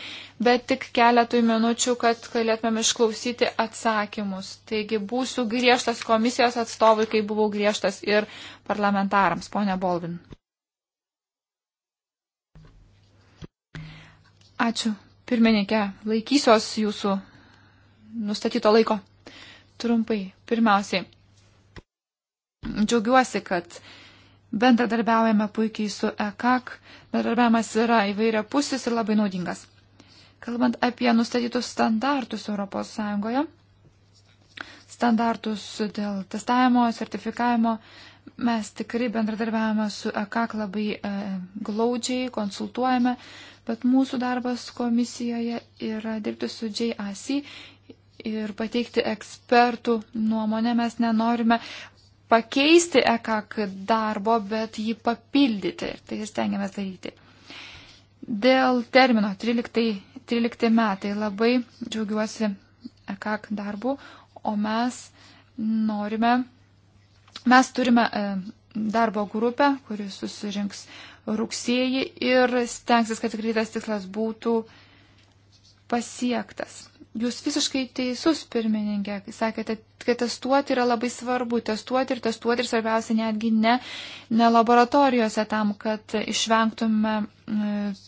bet tik keletui minučių, kad galėtumėm išklausyti atsakymus. Taigi būsiu griežtas komisijos atstovui, kai buvau griežtas ir parlamentarams. Pone Boldvin. Ačiū. Pirmininkė, laikysiuos jūsų nustatyto laiko. Trumpai, pirmiausiai, Džiaugiuosi, kad bendradarbiaujame puikiai su EKAK, bendradarbiavimas yra įvairia pusis ir labai naudingas. Kalbant apie nustatytus standartus ES, standartus dėl testavimo, sertifikavimo, mes tikrai bendradarbiavame su EKAK labai e, glaudžiai, konsultuojame, bet mūsų darbas komisijoje yra dirbti su JAC ir pateikti ekspertų nuomonę. Mes nenorime pakeisti EKAK darbo, bet jį papildyti. Ir tai ir stengiamės daryti. Dėl termino 13, 13 metai labai džiaugiuosi EKAK darbu, o mes norime, mes turime e, darbo grupę, kuris susirinks rugsėjį ir stengsis, kad tikrai tas tikslas būtų pasiektas. Jūs visiškai teisus, pirmininkė, sakėte, kad testuoti yra labai svarbu, testuoti ir testuoti ir svarbiausia netgi ne, ne laboratorijose tam, kad išvengtume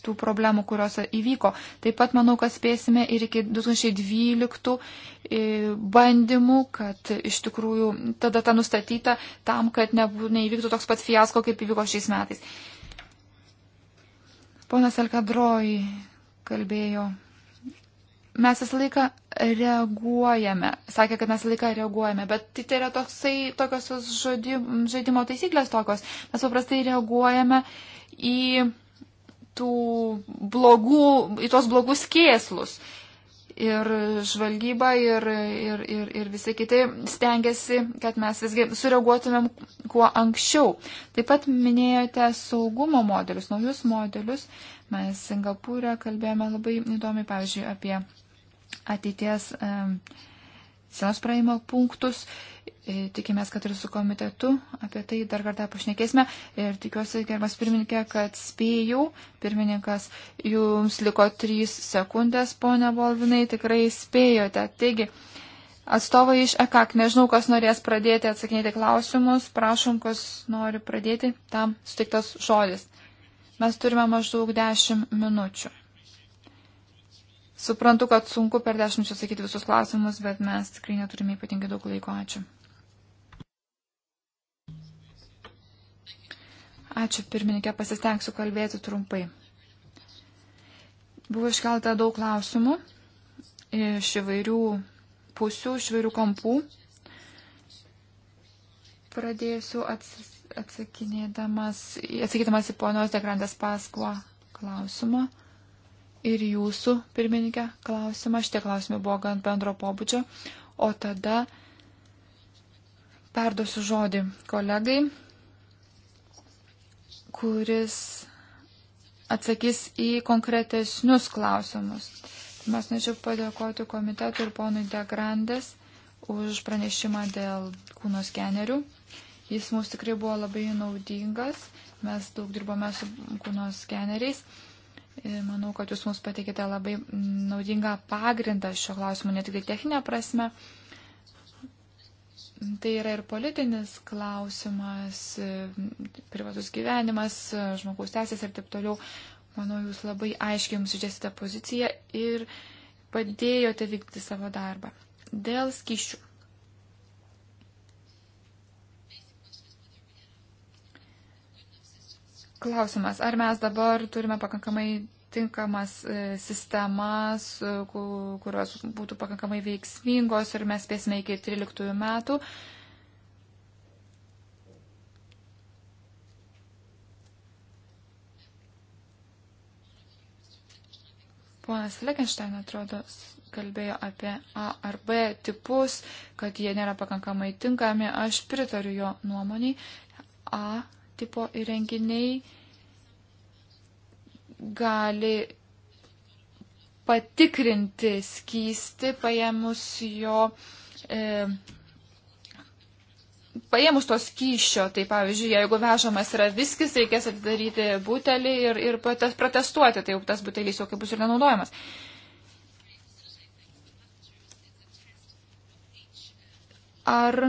tų problemų, kurios įvyko. Taip pat manau, kad spėsime ir iki 2012 e, bandymų, kad iš tikrųjų tada ta nustatyta tam, kad neįvyktų toks pat fiasko, kaip įvyko šiais metais. Ponas Elkadroji kalbėjo mes visą laiką reaguojame. Sakė, kad mes visą laiką reaguojame, bet tai, tai yra toksai, tokios žodi, žaidimo taisyklės tokios. Mes paprastai reaguojame į tų blogų, į tos blogus kėslus. Ir žvalgyba ir, ir, ir, ir visi kiti stengiasi, kad mes visgi sureaguotumėm kuo anksčiau. Taip pat minėjote saugumo modelius, naujus modelius. Mes Singapūrė kalbėjome labai įdomiai, pavyzdžiui, apie ateities senos praeimo punktus. E, tikimės, kad ir su komitetu apie tai dar kartą pašnekėsime. Ir tikiuosi, gerbas pirmininkė, kad spėjau. Pirmininkas, jums liko trys sekundės, ponia Volvinai, tikrai spėjote. Taigi, atstovai iš EKAK, nežinau, kas norės pradėti atsakinėti klausimus. Prašom, kas nori pradėti, tam sutiktas žodis. Mes turime maždaug 10 minučių. Suprantu, kad sunku per dešimčią sakyti visus klausimus, bet mes tikrai neturime ypatingai daug laiko. Ačiū. Ačiū, pirmininkė, pasistengsiu kalbėti trumpai. Buvo iškelta daug klausimų iš įvairių pusių, iš įvairių kampų. Pradėsiu atsakydamas į ponios Degrandės Paskvo klausimą ir jūsų pirmininkę klausimą. Šitie klausimai buvo gan bendro pobūdžio. O tada perduosiu žodį kolegai, kuris atsakys į konkretesnius klausimus. Mes norėčiau padėkoti komitetui ir ponui Degrandės už pranešimą dėl kūno skenerių. Jis mums tikrai buvo labai naudingas. Mes daug dirbome su kūno skeneriais. Manau, kad jūs mums pateikite labai naudingą pagrindą šio klausimo, ne tik tai techninę prasme. Tai yra ir politinis klausimas, privatus gyvenimas, žmogaus teisės ir taip toliau. Manau, jūs labai aiškiai mums išdėsite poziciją ir padėjote vykti savo darbą. Dėl skyšių. klausimas, ar mes dabar turime pakankamai tinkamas e, sistemas, e, kurios būtų pakankamai veiksmingos ir mes spėsime iki 13 metų. Ponas Lekenštain, atrodo, kalbėjo apie A ar B tipus, kad jie nėra pakankamai tinkami. Aš pritariu jo nuomoniai. A tipo įrenginiai gali patikrinti skysti, paėmus jo, e, paėmus to skyšio, tai pavyzdžiui, jeigu vežamas yra viskis, reikės atidaryti butelį ir, ir protestuoti, tai jau tas butelis jau kaip bus ir nenaudojamas. Ar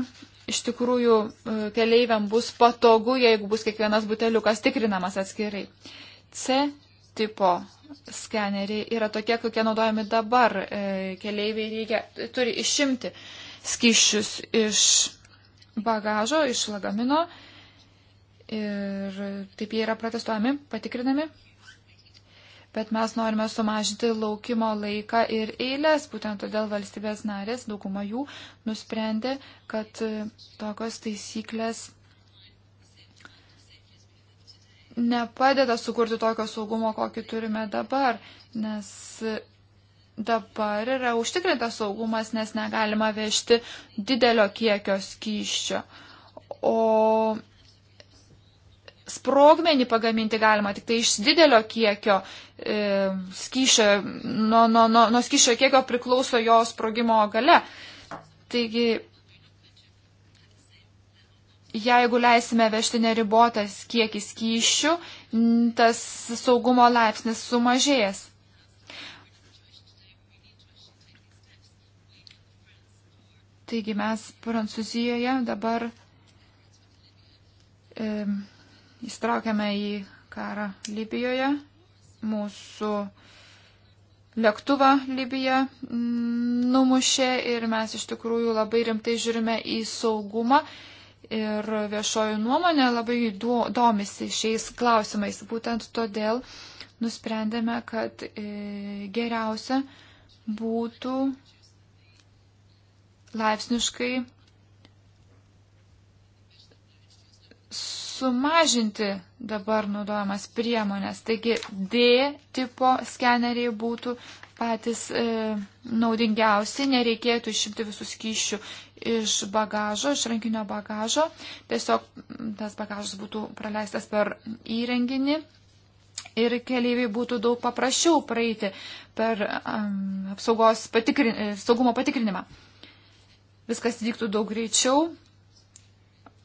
iš tikrųjų e, keleiviam bus patogu, jeigu bus kiekvienas buteliukas tikrinamas atskirai. C tipo skeneriai yra tokie, kokie naudojami dabar. E, keleiviai reikia, turi išimti skyšius iš bagažo, iš lagamino ir taip jie yra protestuojami, patikrinami bet mes norime sumažinti laukimo laiką ir eilės. Būtent todėl valstybės narės, dauguma jų, nusprendė, kad e, tokios taisyklės nepadeda sukurti tokio saugumo, kokį turime dabar, nes dabar yra užtikrintas saugumas, nes negalima vežti didelio kiekio skyščio. O sprogmenį pagaminti galima tik tai iš didelio kiekio e, skyšio, nuo, nuo, nuo, nuo skyšio kiekio priklauso jo sprogimo gale. Taigi, jeigu leisime vežti neribotas kiekis skyšių, tas saugumo laipsnis sumažės. Taigi mes Prancūzijoje dabar e, įstraukėme į karą Libijoje, mūsų lėktuvą Libija numušė ir mes iš tikrųjų labai rimtai žiūrime į saugumą ir viešoji nuomonė labai domisi šiais klausimais. Būtent todėl nusprendėme, kad e, geriausia būtų laipsniškai sumažinti dabar naudojamas priemonės. Taigi D tipo skeneriai būtų patys e, naudingiausi, nereikėtų išimti visus skyšių iš bagažo, iš rankinio bagažo, tiesiog tas bagažas būtų praleistas per įrenginį ir keliaiviai būtų daug paprasčiau praeiti per um, apsaugos patikrin, e, saugumo patikrinimą. Viskas vyktų daug greičiau,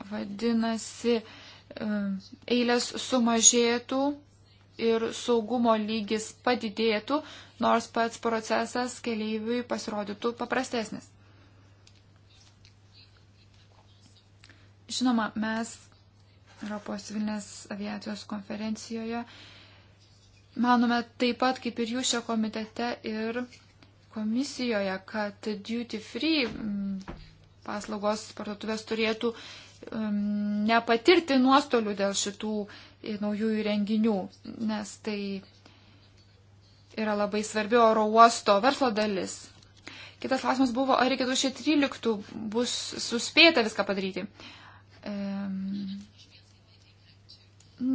vadinasi, e, eilės sumažėtų ir saugumo lygis padidėtų, nors pats procesas keleiviui pasirodytų paprastesnis. Žinoma, mes Europos civilinės aviacijos konferencijoje manome taip pat kaip ir jūs šio komitete ir komisijoje, kad duty free mm, paslaugos parduotuvės turėtų Um, nepatirti nuostolių dėl šitų e, naujųjų renginių, nes tai yra labai svarbi oro uosto verslo dalis. Kitas klausimas buvo, ar iki 2013 bus suspėta viską padaryti. Ehm,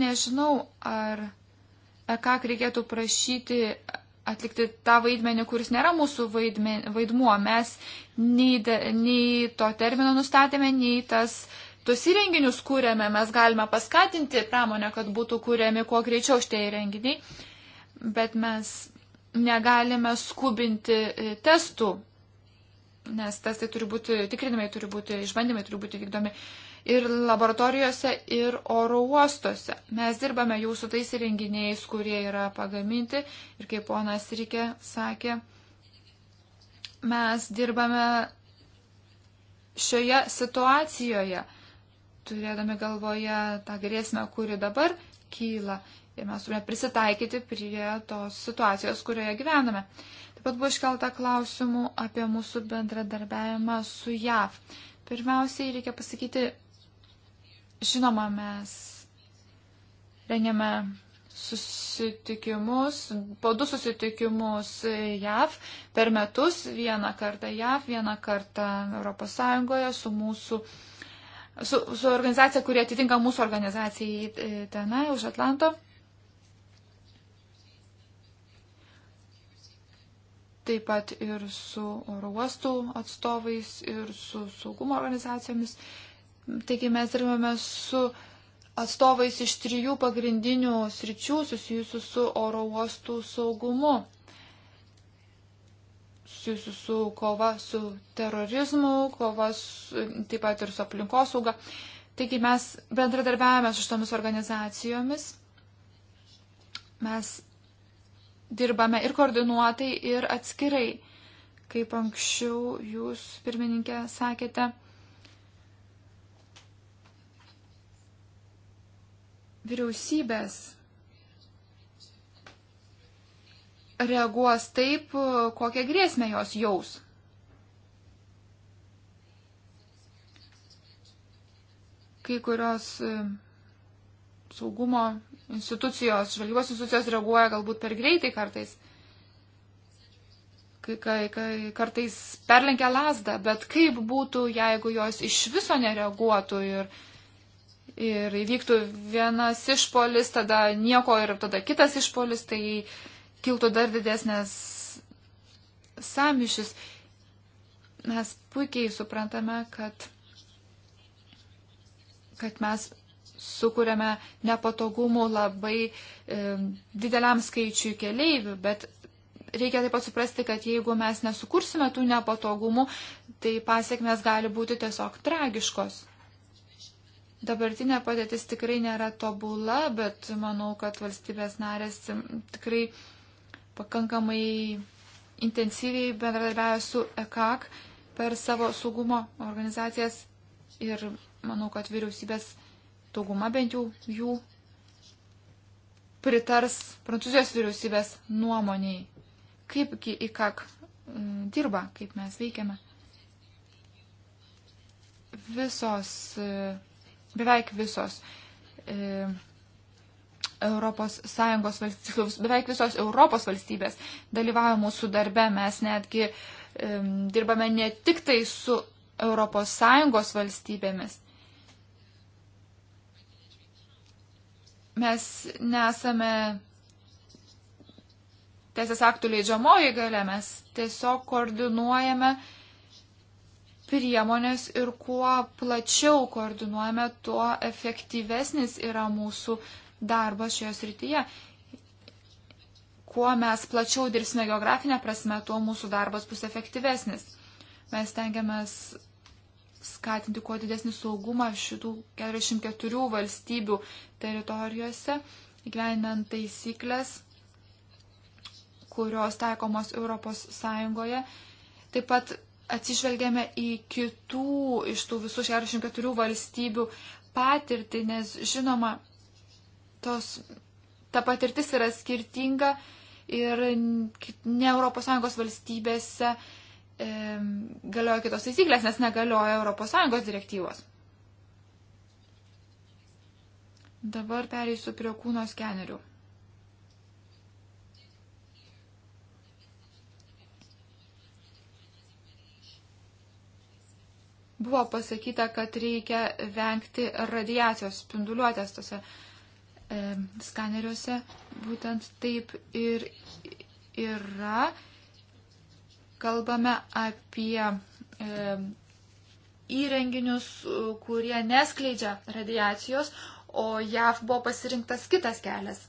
nežinau, ar ką reikėtų prašyti atlikti tą vaidmenį, kuris nėra mūsų vaidmen, vaidmuo. Mes nei, nei to termino nustatėme, nei tas uh, tus įrenginius kūrėme, mes galime paskatinti pramonę, kad būtų kūrėmi kuo greičiau šitie įrenginiai, bet mes negalime skubinti e, testų, nes testai turi būti, tikrinimai turi būti, išbandymai turi būti vykdomi ir laboratorijose, ir oro uostuose. Mes dirbame jau su tais įrenginiais, kurie yra pagaminti ir kaip ponas Rikė sakė, mes dirbame šioje situacijoje turėdami galvoje tą grėsmę, kuri dabar kyla. Ir mes turime prisitaikyti prie tos situacijos, kurioje gyvename. Taip pat buvo iškelta klausimų apie mūsų bendradarbiavimą su JAV. Pirmiausiai reikia pasakyti, žinoma, mes rengiame susitikimus, po du susitikimus JAV per metus, vieną kartą JAV, vieną kartą ES su mūsų su, su organizacija, kurie atitinka mūsų organizacijai tenai e, už Atlanto. Taip pat ir su oro uostų atstovais ir su saugumo organizacijomis. Taigi mes dirbame su atstovais iš trijų pagrindinių sričių susijusių su oro uostų saugumu susijusių su kova su terorizmu, kova su, taip pat ir su aplinkosauga. Taigi mes bendradarbiavame su šitomis organizacijomis. Mes dirbame ir koordinuotai, ir atskirai, kaip anksčiau jūs, pirmininkė, sakėte. Vyriausybės reaguos taip, kokią grėsmę jos jaus. Kai kurios e, saugumo institucijos, žvalgybos institucijos reaguoja galbūt per greitai kartais, kai, kai, kai kartais perlenkia lasdą, bet kaip būtų, jeigu jos iš viso nereaguotų ir, ir įvyktų vienas išpolis, tada nieko ir tada kitas išpolis, tai kiltų dar didesnės samišis. Mes puikiai suprantame, kad, kad mes sukūrėme nepatogumų labai e, dideliam skaičiui keleivių, bet reikia taip pat suprasti, kad jeigu mes nesukursime tų nepatogumų, tai pasiekmes gali būti tiesiog tragiškos. Dabartinė padėtis tikrai nėra tobula, bet manau, kad valstybės narės tikrai pakankamai intensyviai bendradarbiauja su ECAC per savo saugumo organizacijas ir manau, kad vyriausybės dauguma bent jau jų pritars Prancūzijos vyriausybės nuomoniai, kaip IKAK mm, dirba, kaip mes veikiame. Visos, e, beveik visos e, ES valstybės, beveik visos Europos valstybės dalyvauja mūsų darbe. Mes netgi um, dirbame ne tik tai su ES valstybėmis. Mes nesame teisės aktų leidžiamoji gale, mes tiesiog koordinuojame priemonės ir kuo plačiau koordinuojame, tuo efektyvesnis yra mūsų darbas šioje srityje. Kuo mes plačiau dirbsime geografinę prasme, tuo mūsų darbas bus efektyvesnis. Mes tengiamės skatinti kuo didesnį saugumą šitų 44 valstybių teritorijose, gyvenant taisyklės, kurios taikomos ES. Taip pat atsižvelgėme į kitų iš tų visų 44 valstybių patirtį, nes žinoma, tos, ta patirtis yra skirtinga ir ne ES valstybėse e, galioja kitos taisyklės, nes negalioja ES direktyvos. Dabar pereisiu prie kūno skenerių. Buvo pasakyta, kad reikia vengti radiacijos spinduliuotės tose E, skaneriuose. Būtent taip ir yra. Kalbame apie e, įrenginius, e, kurie neskleidžia radiacijos, o JAV buvo pasirinktas kitas kelias.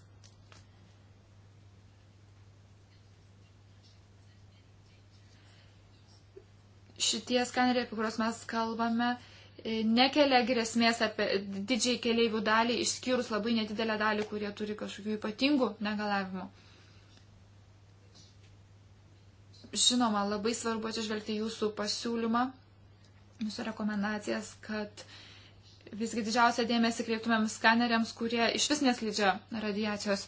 Šitie skaneriai, apie kuriuos mes kalbame, e, E, nekelia grėsmės apie didžiai keliaivių dalį, išskyrus labai nedidelę dalį, kurie turi kažkokių ypatingų negalavimų. Žinoma, labai svarbu atsižvelgti jūsų pasiūlymą, jūsų rekomendacijas, kad visgi didžiausią dėmesį kreiptumėm skaneriams, kurie iš vis neslydžia radiacijos.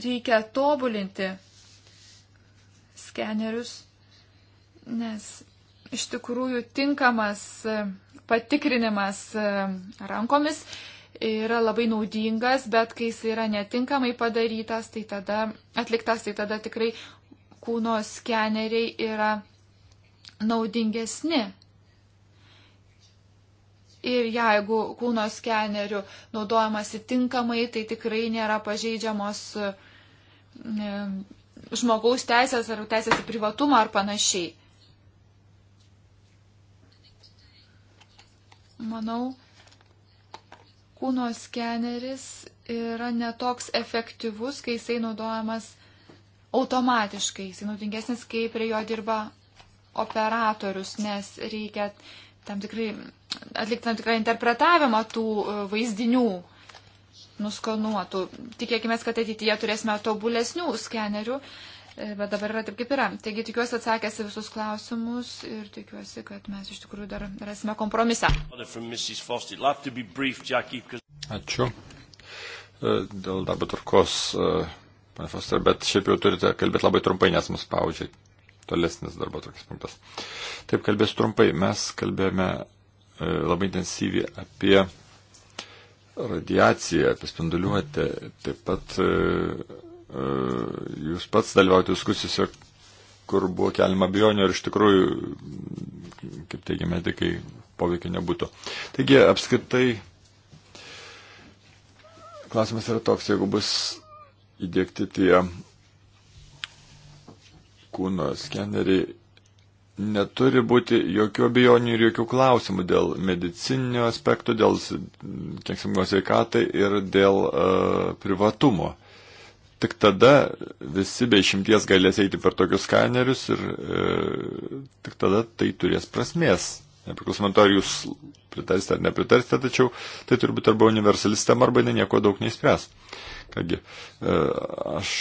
Reikia tobulinti skenerius, nes iš tikrųjų tinkamas e, patikrinimas e, rankomis yra labai naudingas, bet kai jis yra netinkamai padarytas, tai tada atliktas, tai tada tikrai kūno skeneriai yra naudingesni. Ir jeigu kūno skeneriu naudojamasi tinkamai, tai tikrai nėra pažeidžiamos e, žmogaus teisės ar teisės į privatumą ar panašiai. manau, kūno skeneris yra netoks efektyvus, kai jisai naudojamas automatiškai. Jisai naudingesnis, kai prie jo dirba operatorius, nes reikia tam tikrai, atlikti tam tikrą interpretavimą tų e, vaizdinių nuskanuotų. Tikėkime, kad ateityje turėsime tobulesnių skenerių, bet dabar yra taip, kaip yra. Taigi tikiuosi atsakęs į visus klausimus ir tikiuosi, kad mes iš tikrųjų dar rasime kompromisą. Ačiū. E, dėl darbo tvarkos, e, pane Foster, bet šiaip jau turite kalbėti labai trumpai, nes mus spaudžia tolesnis darbo tvarkos punktas. Taip kalbėsiu trumpai. Mes kalbėjome e, labai intensyviai apie radiaciją, apie spinduliuotę, taip pat E, jūs pats dalyvauti diskusijose, kur buvo keliama abejonių ir iš tikrųjų, kaip teigia medikai, poveikio nebūtų. Taigi, apskritai, klausimas yra toks, jeigu bus įdėkti tie kūno skeneriai, neturi būti jokių abejonių ir jokių klausimų dėl medicininių aspektų, dėl kenksmingos veikatai ir dėl uh, privatumo. Uh, Tik tada visi be išimties galės eiti per tokius skanerius ir e, tik tada tai turės prasmės. Nepriklausomai to, ar jūs pritarsite ar nepritarsite, tačiau tai turbūt arba universalistam, arba jinai nieko daug neįspręs. Kągi, e, aš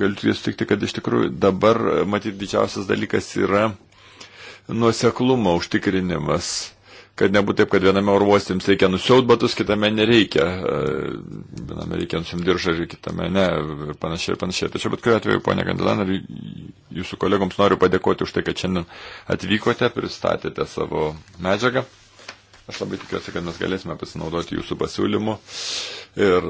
galiu tik sutikti, kad iš tikrųjų dabar, matyt, didžiausias dalykas yra nuoseklumo užtikrinimas kad nebūtų taip, kad viename oruostė jums reikia nusiaut batus, kitame nereikia. E, viename reikia nusiaut diržą ir kitame ne, ir panašiai, ir panašiai. Tačiau bet kuriuo atveju, ponė Gandilan, ir jūsų kolegoms noriu padėkoti už tai, kad šiandien atvykote, pristatėte savo medžiagą. Aš labai tikiuosi, kad mes galėsime pasinaudoti jūsų pasiūlymu ir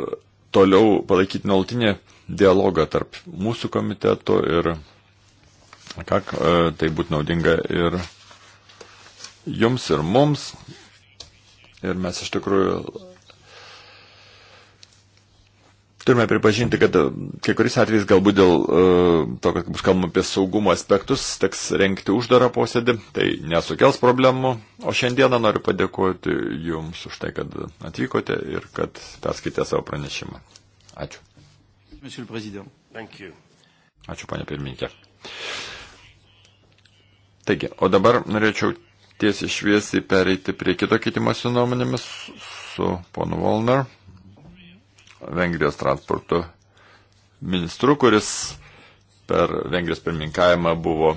toliau palaikyti nuolatinį dialogą tarp mūsų komiteto ir e, ką e, tai būtų naudinga ir jums ir mums. Ir mes iš tikrųjų turime pripažinti, kad e, kai kuriais atvejais galbūt dėl e, to, kad bus kalbama apie saugumo aspektus, teks renkti uždarą posėdį, tai nesukels problemų. O šiandieną noriu padėkoti jums už tai, kad atvykote ir kad perskaitė savo pranešimą. Ačiū. Ačiū, panė pirmininkė. Taigi, o dabar norėčiau tiesiai šviesiai pereiti prie kito keitimosi nuomonėmis su ponu Volner, Vengrijos transporto ministru, kuris per Vengrijos pirmininkavimą buvo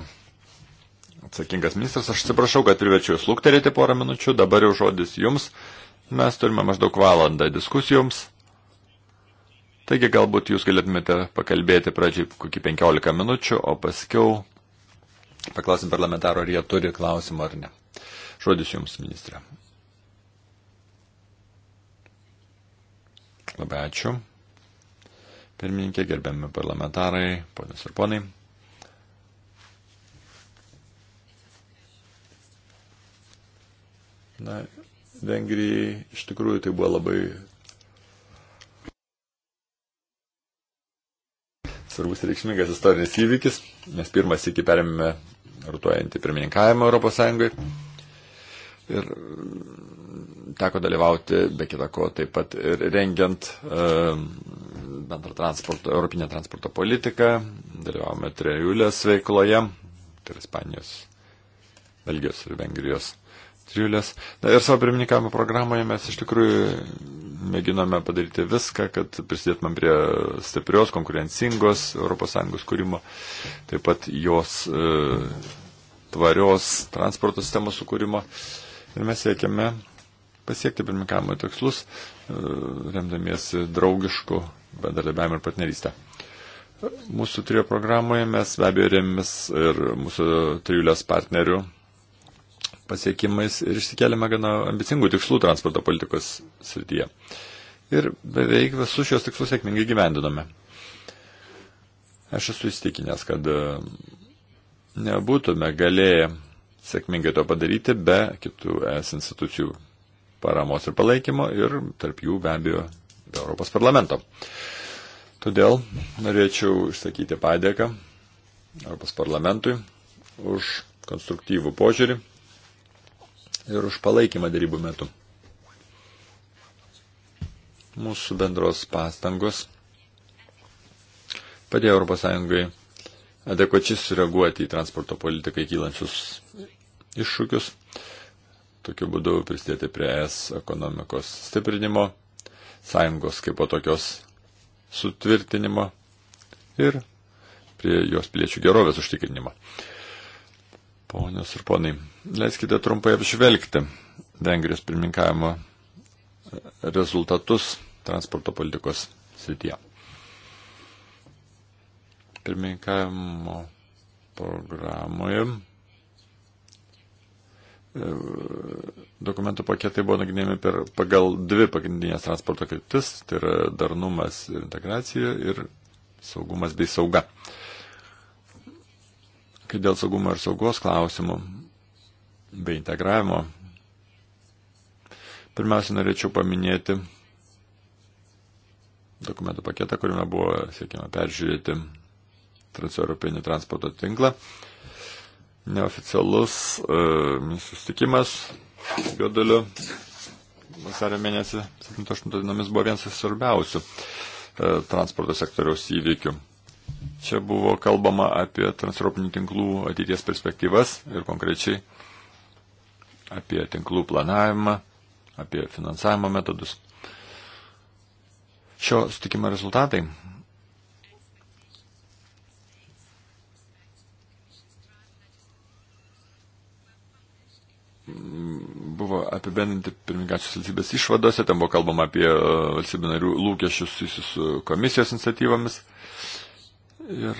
atsakingas ministras. Aš atsiprašau, kad priverčiau jūs lukterėti porą minučių, dabar jau žodis jums. Mes turime maždaug valandą diskusijoms. Taigi galbūt jūs galėtumėte pakalbėti pradžiai kokį 15 minučių, o paskiau paklausim parlamentaro, ar jie turi klausimą ar ne. Žodis Jums, ministrė. Labai ačiū. Pirmininkė, gerbiami parlamentarai, ponios ir ponai. Na, Vengrijai iš tikrųjų tai buvo labai svarbus reikšmingas istorinis įvykis, nes pirmas iki perėmėme rotuojantį pirmininkavimą Europos Sąjungai. Ir mm, teko dalyvauti, be kita ko, taip pat ir rengiant bendrą transporto, europinę transporto politiką. Dalyvavome trejulės veikloje, tai yra Ispanijos, Belgijos ir Vengrijos trijulės. Na, ir savo pirmininkavimo programoje mes iš tikrųjų mėginome padaryti viską, kad prisidėtumėm prie stiprios, konkurencingos ES kūrimo, taip pat jos e, tvarios transporto sistemos sukūrimo. E, Ir mes siekiame pasiekti pirmikavimo tikslus, e, remdamiesi draugišku bendradarbiavimu ir partnerystę. Mūsų trio programoje mes be abejo remiamės ir mūsų trijulės partnerių pasiekimais ir išsikeliame gana ambicingų tikslų transporto politikos srityje. Ir beveik visus šios tikslus sėkmingai gyvendinome. Aš esu įstikinęs, kad e, nebūtume galėję sėkmingai to padaryti be kitų es institucijų paramos ir palaikymo ir tarp jų be abejo be Europos parlamento. Todėl norėčiau išsakyti padėką Europos parlamentui už konstruktyvų požiūrį ir už palaikymą darybų metu. Mūsų bendros pastangos padėjo ES adekvačiai sureaguoti į transporto politikai kylančius iššūkius, tokiu būdu prisidėti prie es ekonomikos stiprinimo, sąjungos kaip po tokios sutvirtinimo ir prie jos piliečių gerovės užtikrinimo. Ponios ir ponai, leiskite trumpai apžvelgti Vengrijos pirmininkavimo rezultatus transporto politikos srityje. Pirmininkavimo programoje E, dokumentų paketai buvo nagrinėjami per, pagal dvi pagrindinės transporto kryptis, tai yra darnumas ir integracija ir saugumas bei sauga. Kai dėl saugumo ir saugos klausimų bei integravimo, pirmiausia norėčiau paminėti dokumentų paketą, kuriame buvo siekiama peržiūrėti transeuropinį transporto tinklą. Uh, neoficialus e, susitikimas Godeliu vasario mėnesį 7-8 dienomis buvo vienas iš svarbiausių e, transporto sektoriaus įvykių. Čia buvo kalbama apie transeuropinių tinklų ateities perspektyvas ir konkrečiai apie tinklų planavimą, apie finansavimo metodus. Šio sutikimo rezultatai buvo apibendinti pirmininkačios valstybės išvadose, ten buvo kalbama apie e, valstybių narių lūkesčius susijusius su komisijos iniciatyvomis. Ir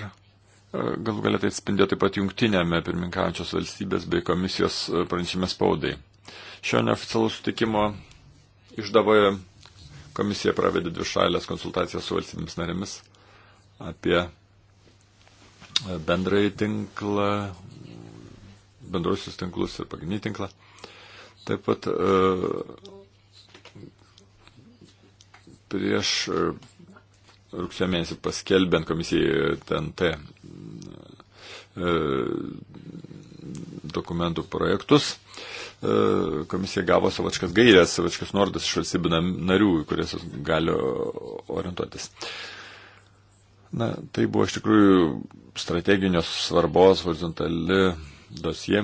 gal e, galia tai atspindėjo taip pat jungtinėme pirmininkačios valstybės bei komisijos e, pranešime spaudai. Šio neoficialų sutikimo išdavoje komisija pravedė dvi šalės konsultacijas su valstybėmis narėmis apie bendrąjį tinklą, bendrusius tinklus ir pagrindinį tinklą. Taip pat e, prieš e, rugsėjo mėnesį paskelbent komisijai TNT e, dokumentų projektus. Komisija gavo savačkas gairias, savačkas nordas iš valstybių narių, kurias jis gali orientuotis. Na, tai buvo iš tikrųjų strateginios svarbos horizontali dosie.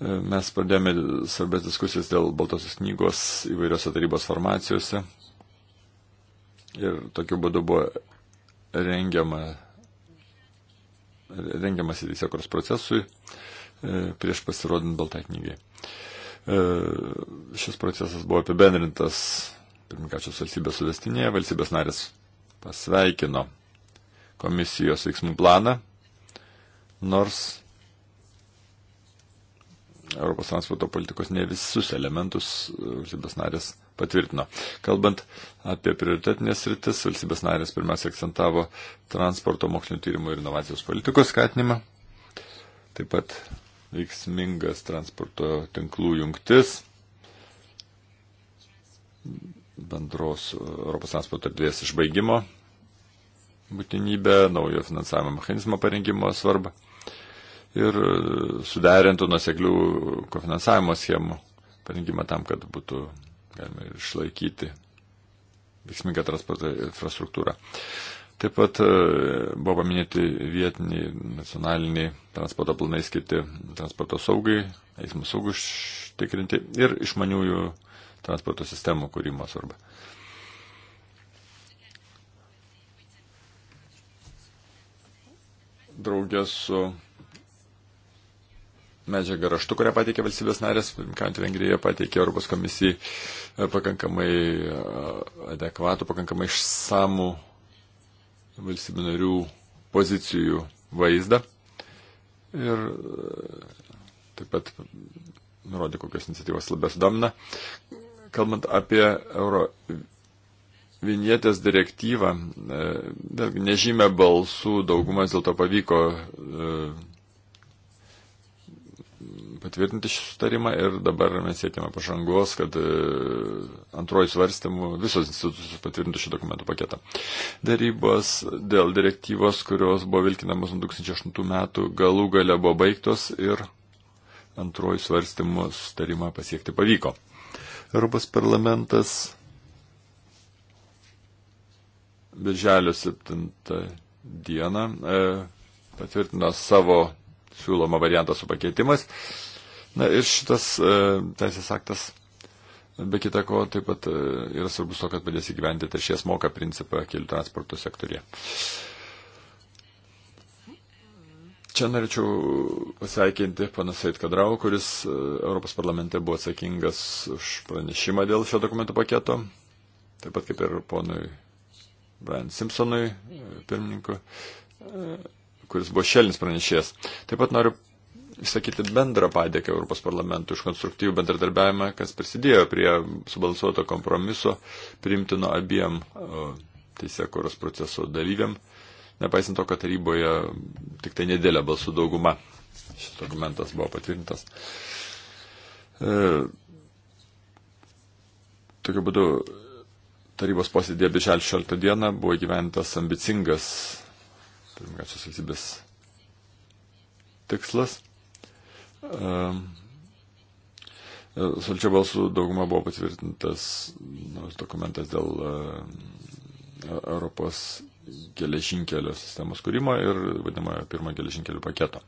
E, mes pradėjome svarbės diskusijas dėl Baltosios knygos įvairiose tarybos formacijose. Ir tokiu būdu buvo rengiama, rengiamas į teisėkurs procesui e, prieš pasirodant Baltai knygai. E, šis procesas buvo apibendrintas pirmkačios valstybės suvestinėje, valstybės narės pasveikino komisijos veiksmų planą nors Europos transporto politikos ne visus elementus e, valstybės narės patvirtino. Kalbant apie prioritetinės rytis, valstybės narės pirmiausia akcentavo transporto mokslinio tyrimų ir inovacijos politikos skatinimą, taip pat veiksmingas transporto tinklų jungtis, bendros Europos transporto erdvės išbaigimo būtinybę, naujo finansavimo mechanizmo parengimo svarbą ir suderintų nuseklių kofinansavimo schemų parengimą tam, kad būtų galima išlaikyti veiksmingą transporto infrastruktūrą. Taip pat e, buvo paminėti vietiniai nacionaliniai transporto planai skirti transporto saugai, eismų saugų užtikrinti ir išmaniųjų transporto sistemų kūrimo svarba. Draugės su medžiagą raštu, kurią pateikė valstybės narės, kant Vengrija pateikė Europos komisijai e, pakankamai e, adekvatų, pakankamai išsamų valstybių narių pozicijų vaizdą. Ir e, taip pat nurodė, kokios iniciatyvos labiausiai domina. Kalbant apie euro vinietės direktyvą, nežymė balsų daugumas dėl to pavyko patvirtinti šį sutarimą ir dabar mes siekiame pažangos, kad e, antroji svarstymų visos institucijos patvirtintų šį dokumentų paketą. Darybos dėl direktyvos, kurios buvo vilkinamos 2008 metų, galų gale buvo baigtos ir antroji svarstymų sutarimą pasiekti pavyko. Europos parlamentas Birželio 7 dieną e, patvirtino savo siūlomą variantą su pakeitimais. Na ir šitas e, teisės aktas, be kita ko, taip pat e, yra svarbus to, kad padės įgyventi teršies moka principą kelių transporto sektorėje. Čia norėčiau pasveikinti panas Eit Kadrau, kuris e, Europos parlamente buvo atsakingas už pranešimą dėl šio dokumento paketo, taip pat kaip ir ponui Brian Simpsonui, e, pirmininkui, e, kuris buvo šelnis pranešėjas. Taip pat noriu išsakyti bendrą padėką Europos parlamentui už konstruktyvų bendradarbiavimą, kas prisidėjo prie subalansuoto kompromiso priimtino abiem teisėkuros proceso dalyviam, nepaisant to, kad taryboje tik tai nedėlė balsų dauguma. Šis dokumentas buvo patvirtintas. E, tokiu būdu tarybos posėdėje birželio 16 dieną buvo gyventas ambicingas pirmiausios valstybės tikslas Ehm, Solčia balsų dauguma buvo patvirtintas nors nu, dokumentas dėl ehm, e- Europos geležinkelio sistemos kūrimo ir vadinamojo pirmo geležinkelių paketo.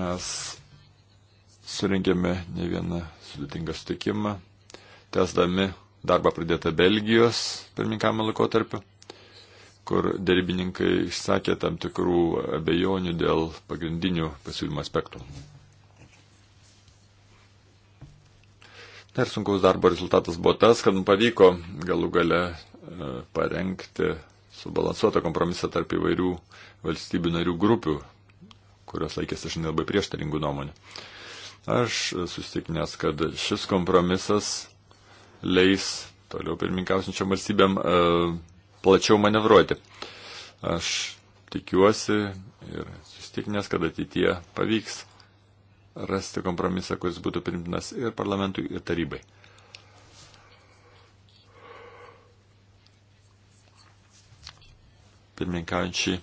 Mes surinkėme ne vieną sudėtingą sutikimą, tesdami darbą pradėtą Belgijos pirmininkavimo laikotarpiu kur darybininkai išsakė tam tikrų abejonių dėl pagrindinių pasiūlymo aspektų. Dar sunkaus darbo rezultatas buvo tas, kad pavyko galų gale e, parengti subalansuotą kompromisą tarp įvairių valstybių narių grupių, kurios laikėsi šiandien labai prieštaringų nuomonių. Aš susitikinęs, kad šis kompromisas leis toliau pirmininkausinčiam valstybėm e, plačiau manevruoti. Aš tikiuosi ir sustiknės, kad ateityje pavyks rasti kompromisą, kuris būtų primtinas ir parlamentui, ir tarybai. Pirmininkaujančiai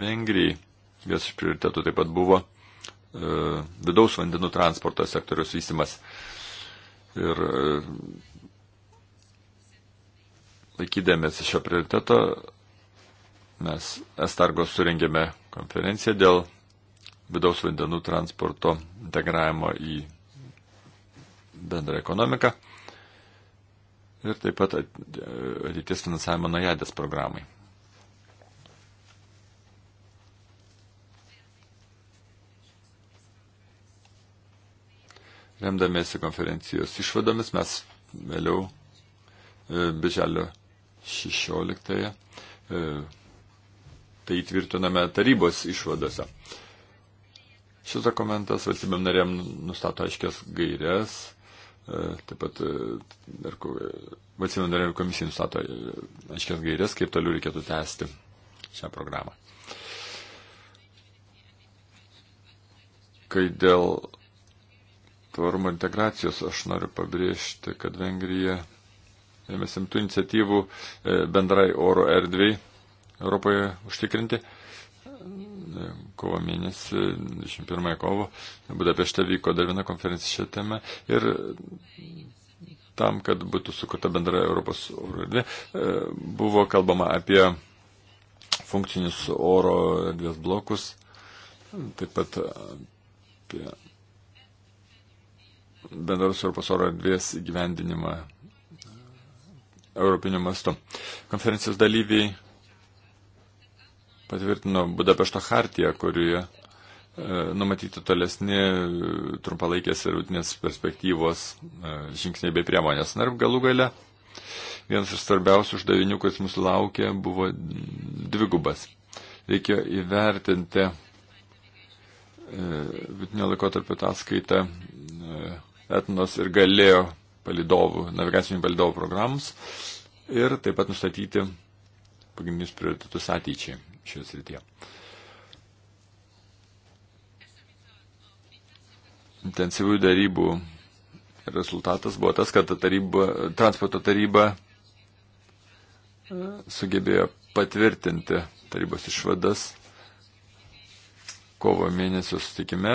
Vengrijai, jos iš prioritetų taip pat buvo e, vidaus vandenų transporto sektoriaus vystimas. Ir e, Laikydamėsi šio prioriteto, mes Estargos surengėme konferenciją dėl vidaus vandenų transporto integravimo į bendrą ekonomiką ir taip pat ateities finansavimo najadės programai. Remdamėsi konferencijos išvadomis mes vėliau e, birželio 16. E, tai įtvirtiname tarybos išvadose. Šis dokumentas valstybėm narėm nustato aiškias gairias, e, taip pat e, valstybėm narėm komisija nustato aiškias gairias, kaip toliau reikėtų tęsti šią programą. Kai dėl tvarumo integracijos aš noriu pabrėžti, kad Vengrija ėmės imtų iniciatyvų e, bendrai oro erdviai Europoje užtikrinti. E, kovo mėnesį, 21 e, kovo, Budapešte vyko dar viena konferencija šią temą ir tam, kad būtų sukurta bendra Europos oro erdvė, buvo kalbama apie funkcinius oro erdvės blokus, taip pat apie bendros Europos oro erdvės įgyvendinimą europiniu mastu. Konferencijos dalyviai patvirtino Budapešto hartiją, kurioje e, numatyti tolesni trumpalaikės ir rutinės perspektyvos e, žingsniai bei priemonės. Na ir galų gale vienas iš svarbiausių uždavinių, kuris mūsų laukia, buvo dvigubas. Reikia įvertinti e, vidutinio laikotarpio ataskaitą etnos ir galėjo palidovų, navigacinių palidovų programs ir taip pat nustatyti pagrindinius prioritetus ateičiai šioje srityje. Intensyvių darybų rezultatas buvo tas, kad taryba, transporto taryba e, sugebėjo patvirtinti tarybos išvadas kovo mėnesio sutikime,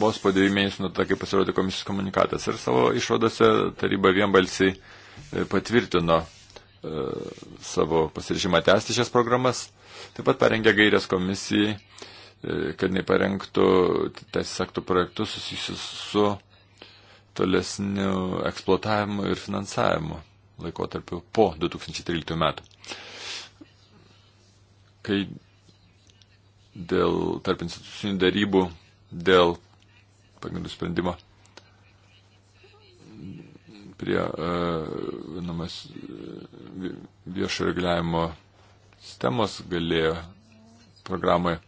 vos po dviejų mėnesių nuo to, kai pasirodė komisijos komunikatas ir savo išvadose taryba vienbalsiai e, patvirtino e, savo pasiryžimą tęsti šias programas, taip pat parengė gairias komisijai, e, kad neparengtų teisės aktų projektus susijusius su tolesniu eksploatavimu ir finansavimu laikotarpiu po 2013 metų. Kai dėl tarp institucinių darybų, dėl pagrindų sprendimo prie e, vienamas e, viešo reguliavimo sistemos galėjo programai. E,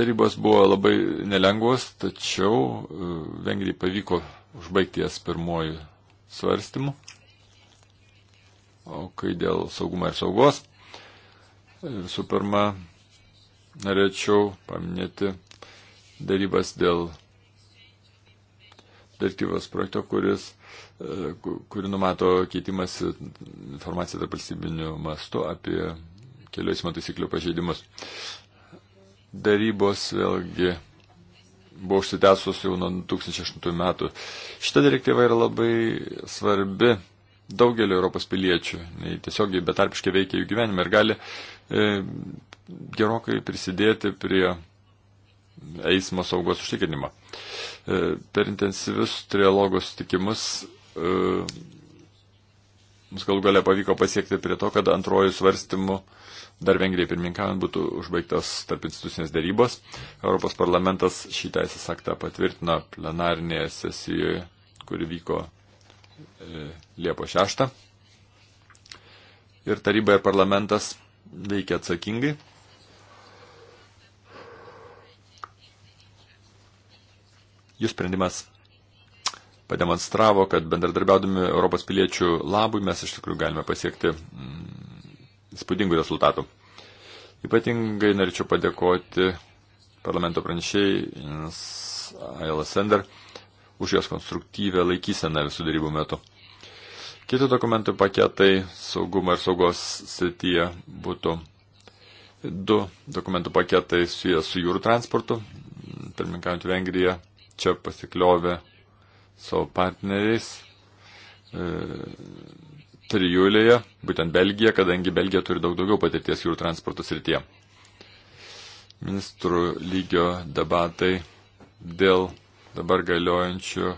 darybos buvo labai nelengvos, tačiau Vengrijai pavyko užbaigti jas pirmojų svarstymų. O kai dėl saugumo ir saugos, visų pirma, norėčiau paminėti darybas dėl direktyvos projekto, kuris, e, kuri numato keitimas informaciją tarp valstybinių mastų apie kelių eismo taisyklių pažeidimus. Darybos vėlgi buvo užsitęsus jau nuo 2008 metų. Šita direktyva yra labai svarbi daugelį Europos piliečių, tiesiogiai betarpiškai veikia jų gyvenime ir gali e, gerokai prisidėti prie eismo saugos užtikrinimo. E, per intensyvius trialogos sutikimus e, mums galų galia pavyko pasiekti prie to, kad antrojų svarstymų dar Vengrijai pirmininkavant būtų užbaigtas tarp institucinės darybos. Europos parlamentas šį teisės aktą patvirtino plenarinėje sesijoje, kuri vyko E, Liepo 6. Ir taryba ir parlamentas veikia atsakingai. Jų sprendimas pademonstravo, kad bendradarbiaudami Europos piliečių labui mes iš tikrųjų galime pasiekti mm, įspūdingų rezultatų. Ypatingai norėčiau padėkoti parlamento pranešėjai Ailas Sender už jos konstruktyvę laikyseną visų darybų metu. Kiti dokumentų paketai saugumo ir saugos srityje būtų du dokumentų paketai susiję su jūrų transportu. Pirminkant Vengrija čia pasikliovė savo partneriais e, trijulėje, būtent Belgija, kadangi Belgija turi daug daugiau patirties jūrų transporto srityje. Ministrų lygio debatai dėl dabar galiojančiu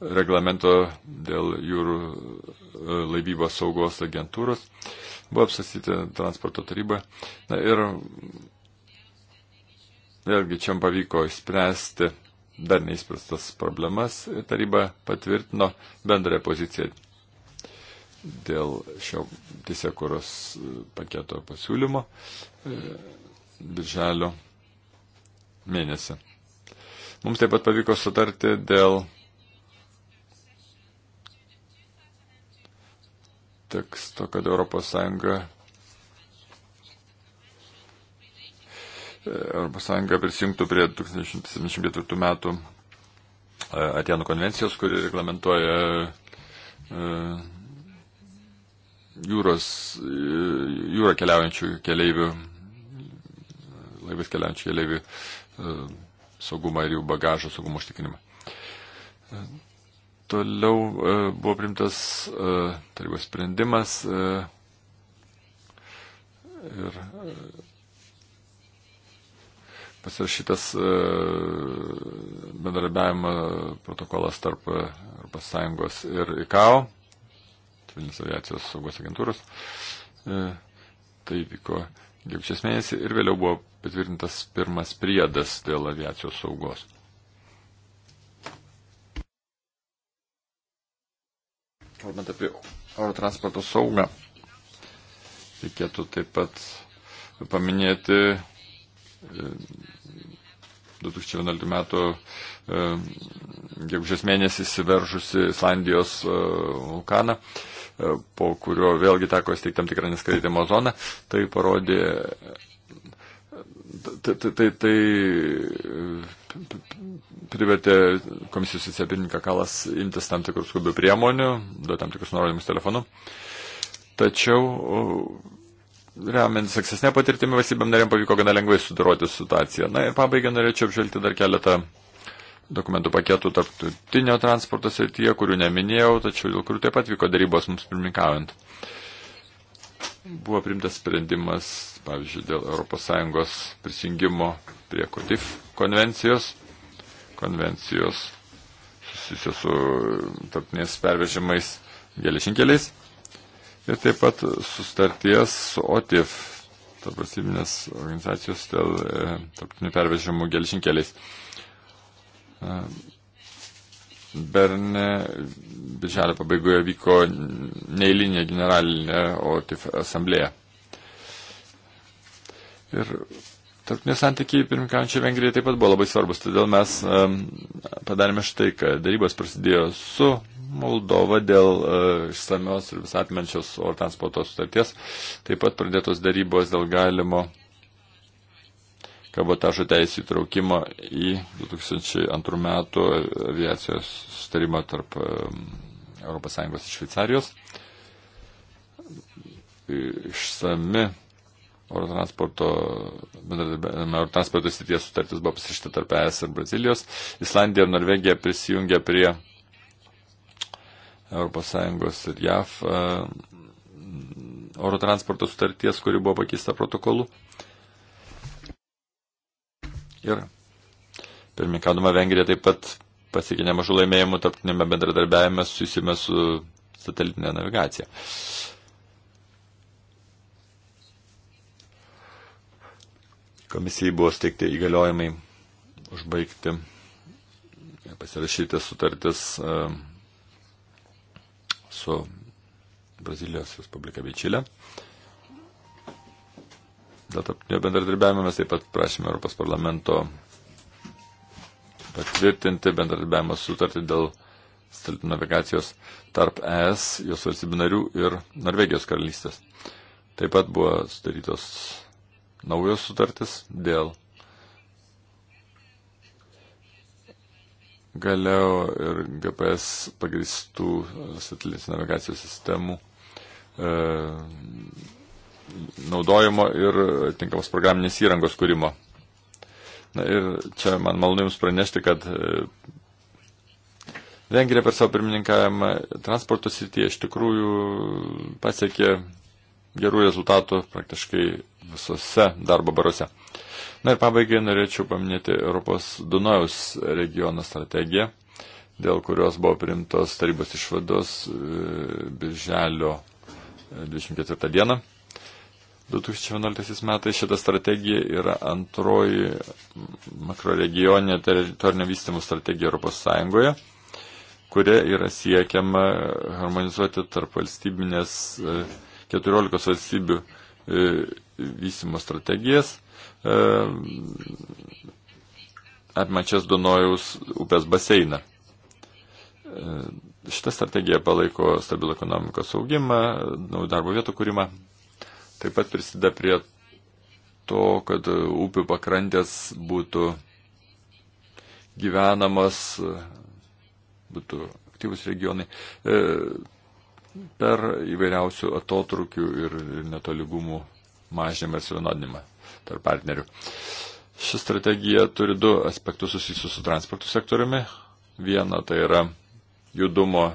reglamento dėl jūrų e, laivybos saugos agentūros. Buvo apsastyti transporto taryba. Na ir vėlgi čia pavyko išspręsti dar neįspręstas problemas. Taryba patvirtino bendrąją poziciją dėl šio teisėkuros paketo pasiūlymo e, birželio mėnesį. Mums taip pat pavyko sutarti dėl teksto, kad ES ES prisijungtų prie 1974 metų e, Atenų konvencijos, kuri reglamentuoja e, jūros, e, jūrą keliaujančių keleivių, laivas keliaujančių keleivių saugumą ir jų bagažo saugumo užtikrinimą. Toliau e, buvo primtas e, tarybos sprendimas e, ir pasirašytas bendradarbiavimo protokolas tarp Europos Sąjungos ir ICAO, civilinės aviacijos saugos agentūros. Tai vyko gegužės mėnesį ir vėliau buvo patvirtintas pirmas priedas dėl aviacijos saugos. Kalbant apie oro transporto saugą, reikėtų taip pat paminėti 2011 e, metų e, gegužės mėnesį įsiveržusi Islandijos e, vulkaną, po kurio vėlgi teko įsteigti tam tikrą neskraidimo zoną. Tai parodė tai, tai, tai privertė komisijos vicepirmininką Kalas imtis tam tikrų skubių priemonių, duoti tam tikrus nurodymus telefonu. Tačiau remiantis aksesnė patirtimi valstybėm narėm pavyko gana lengvai sudaroti situaciją. Na ir pabaigai norėčiau apžvelgti dar keletą dokumentų paketų tarptautinio transporto srityje, kurių neminėjau, tačiau dėl kurių taip pat vyko darybos mums pirmininkaujant. Uh, buvo primtas sprendimas, pavyzdžiui, dėl ES prisijungimo prie KOTIF konvencijos, konvencijos susijusios su tarpnės pervežimais geležinkeliais ir taip pat sustarties su OTIF, tarpvalstybinės organizacijos dėl e, tarptinių pervežimų geležinkeliais. E, Berne birželio pabaigoje vyko neįlinė generalinė, o tik asamblėja. Ir tarptautiniai santykiai pirmkaujančiai Vengrijai taip pat buvo labai svarbus, todėl mes um, padarėme štai, kad darybos prasidėjo su Moldova dėl uh, išsamios ir visatmenčios oro transporto sutarties, taip pat pradėtos darybos dėl galimo kabotažo teisų įtraukimo į 2002 metų aviacijos sustarimą tarp ES ir Šveicarijos. Išsami oro transporto, oro transporto srities sutartis buvo pasirašyta tarp ES ir Brazilijos. Islandija ir Norvegija prisijungė prie ES ir JAV oro transporto sutarties, kuri buvo pakeista protokolu. Uh, Ir pirmininkadama Vengrija taip pat pasiekė nemažų laimėjimų tarptinėme bendradarbiavime susijime su satelitinė navigacija. Komisijai buvo steigti įgaliojimai užbaigti, pasirašyti sutartis e, su Brazilijos Respublika bei Čilė. Dėl tarptinio bendradarbiavimo mes taip pat prašėme Europos parlamento patvirtinti bendradarbiavimo sutartį dėl staltų navigacijos tarp ES, jos valstybių narių ir Norvegijos karalystės. Taip pat buvo sudarytos naujos sutartis dėl galėjo ir GPS pagristų satelitės navigacijos sistemų. E, naudojimo ir tinkamos programinės įrangos kūrimo. Na ir čia man malonu Jums pranešti, kad e, Vengrija per savo pirmininkavimą transporto srityje iš tikrųjų pasiekė gerų rezultatų praktiškai visose darbo baruose. Na ir pabaigai norėčiau paminėti Europos Dunojaus regiono strategiją, dėl kurios buvo primtos tarybos išvados e, birželio 24 e, dieną. 2011 metais šita strategija yra antroji makroregioninė teritorinio vystymų strategija Europos Sąjungoje, kuria yra siekiama harmonizuoti tarp valstybinės 14 e, valstybių e, vystymo strategijas, e, apmačias Dunojaus upės baseiną. Šitą strategiją palaiko stabilų ekonomikos augimą, darbo vietų kūrimą taip pat prisideda prie to, kad upių pakrantės būtų gyvenamas, būtų aktyvus regionai e, per įvairiausių atotrukių ir netolygumų mažinimą ir suvienodinimą tarp partnerių. Ši strategija turi du aspektus susijusius su transporto sektoriumi. Viena tai yra judumo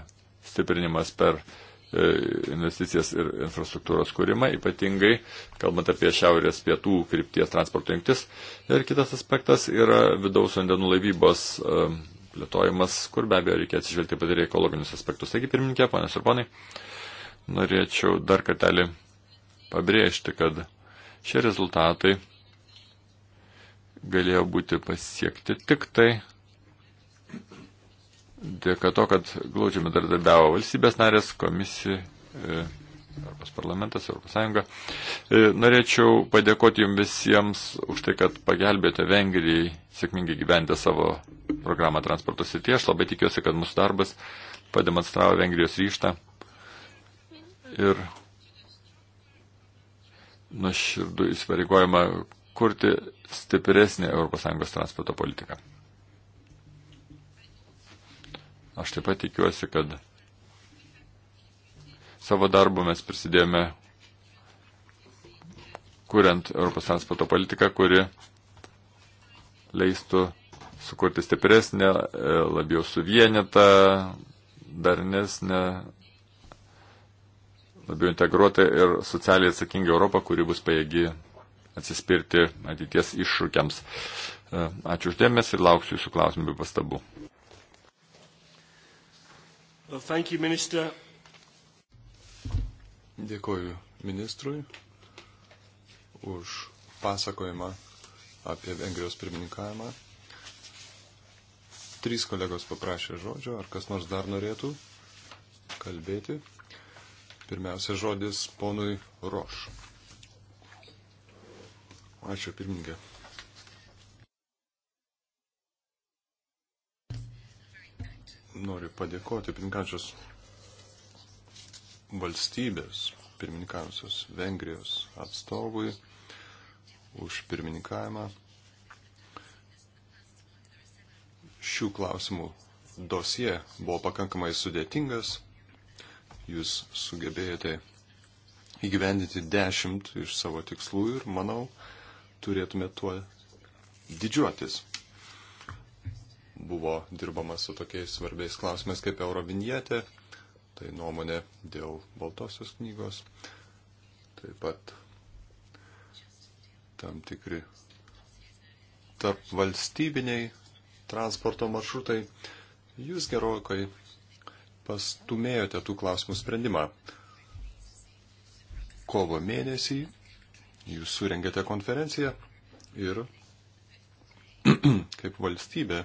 stiprinimas per E, investicijas ir infrastruktūros kūrimą, ypatingai kalbant apie šiaurės pietų krypties transporto jungtis. Ir kitas aspektas yra vidaus vandenų laivybos e, plėtojimas, kur be abejo reikia atsižvelgti pat ir ekologinius aspektus. Taigi, pirmininkė, ponės ir ponai, norėčiau dar kartelį pabrėžti, kad šie rezultatai galėjo būti pasiekti tik tai dėka to, kad glaudžiai bendradarbiavo valstybės narės, komisija, e, Europos parlamentas, Europos Sąjunga. E, norėčiau padėkoti jums visiems už tai, kad pagelbėjote Vengrijai sėkmingai gyventi savo programą transporto srityje. Aš labai tikiuosi, kad mūsų darbas pademonstravo Vengrijos ryštą ir nuoširdų įsipareigojimą kurti stipresnį ES transporto politiką. Aš taip pat tikiuosi, kad savo darbu mes prisidėjome kuriant Europos transporto politiką, kuri leistų sukurti stipresnę, e, labiau suvienitą, darnesnę, labiau integruotą ir socialiai atsakingą Europą, kuri bus pajėgi atsispirti ateities iššūkiams. E, ačiū uždėmės ir lauksiu jūsų klausimų bei pastabų. Well, thank you, minister. Dėkoju ministrui už pasakojimą apie Vengrijos pirmininkavimą. Trys kolegos paprašė žodžio, ar kas nors dar norėtų kalbėti. Pirmiausia žodis ponui Roš. Ačiū pirmininkė. noriu padėkoti pirmininkančios valstybės, pirmininkančios Vengrijos atstovui už pirmininkavimą šių klausimų dosie buvo pakankamai sudėtingas. Jūs sugebėjote įgyvendinti dešimt iš savo tikslų ir, manau, turėtume tuo didžiuotis buvo dirbama su tokiais svarbiais klausimais kaip Eurovinietė, tai nuomonė dėl Baltosios knygos, taip pat tam tikri tarp valstybiniai transporto maršrutai. Jūs gerokai pastumėjote tų klausimų sprendimą. Kovo mėnesį jūs surengėte konferenciją ir [CLEARS THROAT] kaip valstybė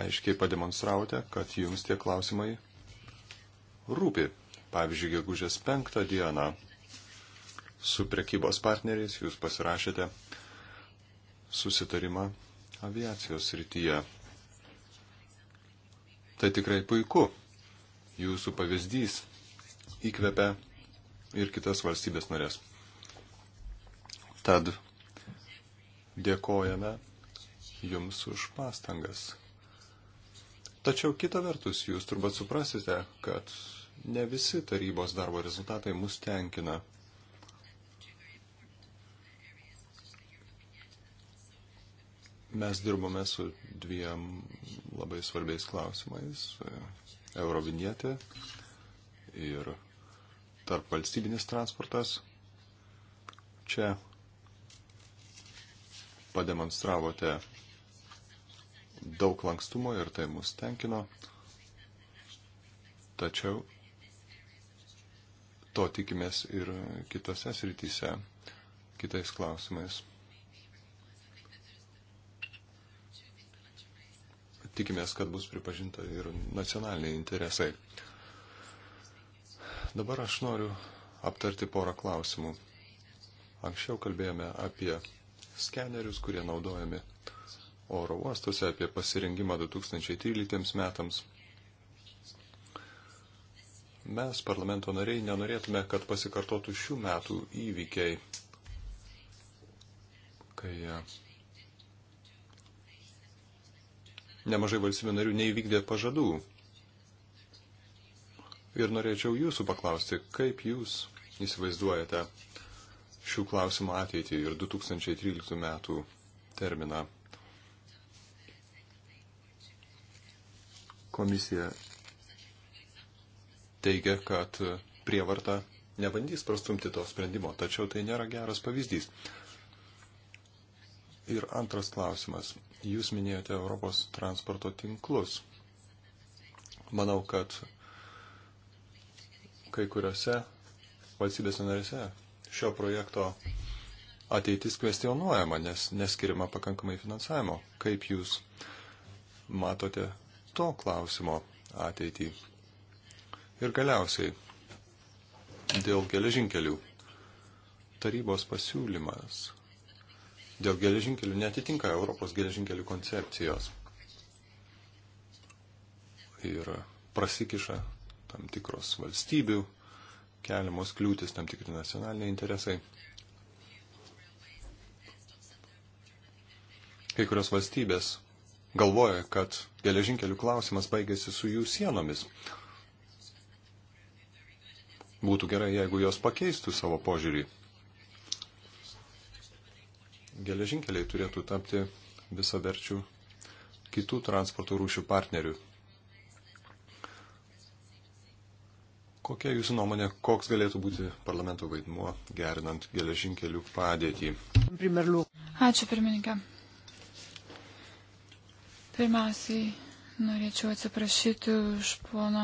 aiškiai pademonstravote, kad jums tie klausimai rūpi. Pavyzdžiui, gegužės penktą dieną su prekybos partneriais jūs pasirašėte susitarimą aviacijos rytyje. Tai tikrai puiku. Jūsų pavyzdys įkvepia ir kitas valstybės norės. Tad dėkojame Jums už pastangas, Tačiau kita vertus, jūs turbūt suprasite, kad ne visi tarybos darbo rezultatai mus tenkina. Mes dirbome su dviem labai svarbiais klausimais - Eurovinietė ir tarp valstybinis transportas. Čia pademonstravote daug lankstumo ir tai mus tenkino. Tačiau to tikimės ir kitose srityse, kitais klausimais. Tikimės, kad bus pripažinta ir nacionaliniai interesai. Dabar aš noriu aptarti porą klausimų. Anksčiau kalbėjome apie skenerius, kurie naudojami uh, oro uostuose, apie pasirengimą 2013 metams. Mes, parlamento nariai, nenorėtume, kad pasikartotų šių metų įvykiai, kai e, nemažai valstybių narių neįvykdė pažadų. Ir norėčiau jūsų paklausti, kaip jūs įsivaizduojate šių klausimų ateitį ir 2013 metų terminą. Komisija teigia, kad prievarta nebandys prastumti to sprendimo, tačiau tai nėra geras pavyzdys. Ir antras klausimas. Jūs minėjote Europos transporto tinklus. Manau, kad kai kuriuose valstybės narėse šio projekto ateitis kvestionuojama, nes neskiriama pakankamai finansavimo. Kaip jūs matote to klausimo ateitį. Ir galiausiai dėl geležinkelių. Tarybos pasiūlymas dėl geležinkelių netitinka Europos geležinkelių koncepcijos. Ir prasikiša tam tikros valstybių keliamos kliūtis, tam tikri nacionaliniai interesai. Kai kurios valstybės galvoja, kad geležinkelių klausimas baigėsi su jų sienomis. Būtų gerai, jeigu jos pakeistų savo požiūrį. Geležinkeliai turėtų tapti visaverčių kitų transporto rūšių partnerių. Kokia jūsų nuomonė, koks galėtų būti parlamento vaidmuo gerinant geležinkelių padėtį? Ačiū pirmininkė. Pirmiausiai norėčiau atsiprašyti už pono,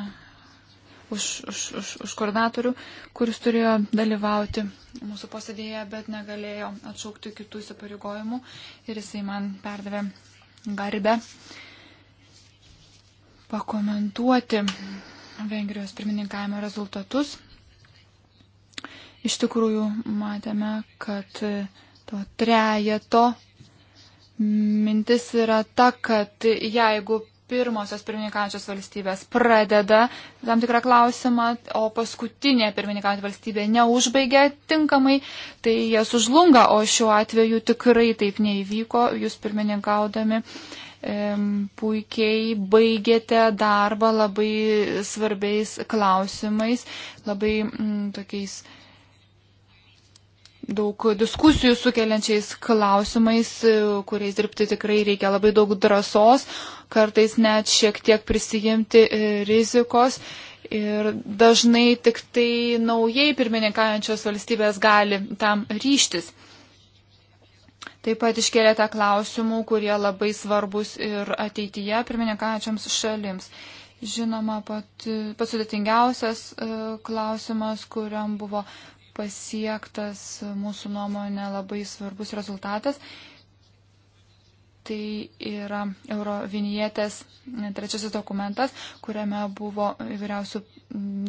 už, už, už, už koordinatorių, kuris turėjo dalyvauti mūsų posėdėje, bet negalėjo atšaukti kitų įsipareigojimų ir jisai man perdavė garbę pakomentuoti Vengrijos pirmininkavimo rezultatus. Iš tikrųjų, matėme, kad to trejeto Mintis yra ta, kad jeigu pirmosios pirmininkančios valstybės pradeda tam tikrą klausimą, o paskutinė pirmininkantį valstybė neužbaigia tinkamai, tai jie sužlunga, o šiuo atveju tikrai taip neįvyko, jūs pirmininkaudami puikiai baigėte darbą labai svarbiais klausimais, labai m, tokiais daug diskusijų sukeliančiais klausimais, e, kuriais dirbti tikrai reikia labai daug drąsos, kartais net šiek tiek prisijimti e, rizikos. Ir dažnai tik tai naujai pirmininkaujančios valstybės gali tam ryštis. Taip pat iškėlėte klausimų, kurie labai svarbus ir ateityje pirmininkaujančiams šalims. Žinoma, pats sudėtingiausias e, klausimas, kuriam buvo pasiektas mūsų nuomonė labai svarbus rezultatas. Tai yra Eurovinietės trečiasis dokumentas, kuriame buvo įvairiausių,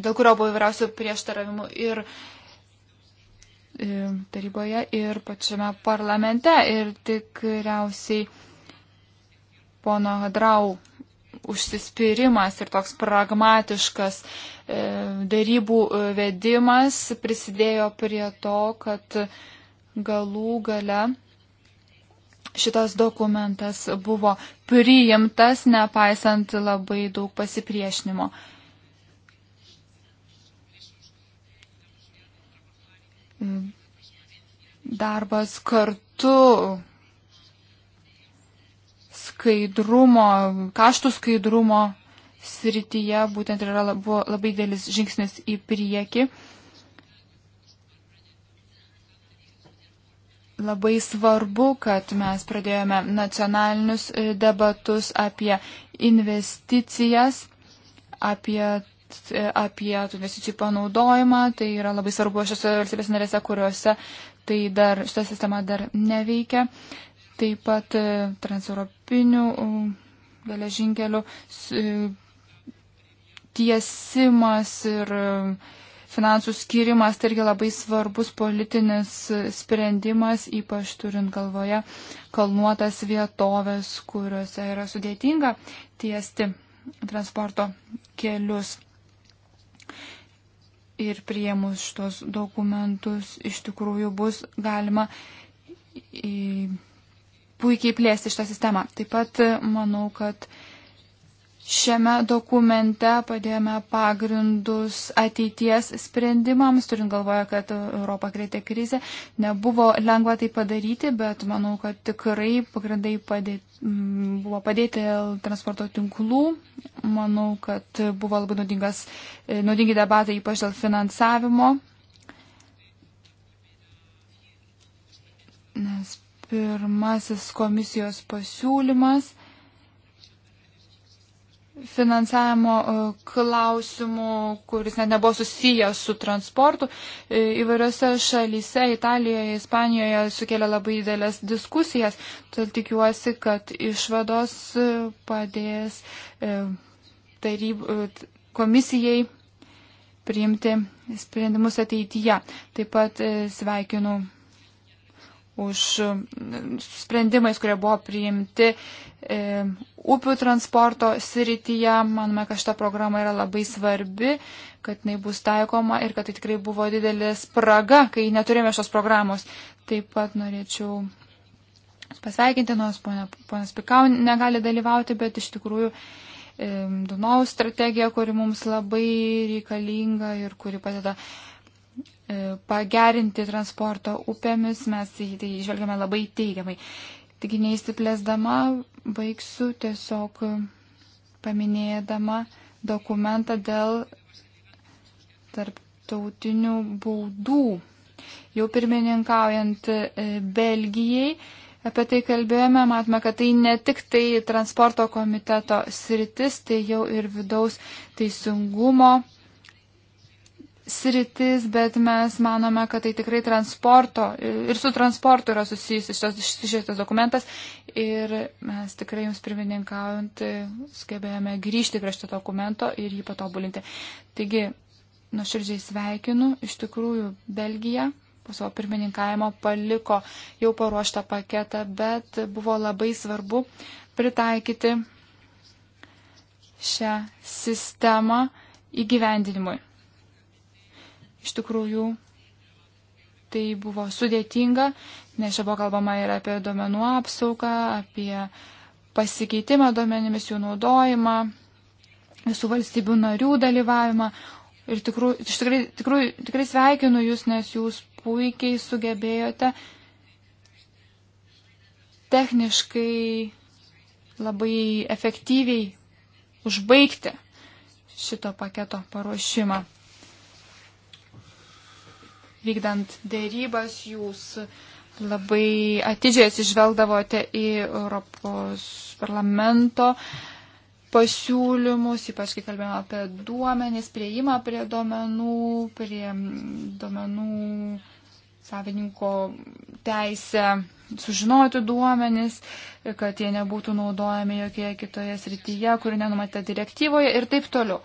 dėl kurio buvo įvairiausių prieštaravimų ir e, taryboje, ir pačiame parlamente. Ir tikriausiai pono Hadrau užsispyrimas ir toks pragmatiškas e, darybų e, vedimas prisidėjo prie to, kad galų gale šitas dokumentas buvo priimtas, nepaisant labai daug pasipriešinimo. Darbas kartu skaidrumo, kaštų skaidrumo srityje būtent yra, buvo labai dėlis žingsnis į priekį. Labai svarbu, kad mes pradėjome nacionalinius e, debatus apie investicijas, apie e, apie tų investicijų panaudojimą. Tai yra labai svarbu šiose valstybės narėse, kuriuose tai dar, šita sistema dar neveikia taip pat e, transeuropinių geležinkelių e, tiesimas ir e, finansų skirimas tai irgi labai svarbus politinis sprendimas, ypač turint galvoje kalnuotas vietovės, kuriuose yra sudėtinga tiesti transporto kelius. Ir priemus šitos dokumentus iš tikrųjų bus galima į puikiai plėsti šitą sistemą. Taip pat e, manau, kad šiame dokumente padėjome pagrindus ateities sprendimams, turint galvoje, kad Europą kreitė krizė. Nebuvo lengva tai padaryti, bet manau, kad tikrai pagrindai padėti, buvo padėti transporto tinklų. Manau, kad buvo labai e, naudingi debatai, ypač dėl finansavimo. Nes pirmasis komisijos pasiūlymas finansavimo e, klausimų, kuris net nebuvo susijęs su transportu. E, įvairiose šalyse, Italijoje, Ispanijoje sukėlė labai didelės diskusijas. Tad tikiuosi, kad išvados e, padės taryb, komisijai priimti sprendimus ateityje. Taip pat sveikinu už e, sprendimais, kurie buvo priimti e, upių transporto srityje. Manome, kad šita programa yra labai svarbi, kad jinai bus taikoma ir kad tai tikrai buvo didelė spraga, kai neturėjome šios programos. Taip pat norėčiau pasveikinti, nors ponas Pikau negali dalyvauti, bet iš tikrųjų e, Dunaus strategija, kuri mums labai reikalinga ir kuri padeda E, pagerinti transporto upėmis, mes į tai žvelgiame labai teigiamai. Tik neįsiplėsdama baigsiu tiesiog paminėdama dokumentą dėl tarptautinių baudų. Jau pirmininkaujant e, Belgijai apie tai kalbėjome, matome, kad tai ne tik tai transporto komiteto sritis, tai jau ir vidaus teisingumo sritis, bet mes manome, kad tai tikrai transporto ir su transportu yra susijusi šitas, šitas dokumentas ir mes tikrai jums pirmininkaujant sugebėjome grįžti prie šito dokumento ir jį patobulinti. Taigi, nuoširdžiai sveikinu, iš tikrųjų Belgija po savo pirmininkavimo paliko jau paruoštą paketą, bet buvo labai svarbu pritaikyti šią sistemą įgyvendinimui. Iš tikrųjų, tai buvo sudėtinga, nes čia buvo kalbama ir apie duomenų apsaugą, apie pasikeitimą duomenimis, jų naudojimą, visų valstybių narių dalyvavimą. Ir tikrų, tikrai, tikrai, tikrai sveikinu Jūs, nes Jūs puikiai sugebėjote techniškai labai efektyviai užbaigti šito paketo paruošimą vykdant dėrybas, jūs labai atidžiai atsižvelgdavote į Europos parlamento pasiūlymus, ypač kai kalbėjome apie duomenis, prieimą prie duomenų, prie duomenų savininko teisę sužinoti duomenis, kad jie nebūtų naudojami jokioje kitoje srityje, kuri nenumatyta direktyvoje ir taip toliau.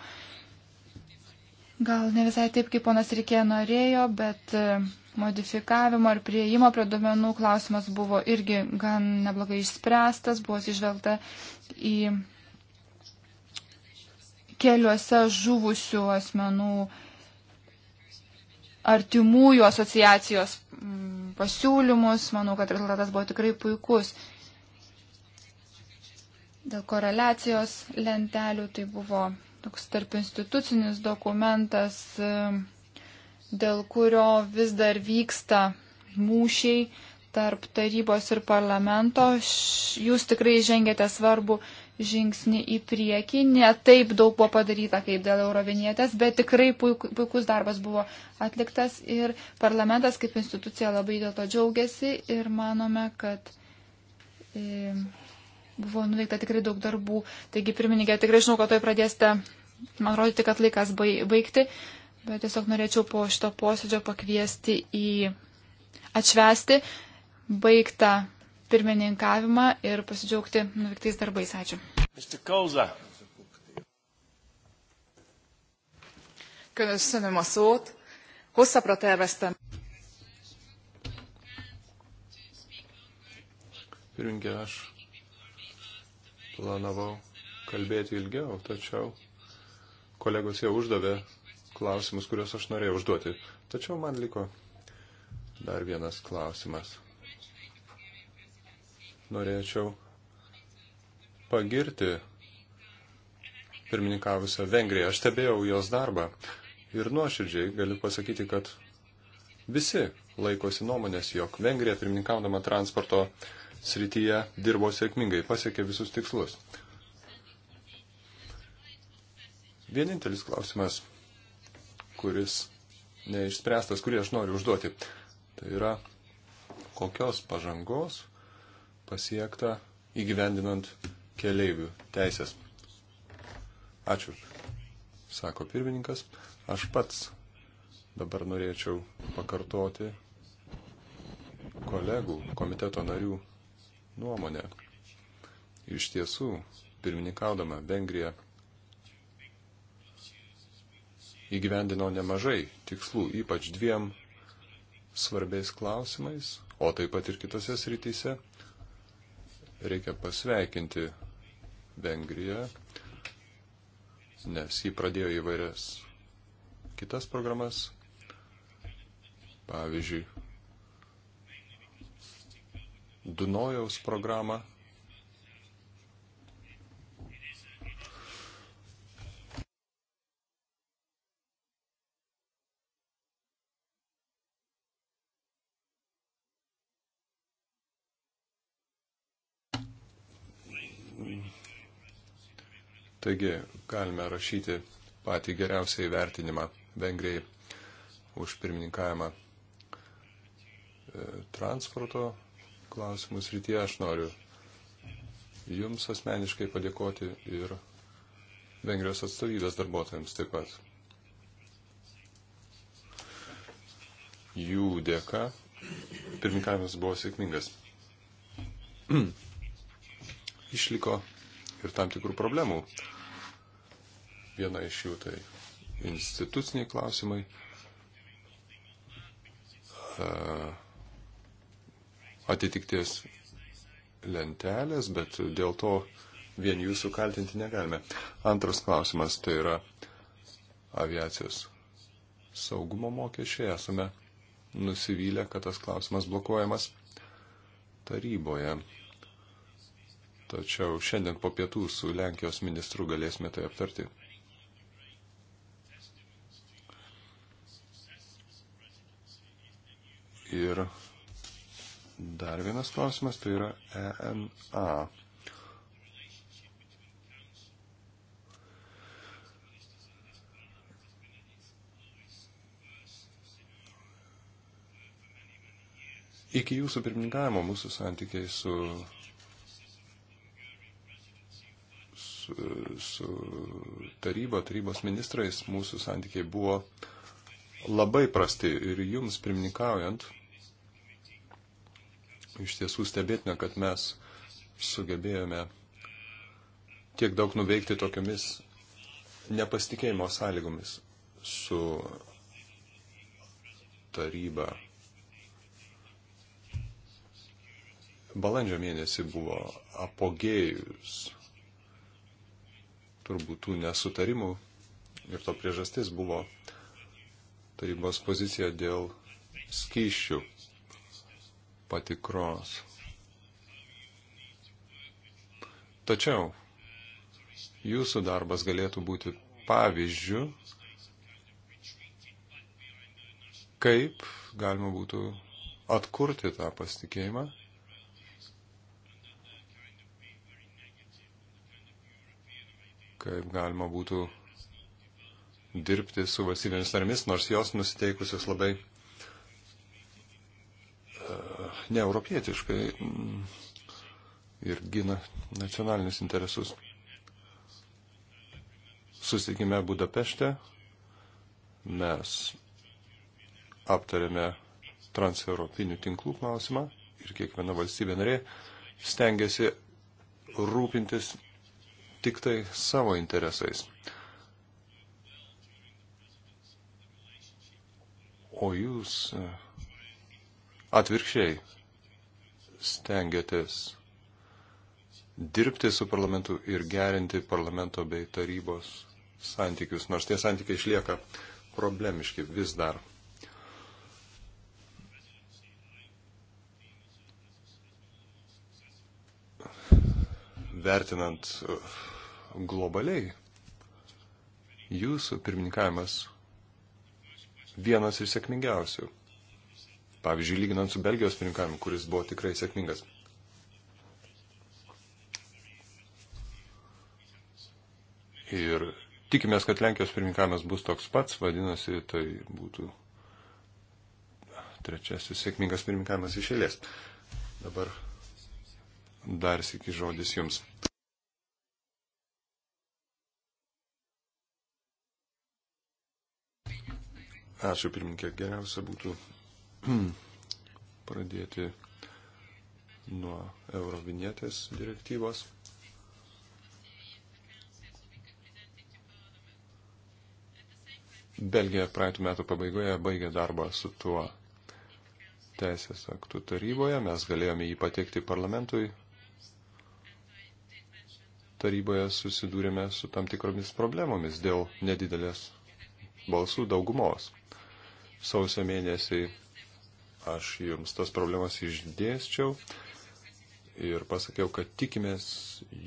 Gal ne visai taip, kaip ponas Rikė norėjo, bet e, modifikavimo ar prieimo prie duomenų klausimas buvo irgi gan neblogai išspręstas, buvo išvelgta į keliuose žuvusių asmenų artimųjų asociacijos mm, pasiūlymus. Manau, kad rezultatas buvo tikrai puikus. Dėl koreliacijos lentelių tai buvo toks tarp institucinis dokumentas, e, dėl kurio vis dar vyksta mūšiai tarp tarybos ir parlamento. Jūs tikrai žengėte svarbu žingsnį į priekį. Ne taip daug buvo padaryta kaip dėl eurovinietės, bet tikrai puikus darbas buvo atliktas ir parlamentas kaip institucija labai dėl to džiaugiasi ir manome, kad. E, buvo nuveikta tikrai daug darbų. Taigi, pirmininkė, tikrai žinau, kad toj pradėsite man rodyti, kad laikas baigti, bet tiesiog norėčiau po šito posėdžio pakviesti į atšvesti baigtą pirmininkavimą ir pasidžiaugti nuveiktais darbais. Ačiū. Köszönöm a szót. Hosszabbra terveztem. Pirmininkė, aš planavau kalbėti ilgiau, tačiau kolegos jau uždavė klausimus, kuriuos aš norėjau užduoti. Tačiau man liko dar vienas klausimas. Norėčiau pagirti pirmininkavusią Vengriją. Aš stebėjau jos darbą ir nuoširdžiai galiu pasakyti, kad visi laikosi nuomonės, jog Vengrija pirmininkaudama transporto uh, srityje dirbo sėkmingai, pasiekė visus tikslus. Vienintelis klausimas, kuris neišspręstas, kurį aš noriu užduoti, tai yra kokios pažangos pasiekta įgyvendinant keleivių teisės. Ačiū, sako pirmininkas. Aš pats dabar norėčiau pakartoti kolegų komiteto narių nuomonę. Iš tiesų, pirmininkaudama Vengrija įgyvendino nemažai tikslų, ypač dviem svarbiais klausimais, o taip pat ir kitose srityse. Reikia pasveikinti Vengriją, nes jį pradėjo įvairias kitas programas, pavyzdžiui, Dunojaus programą. Taigi galime rašyti patį geriausią įvertinimą Vengrijai už pirmininkavimą e, transporto klausimus rytyje aš noriu Jums asmeniškai padėkoti ir Vengrijos atstovybės darbuotojams taip pat. Jų dėka pirmininkavimas buvo sėkmingas. [CLEARS THROAT] Išliko ir tam tikrų problemų. Viena iš jų tai instituciniai klausimai. Uh, atitikties lentelės, bet dėl to vien jūsų kaltinti negalime. Antras klausimas tai yra aviacijos saugumo mokesčiai. Esame nusivylę, kad tas klausimas blokuojamas taryboje. Tačiau šiandien po pietų su Lenkijos ministru galėsime tai aptarti. Ir dar vienas klausimas, tai yra ENA. Iki jūsų pirmininkavimo mūsų santykiai su, su, su taryba, tarybos ministrais, mūsų santykiai buvo labai prasti ir jums pirmininkaujant iš tiesų stebėtina, kad mes sugebėjome tiek daug nuveikti tokiamis nepasitikėjimo sąlygomis su taryba. Balandžio mėnesį buvo apogėjus turbūt tų nesutarimų ir to priežastis buvo tarybos pozicija dėl skyščių patikros. Tačiau jūsų darbas galėtų būti pavyzdžių, kaip galima būtų atkurti tą pasitikėjimą kaip galima būtų dirbti su valstybėmis narėmis, nors jos nusiteikusios labai neeuropietiškai mm, ir gina nacionalinius interesus. Susitikime Budapešte mes aptarėme transeuropinių tinklų klausimą ir kiekviena valstybė narė stengiasi rūpintis tik tai savo interesais. O jūs e, atvirkščiai stengiatės dirbti su parlamentu ir gerinti parlamento bei tarybos santykius, nors tie santykiai išlieka problemiški vis dar. Vertinant uh, globaliai, jūsų pirmininkavimas vienas iš sėkmingiausių. Pavyzdžiui, lyginant su Belgijos pirinkavimu, kuris buvo tikrai sėkmingas. Ir tikimės, kad Lenkijos pirmininkavimas bus toks pats, vadinasi, tai būtų trečiasis sėkmingas pirmininkavimas iš eilės. Dabar dar sėki žodis jums. Ačiū pirmininkė, geriausia būtų Hmm. pradėti nuo Eurovinėtės direktyvos. Belgija praeitų metų pabaigoje baigė darbą su tuo teisės aktų taryboje. Mes galėjome jį pateikti parlamentui. Taryboje susidūrėme su tam tikromis problemomis dėl nedidelės balsų daugumos. Sausio mėnesį Aš jums tas problemas išdėsčiau ir pasakiau, kad tikimės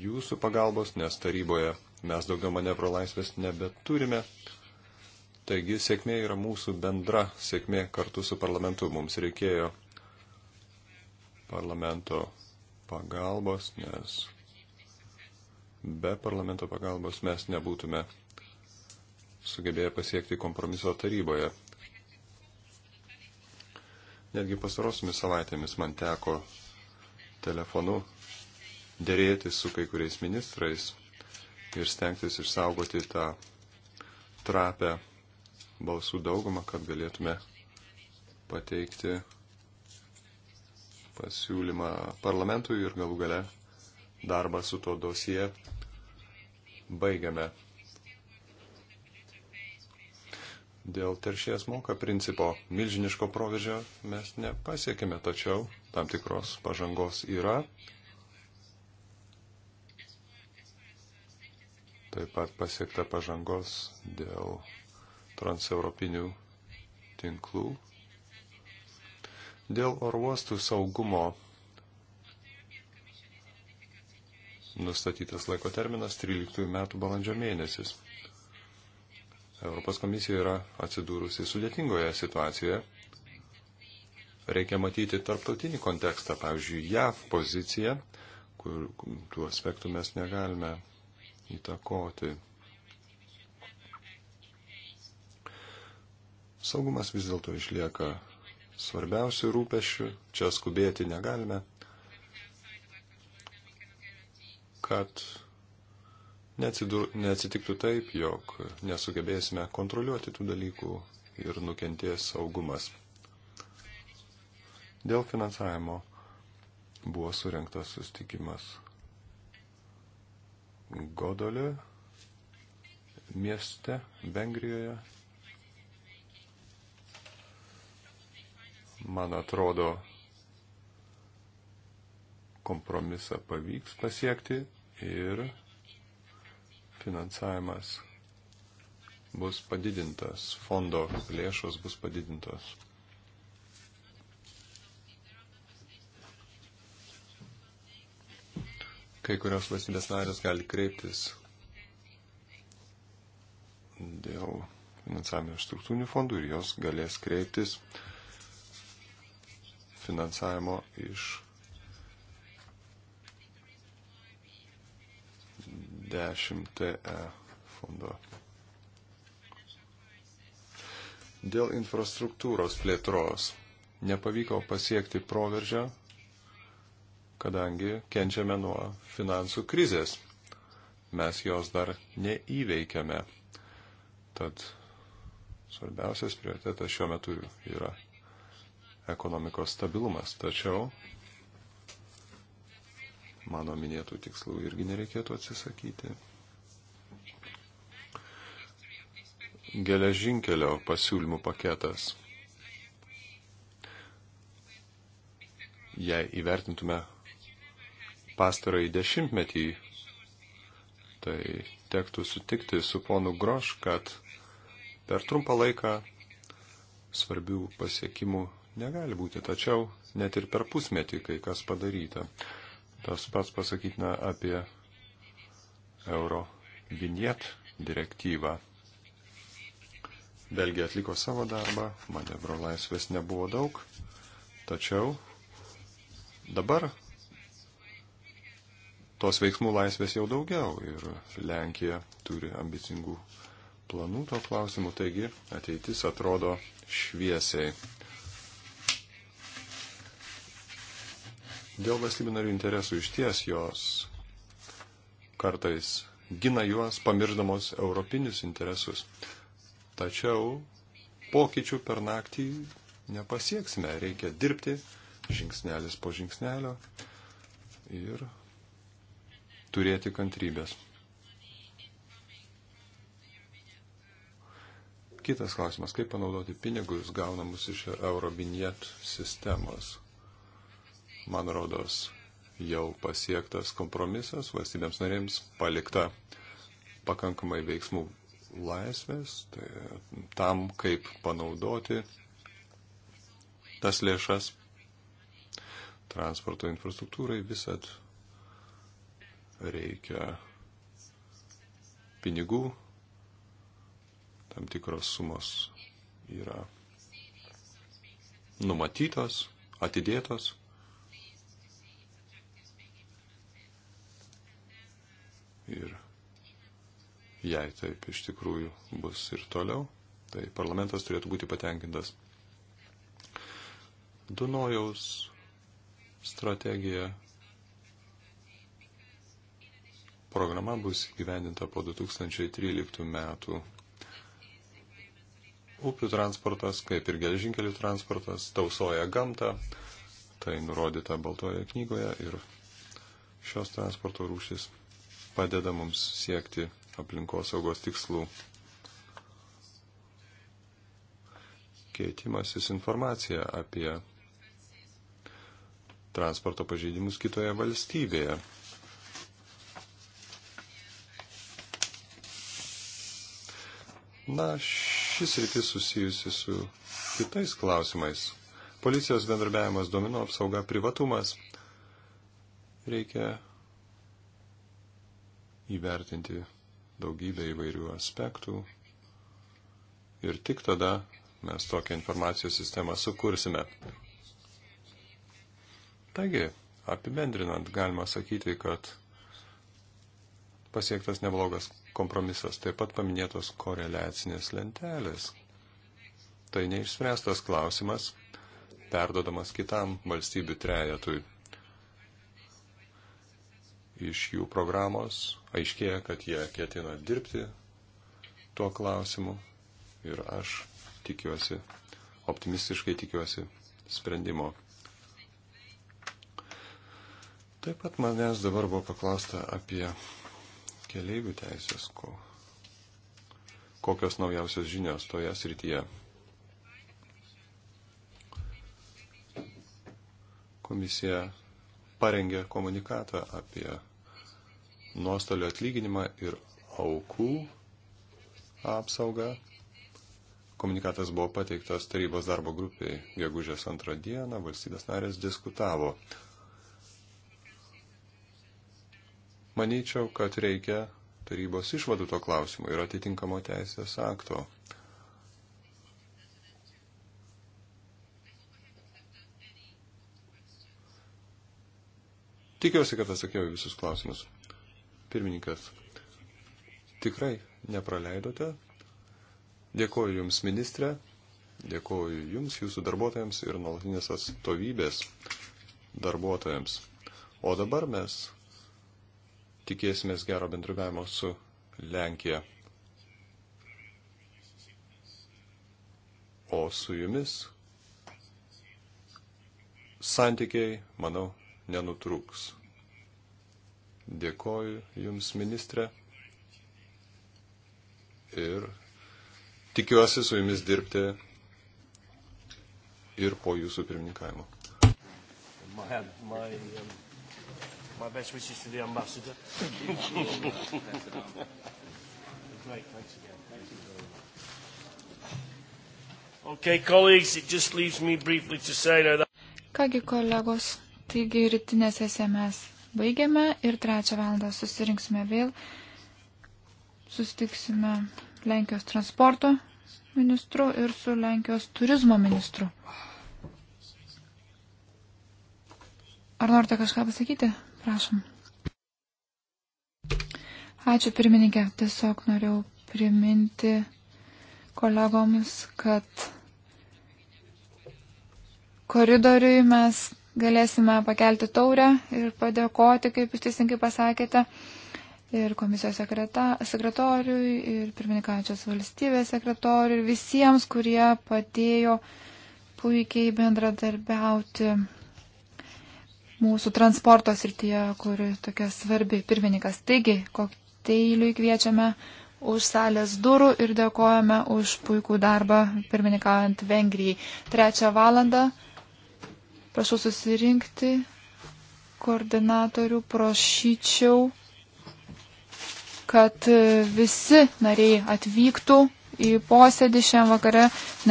jūsų pagalbos, nes taryboje mes daugiau manevro laisvės nebeturime. Taigi sėkmė yra mūsų bendra sėkmė kartu su parlamentu. Mums reikėjo parlamento pagalbos, nes be parlamento pagalbos mes nebūtume sugebėję pasiekti kompromiso taryboje. Netgi pasarosiomis savaitėmis man teko telefonu dėrėti su kai kuriais ministrais ir stengtis išsaugoti tą trapę balsų daugumą, kad galėtume pateikti pasiūlymą parlamentui ir galų gale darbą su to dosie baigiame. Dėl teršėjas moka principo milžiniško proveržio mes nepasiekime, tačiau tam tikros pažangos yra. Taip pat pasiekta pažangos dėl transeuropinių tinklų. Dėl orvostų saugumo nustatytas laiko terminas 13 metų balandžio mėnesis. Europos komisija yra atsidūrusi sudėtingoje situacijoje. Reikia matyti tarptautinį kontekstą, pavyzdžiui, JAV poziciją, kur tų aspektų mes negalime įtakoti. Saugumas vis dėlto išlieka svarbiausių rūpešių, čia skubėti negalime, kad neatsidur, neatsitiktų taip, jog nesugebėsime kontroliuoti tų dalykų ir nukentės saugumas. Dėl finansavimo buvo surinktas sustikimas Godolio mieste Vengrijoje. Man atrodo, kompromisą pavyks pasiekti ir finansavimas bus padidintas, fondo lėšos bus padidintos. Kai kurios valstybės narės gali kreiptis dėl finansavimo iš struktūrinių fondų ir jos galės kreiptis finansavimo iš 10TE fondo. Dėl infrastruktūros plėtros nepavyko pasiekti proveržio, kadangi kenčiame nuo finansų krizės. Mes jos dar neįveikiame. Tad svarbiausias prioritetas šiuo metu yra ekonomikos stabilumas. Tačiau mano minėtų tikslų irgi nereikėtų atsisakyti. Geležinkelio pasiūlymų paketas. Jei įvertintume pastarąjį dešimtmetį, tai tektų sutikti su ponu Groš, kad per trumpą laiką svarbių pasiekimų negali būti, tačiau net ir per pusmetį kai kas padaryta. Tas pats pasakytina apie euro viniet direktyvą. Belgija atliko savo darbą, manevro laisvės nebuvo daug, tačiau dabar tos veiksmų laisvės jau daugiau ir Lenkija turi ambicingų planų to klausimu, taigi ateitis atrodo šviesiai. Dėl valstybių narių interesų išties jos kartais gina juos pamirždamos europinius interesus. Tačiau pokyčių per naktį nepasieksime. Reikia dirbti žingsnelis po žingsnelio ir turėti kantrybės. Kitas klausimas, kaip panaudoti pinigus gaunamus iš Eurovinjet sistemos man rodos, jau pasiektas kompromisas, valstybėms narėms palikta pakankamai veiksmų laisvės, tai tam, kaip panaudoti tas lėšas transporto infrastruktūrai visat reikia pinigų, tam tikros sumos yra numatytos, atidėtos. jei taip iš tikrųjų bus ir toliau, tai parlamentas turėtų būti patenkintas. Dunojaus strategija programa bus gyvendinta po 2013 metų. Upių transportas, kaip ir gelžinkelių transportas, tausoja gamtą, tai nurodyta Baltoje knygoje ir šios transporto rūšis padeda mums siekti aplinkosaugos tikslų. Keitimasis informacija apie transporto pažeidimus kitoje valstybėje. Na, šis rytis susijusi su kitais klausimais. Policijos bendrabiavimas, domino apsauga, privatumas. Reikia įvertinti daugybę įvairių aspektų ir tik tada mes tokią informacijos sistemą sukursime. Taigi, apibendrinant, galima sakyti, kad pasiektas neblogas kompromisas, taip pat paminėtos koreliacinės lentelės. Tai neišspręstas klausimas, perdodamas kitam valstybių trejatui iš jų programos, aiškėja, kad jie ketina dirbti tuo klausimu ir aš tikiuosi, optimistiškai tikiuosi sprendimo. Taip pat manęs dabar buvo paklausta apie keliaivių teisės, ko, kokios naujausios žinios toje srityje. Komisija parengė komunikatą apie nuostolio atlyginimą ir aukų apsaugą. Komunikatas buvo pateiktas tarybos darbo grupiai gegužės antrą dieną, valstybės narės diskutavo. Manyčiau, kad reikia tarybos išvadų to klausimo ir atitinkamo teisės akto. Tikiuosi, kad atsakiau visus klausimus. Pirmininkas, tikrai nepraleidote. Dėkoju Jums, ministrė. Dėkoju Jums, Jūsų darbuotojams ir nuolatinės atstovybės darbuotojams. O dabar mes tikėsimės gero bendradarbiavimo su Lenkija. O su jumis santykiai, manau, nenutrūks. Dėkoju Jums, ministrė. Ir tikiuosi su Jumis dirbti ir po Jūsų pirmininkavimo. My, my, um, my best wishes to the ambassador. Great, thanks again. Thank you very much. Okay, colleagues, it just leaves me briefly to say that. Kągi kolegos, taigi rytinė sesija mes baigiame ir trečią valandą susirinksime vėl. Susitiksime Lenkijos transporto ministru ir su Lenkijos turizmo ministru. Ar norite kažką pasakyti? Prašom. Ačiū pirmininkė. Tiesiog norėjau priminti kolegomis, kad koridoriui mes galėsime pakelti taurę ir padėkoti, kaip jūs teisingai pasakėte, ir komisijos sekreta, sekretoriui, ir pirmininkančios valstybės sekretoriui, ir visiems, kurie padėjo puikiai bendradarbiauti mūsų transporto srityje, kuri tokia svarbi pirmininkas. Taigi, kokteiliui kviečiame už salės durų ir dėkojame už puikų darbą pirmininkaujant Vengrijai. Trečią valandą. Prašau susirinkti koordinatorių, prašyčiau, kad visi nariai atvyktų į posėdį šiam vakare,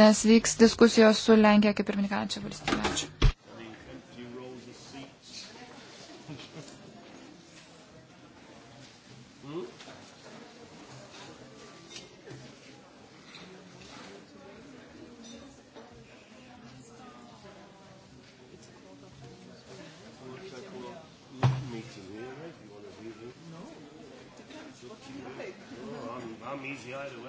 nes vyks diskusijos su Lenkija kaip ir minkančia valstybė. Ačiū. didžiąją